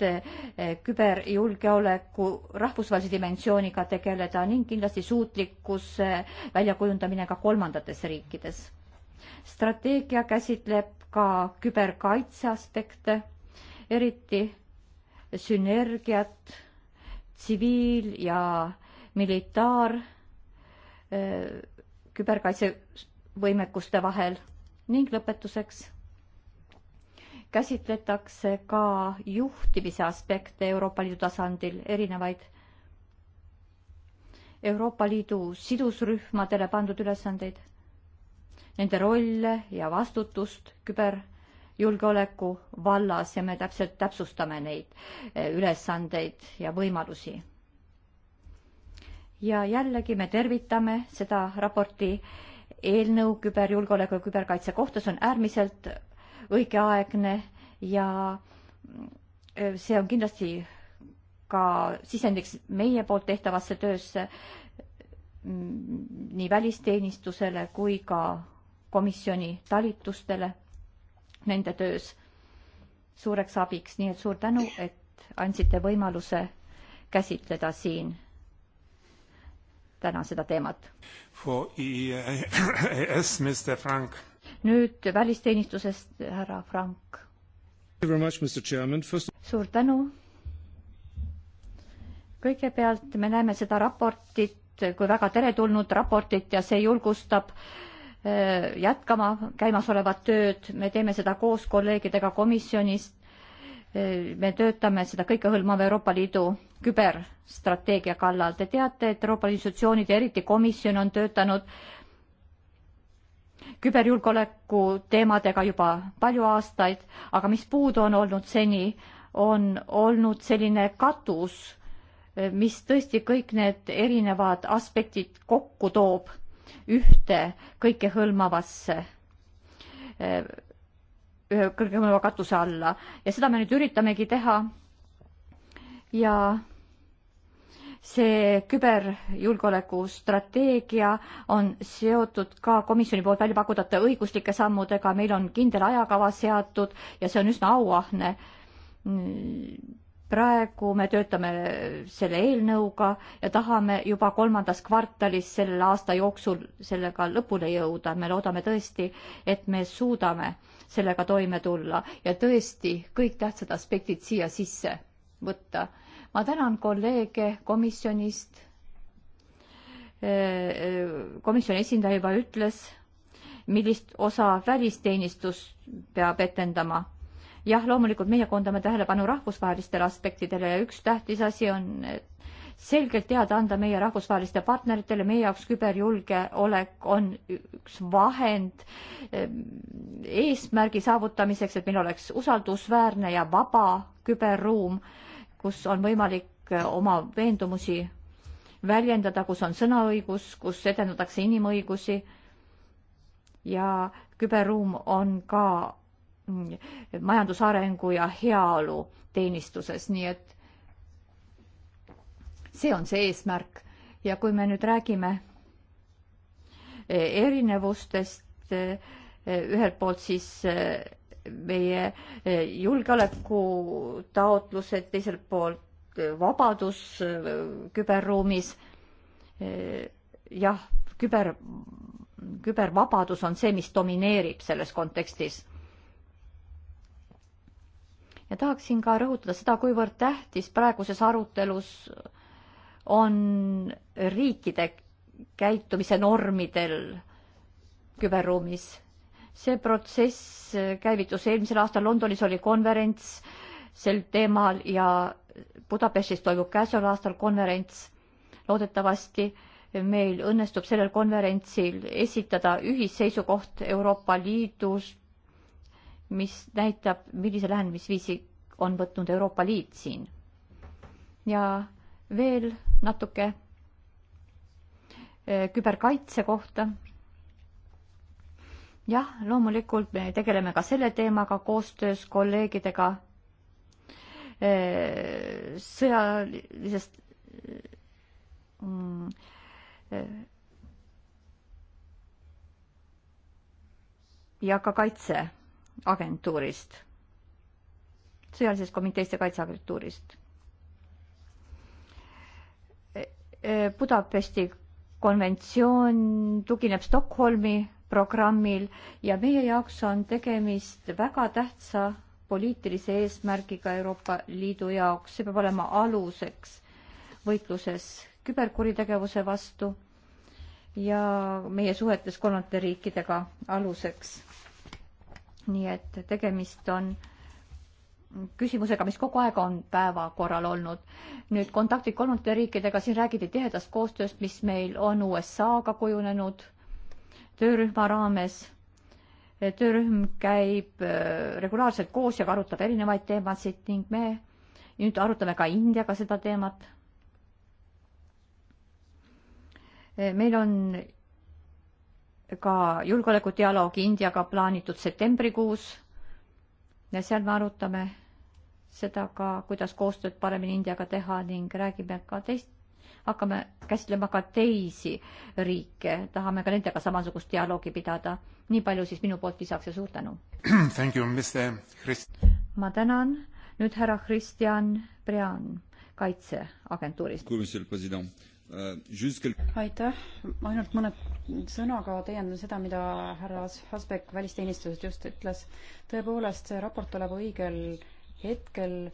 Eh, küberjulgeoleku rahvusvahelise dimensiooniga tegeleda ning kindlasti suutlikkuse väljakujundamine ka kolmandates riikides. strateegia käsitleb ka küberkaitse aspekte, eriti sünergiat tsiviil- ja militaar eh, küberkaitsevõimekuste vahel ning lõpetuseks käsitletakse ka juhtimise aspekte Euroopa Liidu tasandil, erinevaid Euroopa Liidu sidusrühmadele pandud ülesandeid, nende rolle ja vastutust küberjulgeoleku vallas ja me täpselt täpsustame neid eh, ülesandeid ja võimalusi. ja jällegi me tervitame seda raporti eelnõu küberjulgeoleku ja küberkaitse kohta, see on äärmiselt õigeaegne ja äh, see on kindlasti ka sisendiks meie poolt tehtavasse töösse mm, nii välisteenistusele kui ka komisjoni talitustele nende töös suureks abiks, nii et suur tänu, et andsite võimaluse käsitleda siin täna seda teemat. For EAS, e Mr Frank nüüd välisteenistusest härra Frank. suur tänu. kõigepealt me näeme seda raportit kui väga teretulnud raportit ja see julgustab äh, jätkama käimasolevat tööd. me teeme seda koos kolleegidega komisjonist. Äh, me töötame seda kõikehõlmava Euroopa Liidu küberstrateegia kallal. Te teate, et Euroopa institutsioonid ja eriti komisjon on töötanud küberjulgeoleku teemadega juba palju aastaid, aga mis puudu on olnud seni, on olnud selline katus, mis tõesti kõik need erinevad aspektid kokku toob ühte kõikehõlmavasse, kõikehõlmava katuse alla ja seda me nüüd üritamegi teha. ja see küberjulgeoleku strateegia on seotud ka komisjoni poolt välja pakutavate õiguslike sammudega, meil on kindel ajakava seatud ja see on üsna auahne. praegu me töötame selle eelnõuga ja tahame juba kolmandas kvartalis selle aasta jooksul sellega lõpule jõuda, me loodame tõesti, et me suudame sellega toime tulla ja tõesti kõik tähtsad aspektid siia sisse võtta ma tänan kolleege komisjonist. Äh, äh, komisjoni esindaja juba ütles, millist osa välisteenistus peab etendama. jah, loomulikult meie koondame tähelepanu rahvusvahelistele aspektidele ja üks tähtis asi on selgelt teada anda meie rahvusvaheliste partneritele, meie jaoks küberjulgeolek on üks vahend ehm, eesmärgi saavutamiseks, et meil oleks usaldusväärne ja vaba küberruum kus on võimalik äh, oma veendumusi väljendada, kus on sõnaõigus, kus edendatakse inimõigusi ja küberruum on ka mm, majandusarengu ja heaolu teenistuses, nii et see on see eesmärk. ja kui me nüüd räägime äh, erinevustest, äh, ühelt poolt siis meie eh, julgeolekutaotlused, teiselt poolt eh, vabadus eh, küberruumis. jah, küber, kübervabadus on see, mis domineerib selles kontekstis. ja tahaksin ka rõhutada seda, kuivõrd tähtis praeguses arutelus on riikide käitumise normidel küberruumis see protsess äh, käivitus eelmisel aastal, Londonis oli konverents sel teemal ja Budapestis toimub käesoleval aastal konverents. loodetavasti meil õnnestub sellel konverentsil esitada ühisseisukoht Euroopa Liidus, mis näitab, millise lähenemisviisi on võtnud Euroopa Liit siin. ja veel natuke äh, küberkaitse kohta jah, loomulikult me tegeleme ka selle teemaga koostöös kolleegidega äh, sõjalisest mm, äh, ja ka kaitseagentuurist, sõjalisest komiteest ja kaitseagentuurist. Äh, Budapesti konventsioon tugineb Stockholmi programmil ja meie jaoks on tegemist väga tähtsa poliitilise eesmärgiga Euroopa Liidu jaoks, see peab olema aluseks võitluses küberkuritegevuse vastu ja meie suhetes kolmandate riikidega aluseks. nii et tegemist on küsimusega, mis kogu aeg on päevakorral olnud. nüüd kontaktid kolmandate riikidega, siin räägiti tihedast koostööst, mis meil on USA-ga kujunenud töörühma raames. töörühm käib äh, regulaarselt koos ja arutab erinevaid teemasid ning me nüüd arutame ka Indiaga seda teemat. Äh, meil on ka julgeolekudialoog Indiaga plaanitud septembrikuus ja seal me arutame seda ka, kuidas koostööd paremini Indiaga teha ning räägime ka teist, hakkame käsitlema ka teisi riike, tahame ka nendega samasugust dialoogi pidada. nii palju siis minu poolt lisaks ja suur tänu. ma tänan, nüüd härra Kristjan Brean kaitseagentuurist. Euh, aitäh, ainult mõne sõnaga täiendan seda, mida härra Hasbek välisteenistusest just ütles. tõepoolest, see raport tuleb õigel hetkel äh,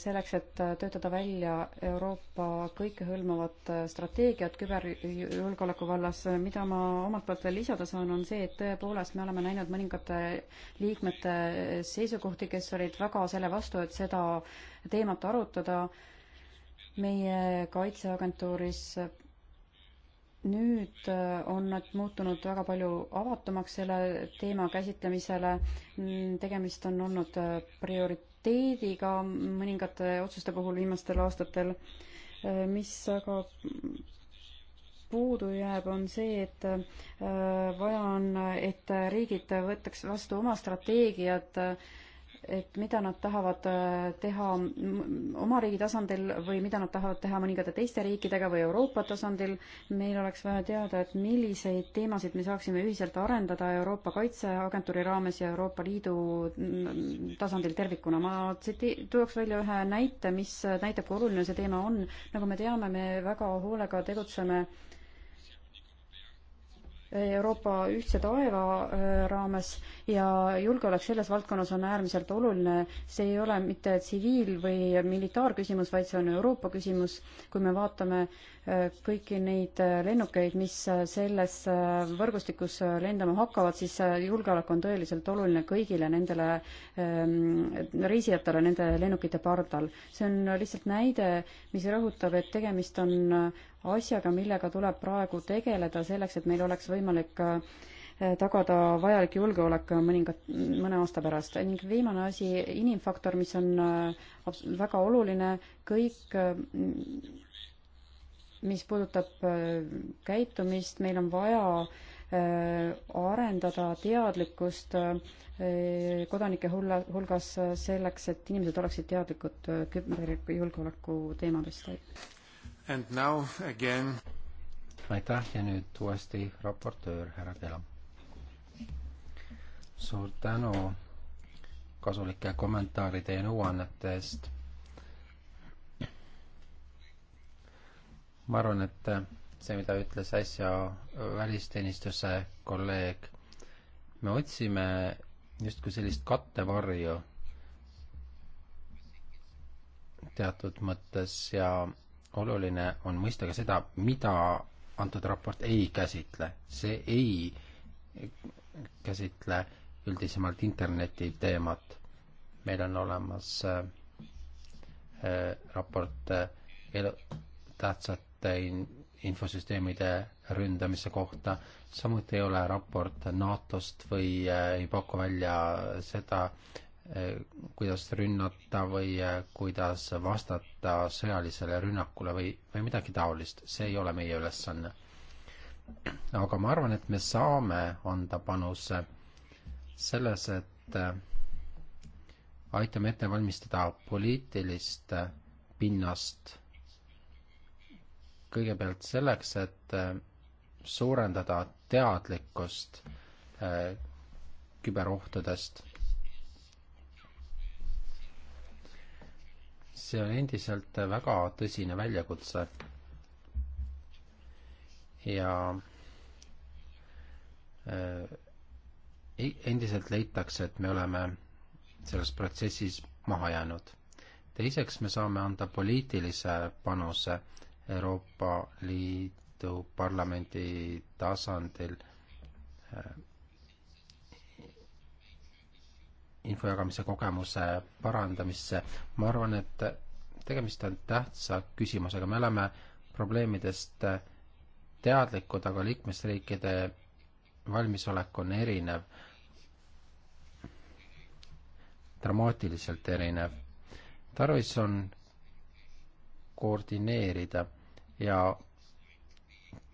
selleks, et töötada välja Euroopa kõikehõlmavat äh, strateegiat küberjulgeoleku vallas. mida ma omalt poolt veel lisada saan, on see, et tõepoolest me oleme näinud mõningate liikmete äh, seisukohti, kes olid väga selle vastu, et seda teemat arutada meie kaitseagentuuris äh, nüüd on nad muutunud väga palju avatumaks selle teema käsitlemisele. Mm, tegemist on olnud priori-, prioriteediga mõningate otsuste puhul viimastel aastatel. Äh, mis aga puudu jääb, on see, et äh, vaja on, et riigid võtaks vastu oma strateegiad äh, et mida nad tahavad äh, teha oma riigi tasandil või mida nad tahavad teha mõningate teiste riikidega või Euroopa tasandil. meil oleks vaja teada, et milliseid teemasid me saaksime ühiselt arendada Euroopa Kaitseagentuuri raames ja Euroopa Liidu mm, tasandil tervikuna. ma tsiti-, tooks välja ühe näite, mis näitab, kui oluline see teema on. nagu me teame, me väga hoolega tegutseme Euroopa ühtse taeva äh, raames ja julgeolek selles valdkonnas on äärmiselt oluline. see ei ole mitte tsiviil- või militaarküsimus, vaid see on Euroopa küsimus. kui me vaatame äh, kõiki neid äh, lennukeid, mis äh, selles võrgustikus lendama hakkavad, siis julgeolek on tõeliselt oluline kõigile nendele ähm, reisijatele nende lennukite pardal. see on lihtsalt näide, mis rõhutab, et tegemist on asjaga, millega tuleb praegu tegeleda selleks, et meil oleks võimalik äh, Äh, tagada vajalik julgeolek mõningat, mõne aasta pärast. ning viimane asi, inimfaktor, mis on äh, väga oluline, kõik äh, mis puudutab käitumist, meil on vaja arendada teadlikkust kodanike hulla, hulgas selleks, et inimesed oleksid teadlikud küberjulgeoleku teemadest. aitäh ja nüüd uuesti raportöör härra Kelam suur tänu kasulike kommentaaride ja nõuannete eest. ma arvan, et see, mida ütles äsja välisteenistuse kolleeg, me otsime justkui sellist kattevarju teatud mõttes ja oluline on mõista ka seda, mida antud raport ei käsitle. see ei käsitle äh, üldisemalt interneti teemat. meil on olemas äh, äh raport äh, tähtsate in, infosüsteemide ründamise kohta, samuti ei ole raport NATO-st või äh, ei paku välja seda äh,, kuidas rünnata või äh, kuidas vastata sõjalisele rünnakule või, või midagi taolist, see ei ole meie ülesanne aga ma arvan, et me saame anda panuse selles, et äh, aitame ette valmistada poliitilist äh, pinnast kõigepealt selleks, et äh, suurendada teadlikkust küberohtudest. see on endiselt väga tõsine väljakutse. ja endiselt leitakse, et me oleme selles protsessis maha jäänud. teiseks, me saame anda poliitilise panuse Euroopa Liidu Parlamendi tasandil äh, info jagamise kogemuse parandamisse. ma arvan, et tegemist on tähtsa küsimusega, me oleme probleemidest teadlikud, aga liikmesriikide valmisolek on erinev dramaatiliselt erinev. tarvis on koordineerida ja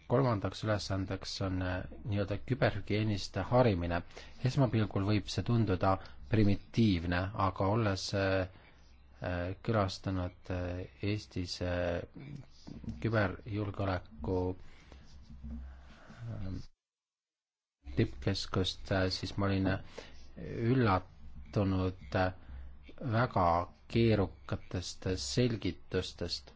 kolmandaks ülesandeks on äh, nii-öelda küberhügieeniste harimine. esmapilgul võib see tunduda primitiivne, aga olles äh, äh, külastanud Eestis küberjulgeoleku tippkeskust, siis ma olin üllat-, lähtunud äh, väga keerukatest äh, selgitustest.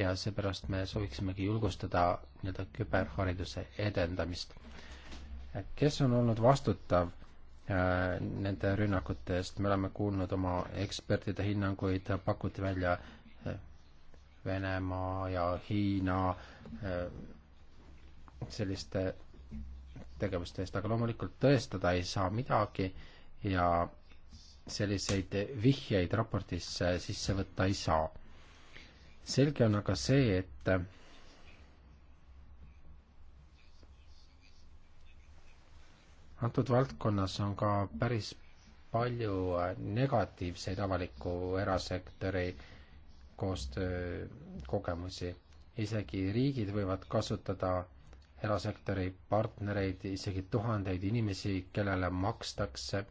ja seepärast me sooviksimegi julgustada nii-öelda küberhariduse edendamist. Äh, kes on olnud vastutav nende rünnakute eest, me oleme kuulnud oma ekspertide hinnanguid, pakuti välja Venemaa ja Hiina selliste tegevuste eest, aga loomulikult tõestada ei saa midagi ja selliseid vihjeid raportisse sisse võtta ei saa. selge on aga see, et antud valdkonnas on ka päris palju negatiivseid avaliku erasektori koostöökogemusi. isegi riigid võivad kasutada erasektori partnereid, isegi tuhandeid inimesi, kellele makstakse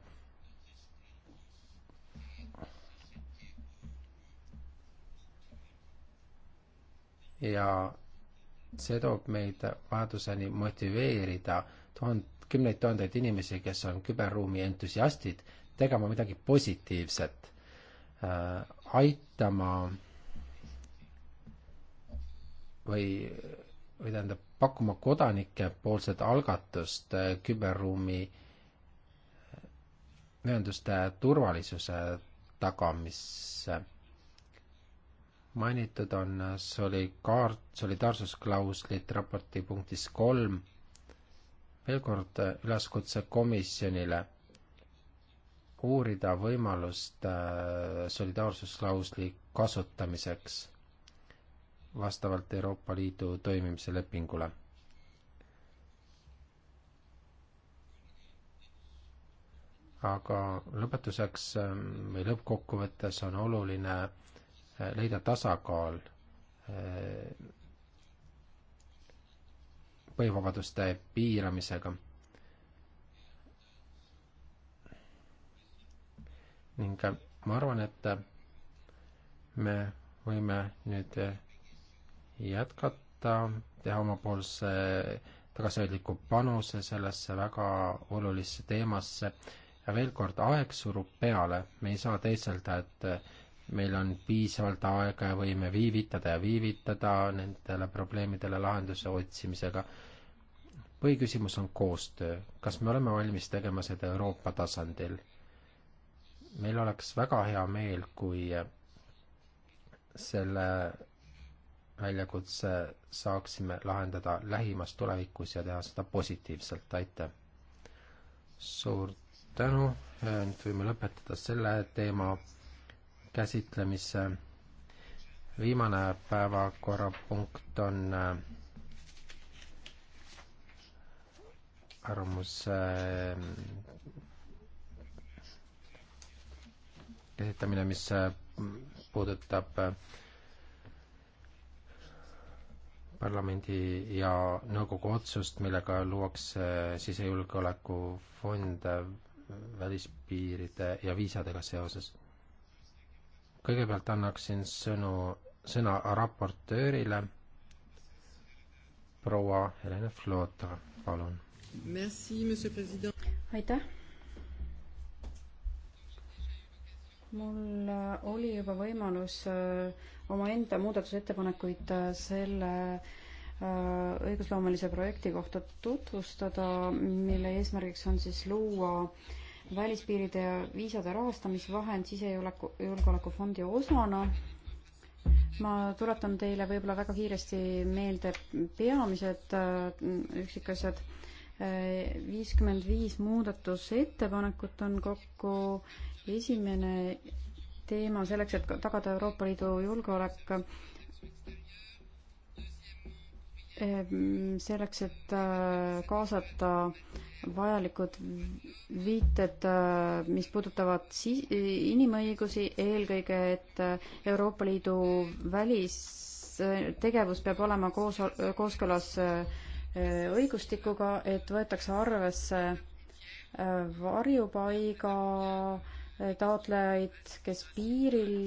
ja see toob meid vajaduseni motiveerida tuhand-, kümneid tuhandeid inimesi, kes on küberruumi entusiastid, tegema midagi positiivset äh,, aitama või, või tähendab, pakkuma kodanike poolset algatust eh, küberruumi eh, ühenduste turvalisuse tagamisse. mainitud on eh, solikaart, solidaarsusklauslit raporti punktis kolm. veel kord üleskutse komisjonile uurida võimalust solidaarsusklausli kasutamiseks vastavalt Euroopa Liidu toimimise lepingule. aga lõpetuseks ähm, või lõppkokkuvõttes on oluline äh, leida tasakaal äh, põhivabaduste piiramisega ning äh, ma arvan, et me võime nüüd jätkata, teha omapoolse tagasihoidliku panuse sellesse väga olulisse teemasse ja veel kord, aeg surub peale, me ei saa teeselda, et meil on piisavalt aega ja võime viivitada ja viivitada nendele probleemidele lahenduse otsimisega. põhiküsimus on koostöö, kas me oleme valmis tegema seda Euroopa tasandil? meil oleks väga hea meel, kui selle väljakutse saaksime lahendada lähimas tulevikus ja teha seda positiivselt, aitäh! suur tänu, nüüd võime lõpetada selle teema käsitlemise. viimane päevakorrapunkt on äh, arvamuse äh, esitamine, mis äh, puudutab äh, parlamendi ja nõukogu otsust, millega luuakse sisejulgeolekufond välispiiride ja viisadega seoses. kõigepealt annaksin sõnu, sõna raportöörile, proua Helena Flota, palun. aitäh mul äh, oli juba võimalus äh, omaenda muudatusettepanekuid äh, selle õigusloomelise projekti kohta tutvustada, mille eesmärgiks on siis luua välispiiride ja viisade rahastamisvahend sisejulgeolekufondi osana. ma tuletan teile võib-olla väga kiiresti meelde peamised üksikasjad. viiskümmend viis muudatusettepanekut on kokku esimene teema selleks, et tagada Euroopa Liidu julgeolek, ehm, selleks, et äh, kaasata vajalikud viited, äh, mis puudutavad si-, inimõigusi, eelkõige et äh, Euroopa Liidu välistegevus peab olema koos, kooskõlas õigustikuga, et võetakse arvesse varjupaiga äh, taotlejaid, kes piiril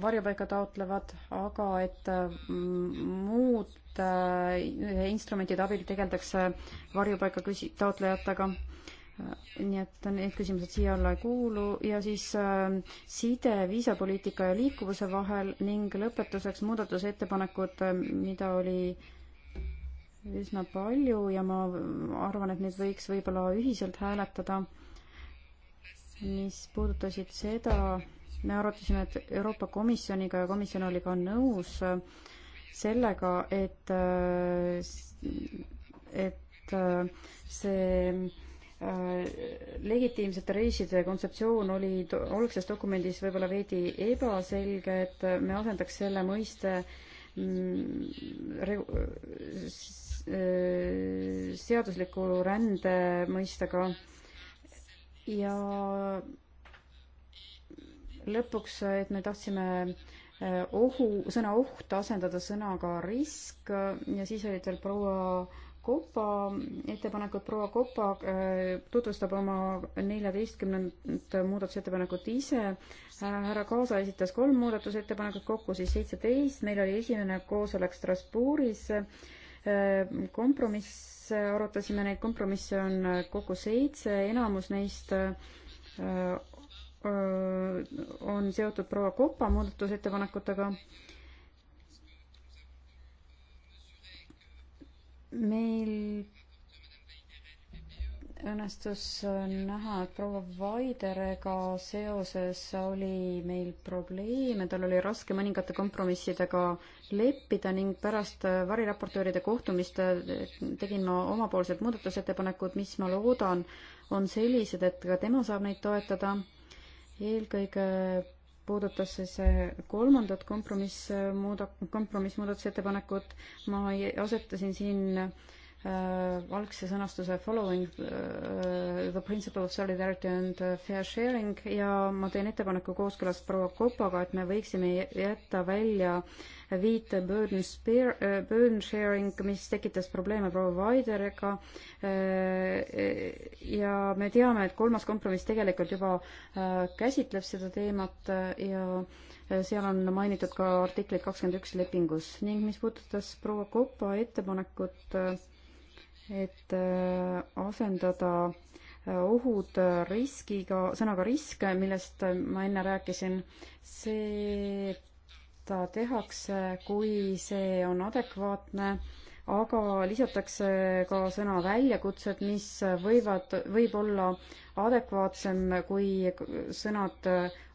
varjupaika taotlevad, aga et mm, muud äh, instrumentide abil tegeldakse varjupaika küsi-, taotlejatega. nii et need küsimused siia alla ei kuulu ja siis äh, side viisapoliitika ja liikuvuse vahel ning lõpetuseks muudatusettepanekud, äh, mida oli üsna palju ja ma arvan, et neid võiks võib-olla ühiselt hääletada mis puudutasid seda, me arutasime, et Euroopa Komisjoniga ja komisjon oli ka nõus äh, sellega, et, äh, et äh, see legitiimsete reiside kontseptsioon oli algses dokumendis võib-olla veidi ebaselge, et me asendaks selle mõiste mm, seadusliku rände mõistega ja lõpuks, et me tahtsime eh, ohu, sõna oht asendada sõnaga risk ja siis olid veel proua Kopa ettepanekud, proua Kopa eh, tutvustab oma neljateistkümnendat muudatusettepanekut ise. härra Kaasa esitas kolm muudatusettepanekut, kokku siis seitseteist, meil oli esimene koosolek Strasbourgis, eh, kompromiss arutasime neid kompromisse, on kokku seitse, enamus neist äh, on seotud proua Kopa muudatusettepanekutega. meil õnnestus näha, et proua Vaiderega seoses oli meil probleeme, tal oli raske mõningate kompromissidega leppida ning pärast variraportööride kohtumist eh, tegin ma omapoolsed muudatusettepanekud, mis ma loodan, on sellised, et ka tema saab neid toetada. eelkõige puudutas see kolmandat kompromiss, muuda-, kompromissmuudatusettepanekut, ma asetasin siin Äh, algse sõnastuse following äh, the principle of solidarity and äh, fair sharing ja ma teen ettepaneku kooskõlas proua Kopaga, et me võiksime jätta välja viite burden, spear, burden sharing, mis tekitas probleeme proua Vaideriga. ja me teame, et kolmas kompromiss tegelikult juba käsitleb seda teemat ja seal on mainitud ka artiklit kakskümmend üks lepingus ning mis puudutas proua Kopa ettepanekut et äh, asendada äh, ohud äh, riskiga, sõnaga risk, millest ma enne rääkisin, seda tehakse, kui see on adekvaatne, aga lisatakse ka sõna väljakutsed, mis võivad, võib olla adekvaatsem kui sõnad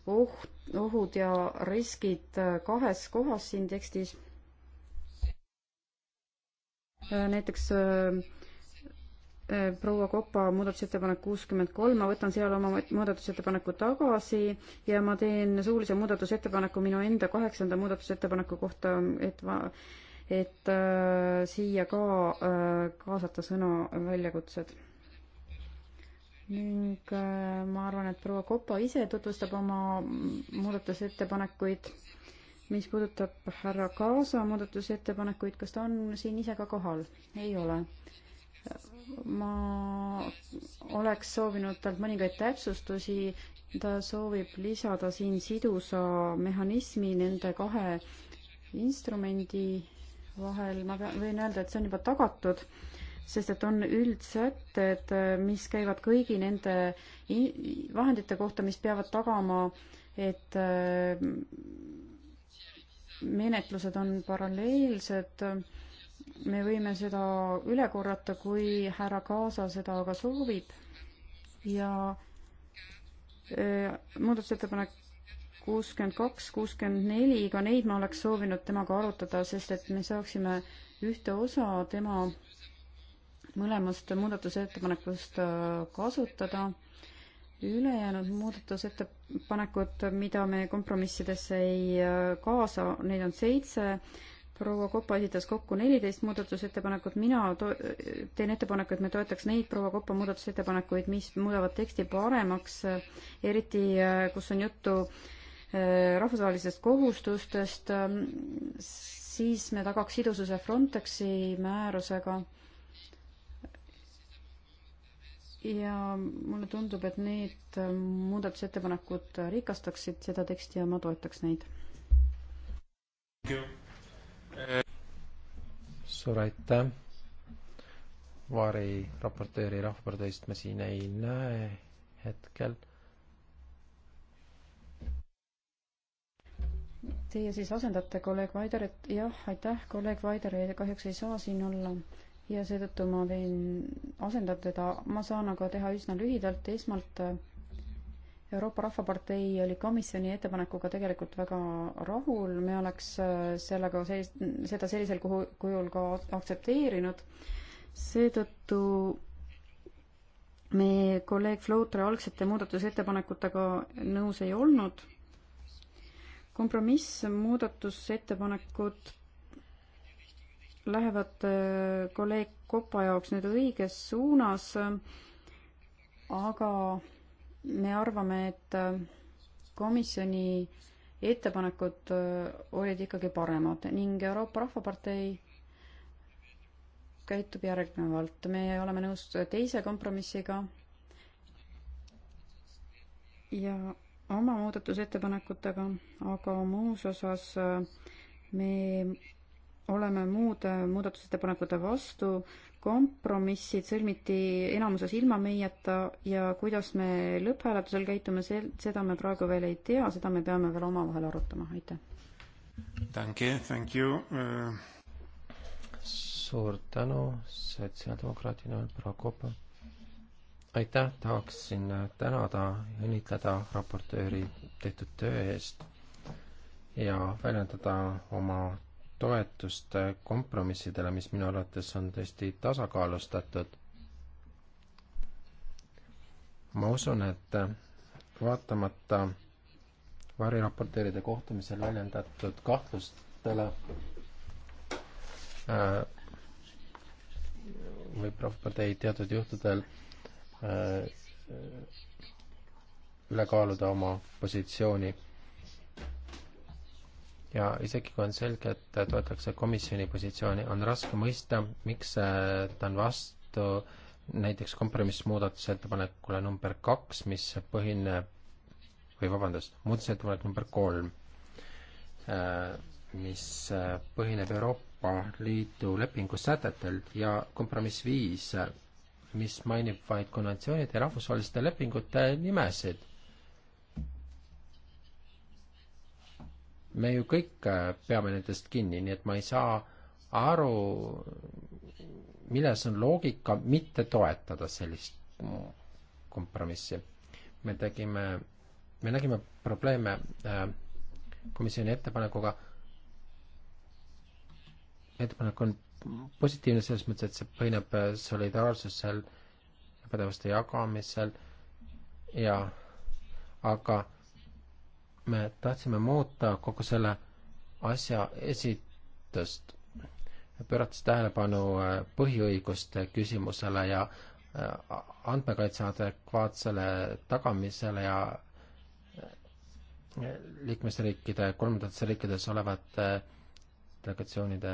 oht, ohud ja riskid kahes kohas siin tekstis. näiteks äh, Äh, proua Kopa muudatusettepanek kuuskümmend kolm, ma võtan seal oma muudatusettepaneku tagasi ja ma teen suulise muudatusettepaneku minu enda kaheksanda muudatusettepaneku kohta, et ma, et äh, siia ka äh, kaasata sõna väljakutsed. ning äh, ma arvan, et proua Kopa ise tutvustab oma muudatusettepanekuid, mis puudutab härra Kaasa muudatusettepanekuid, kas ta on siin ise ka kohal? ei ole ma oleks soovinud talt mõningaid täpsustusi, ta soovib lisada siin sidusa mehhanismi nende kahe instrumendi vahel, ma pean, võin öelda, et see on juba tagatud, sest et on üldsätted, mis käivad kõigi nende vahendite kohta, mis peavad tagama, et äh, menetlused on paralleelsed me võime seda üle korrata, kui härra Kaasa seda aga soovib ja muudatusettepanek kuuskümmend kaks, kuuskümmend neli, ka neid ma oleks soovinud temaga arutada, sest et me saaksime ühte osa tema mõlemast muudatusettepanekust kasutada. ülejäänud muudatusettepanekud, mida me kompromissidesse ei kaasa, neid on seitse proua Kopa esitas kokku neliteist muudatusettepanekut, mina to-, teen ettepaneku, et me toetaks neid proua Kopa muudatusettepanekuid, mis muudavad teksti paremaks, eriti äh, kus on juttu äh, rahvusvahelistest kohustustest, ähm, siis me tagaks sidususe Frontexi määrusega. ja mulle tundub, et need äh, muudatusettepanekud rikastaksid seda teksti ja ma toetaks neid. Thank you suur aitäh. Vaari raportööri rahvaparteist ma siin ei näe hetkel. Teie siis asendate kolleeg Vaiderit, jah, aitäh, kolleeg Vaider kahjuks ei saa siin olla ja seetõttu ma võin asendada teda, ma saan aga teha üsna lühidalt, esmalt Euroopa Rahvapartei oli komisjoni ettepanekuga tegelikult väga rahul, me oleks äh, sellega sellist, seda sellisel kuhu, kujul ka aktsepteerinud. seetõttu me kolleeg Flootre algsete muudatusettepanekutega nõus ei olnud. kompromiss muudatusettepanekud lähevad äh, kolleeg Kopa jaoks nüüd õiges suunas, aga me arvame, et äh, komisjoni ettepanekud äh, olid ikkagi paremad ning Euroopa Rahvapartei käitub järgnevalt. me oleme nõus teise kompromissiga ja oma muudatusettepanekutega, aga muus osas äh, me oleme muude muudatusettepanekute vastu kompromissid sõlmiti enamuses ilma meieta ja kuidas me lõpphääletusel käitume, sel-, seda me praegu veel ei tea, seda me peame veel omavahel arutama, aitäh. Danke, thank you uh.... suur tänu, sotsiaaldemokraadi nimel Prokopa. aitäh, tahaksin tänada ja õnnitleda raportööri tehtud töö eest ja väljendada oma toetust kompromissidele, mis minu arvates on tõesti tasakaalustatud. ma usun, et vaatamata variraporteeride kohtumisel väljendatud kahtlustele äh, võib Rahvapartei teatud juhtudel äh, äh, üle kaaluda oma positsiooni ja isegi kui on selge, et toetatakse komisjoni positsiooni, on raske mõista, miks äh, ta on vastu näiteks kompromissmuudatusettepanekule number kaks, mis põhineb, või vabandust, muudatusettepanek number kolm, äh, mis äh, põhineb Euroopa Liidu lepingu sätetel ja kompromiss viis, mis mainib vaid konventsioonide ja rahvusvaheliste lepingute nimesid me ju kõik äh, peame nendest kinni, nii et ma ei saa aru, milles on loogika mitte toetada sellist kompromissi. me tegime, me nägime probleeme äh, komisjoni ettepanekuga. ettepanek on positiivne selles mõttes, et see põhineb äh, solidaarsusel, pädevuste jagamisel ja aga me tahtsime muuta kogu selle asja esitust, pöörates tähelepanu äh, põhiõiguste küsimusele ja äh, andmekaitse adekvaatsele tagamisele ja äh, liikmesriikide, kolmandates riikides olevate delegatsioonide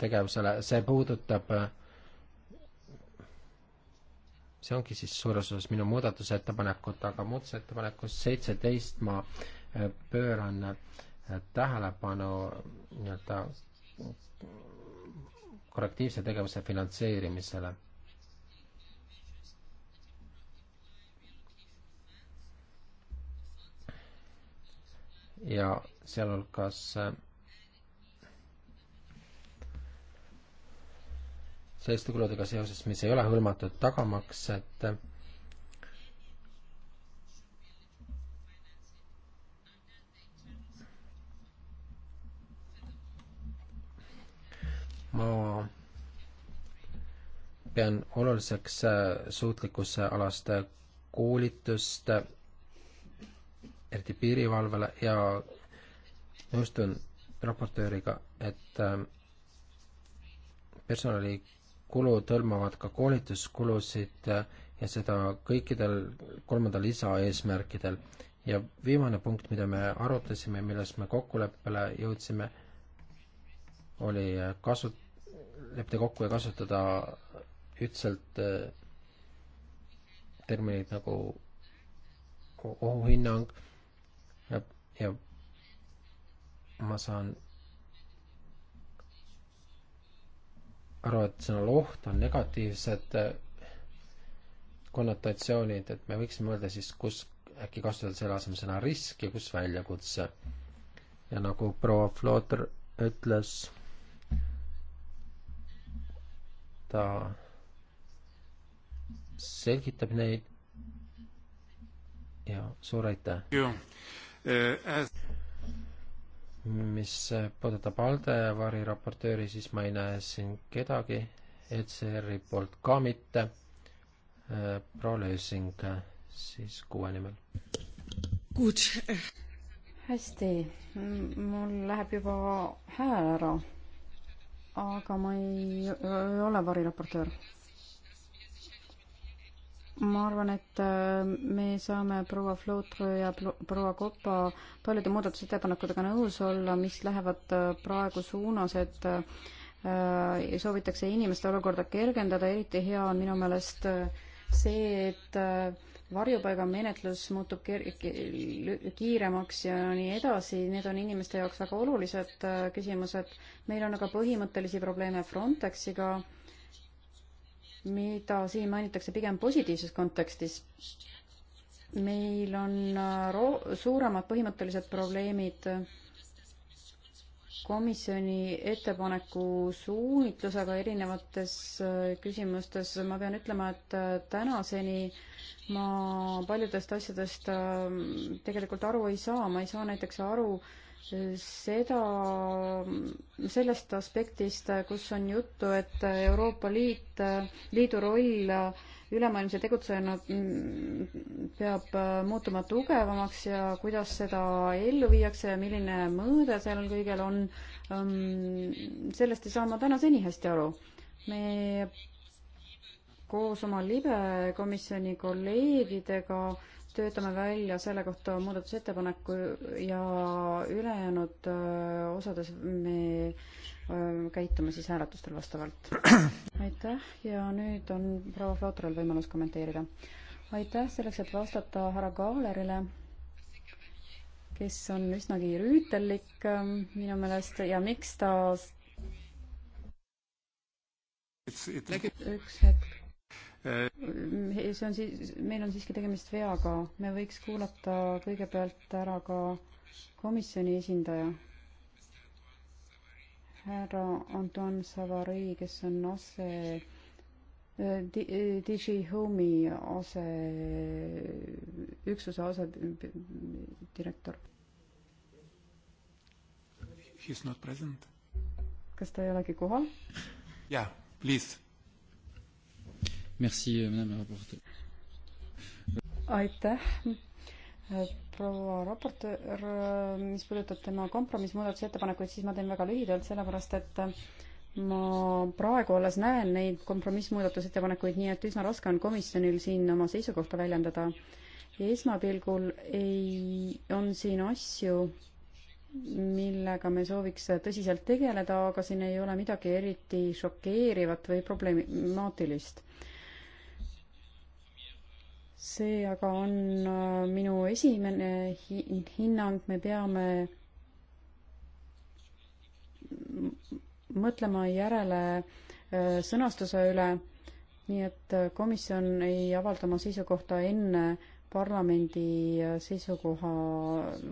tegevusele, see puudutab äh, see ongi siis suures osas minu muudatusettepanekut, aga muudatusettepanekus seitseteist ma äh, pööran äh, tähelepanu nii-öelda korrektiivse tegevuse finantseerimisele. ja sealhulgas äh, selliste kuludega seoses, mis ei ole hõlmatud tagamaksete ma pean oluliseks äh, suutlikkusealast äh, koolitust, äh, eriti piirivalvele ja nõustun raportööriga, et personali kulud hõlmavad ka koolituskulusid äh, ja seda kõikidel kolmandal lisaeesmärkidel. ja viimane punkt, mida me arutasime, milles me kokkuleppele jõudsime, oli äh, kasu-, leppida kokku ja kasutada ühtselt äh, terminid nagu ohuhinnang ja, ja ma saan arvavad, et sõnal oht on negatiivsed äh, konnotatsioonid, et me võiksime mõelda siis, kus äkki kasutada selle asemel sõna risk ja kus väljakutse. ja nagu proua Flooter ütles, ta selgitab neid ja suur aitäh! mis puudutab ALDE variraportööri, siis ma ei näe siin kedagi, ECR-i poolt ka mitte. Äh, proua Lösing äh, siis kuue nimel. hästi, mul läheb juba hääl ära, aga ma ei, ei ole variraportöör ma arvan, et äh, me saame proua Flotro ja proua Kopa paljude muudatusettepanekutega nõus olla, mis lähevad äh, praegu suunas, et äh, soovitakse inimeste olukorda kergendada, eriti hea on minu meelest see, et varjupaigamenetlus muutub ker-, kiiremaks ja nii edasi, need on inimeste jaoks väga olulised küsimused. meil on aga põhimõttelisi probleeme Frontexiga mida siin mainitakse pigem positiivses kontekstis. meil on äh, ro-, suuremad põhimõttelised probleemid komisjoni ettepaneku suunitlusega erinevates äh, küsimustes. ma pean ütlema, et äh, tänaseni ma paljudest asjadest tegelikult aru ei saa, ma ei saa näiteks aru äh, seda, sellest aspektist, kus on juttu, et Euroopa Liit, liidu roll ülemaailmse tegutsejana mm, peab muutuma tugevamaks ja kuidas seda ellu viiakse ja milline mõõde sellel kõigel on, mm, sellest ei saa ma tänaseni hästi aru. me koos oma libe komisjoni kolleegidega äh, töötame välja selle kohta muudatusettepaneku ja ülejäänud äh, osades me äh, käitume siis hääletustel vastavalt. aitäh ja nüüd on proua Flotrel võimalus kommenteerida. aitäh selleks, et vastata härra Kaalerile, kes on üsnagi rüütellik äh, minu meelest ja miks ta üks hetk Äh, see on siis, meil on siiski tegemist veaga, me võiks kuulata kõigepealt ära ka komisjoni esindaja, härra Antoine Savary, kes on ase äh, DJ äh, Home'i ase, üksuse asedirektor. He is not present. kas ta ei olegi kohal? jaa, please Merci, euh, madame la rapporteure. aitäh, proua raportöör, mis puudutab tema kompromissmuudatusettepanekuid, siis ma teen väga lühidalt, sellepärast et ma praegu alles näen neid kompromissmuudatusettepanekuid, nii et üsna raske on komisjonil siin oma seisukohta väljendada. esmapilgul ei, on siin asju, millega me sooviks tõsiselt tegeleda, aga siin ei ole midagi eriti šokeerivat või problemaatilist see aga on äh, minu esimene hi hinnang, me peame mõtlema järele äh, sõnastuse üle, nii et äh, komisjon ei avalda oma seisukohta enne parlamendi seisukoha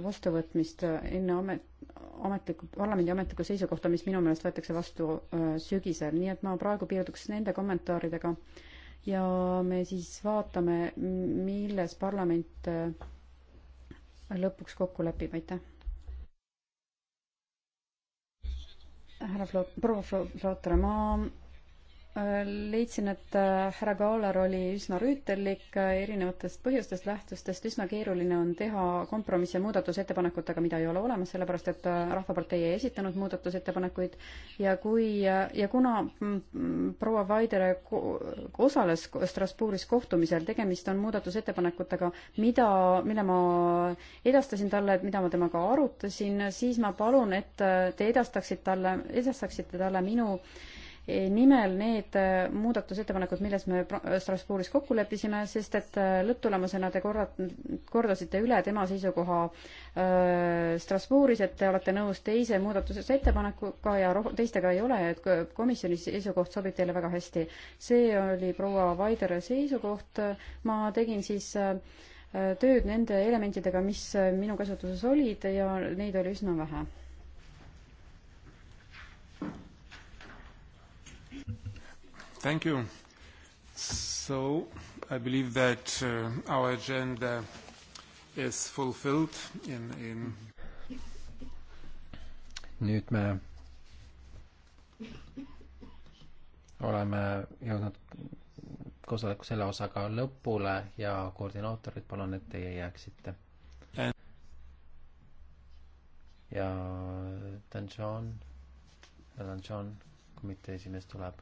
vastuvõtmist, enne amet, ametlikku, parlamendi ametlikku seisukohta, mis minu meelest võetakse vastu sügisel, nii et ma praegu piirduks nende kommentaaridega äh, ja me siis vaatame, milles parlament äh, lõpuks kokku lepib, aitäh. härra Flo-, proua Flo-, Flotre, ma leidsin, et äh, härra Kaalar oli üsna rüütellik äh, erinevatest põhjustest lähtustest, üsna keeruline on teha kompromisse muudatusettepanekutega, mida ei ole olemas, sellepärast et äh, Rahvapartei ei esitanud muudatusettepanekuid ja kui ja kuna mm, mm, proua Vaidere osales Strasbourgis kohtumisel, tegemist on muudatusettepanekutega, mida, mille ma edastasin talle, et mida ma temaga arutasin, siis ma palun, et te edastaksite talle, edastaksite talle minu äh, nimel need äh, muudatusettepanekud, milles me Strasbourgis kokku leppisime, sest et äh, lõpptulemusena te korra-, kordasite üle tema seisukoha äh, Strasbourgis, et te olete nõus teise muudatusettepanekuga ja roh-, teistega ei ole, et komisjoni seisukoht sobib teile väga hästi. see oli proua Vaidere seisukoht, ma tegin siis tööd nende elementidega, mis minu käsutuses olid ja neid oli üsna vähe Thank you. So I believe that uh, our agenda is fulfilled in, in nüüd me oleme jõudnud koosoleku selle osaga lõpule ja koordinaatorid, palun, et teie jääksite. ja Dan John, Dan John komitee esimees tuleb.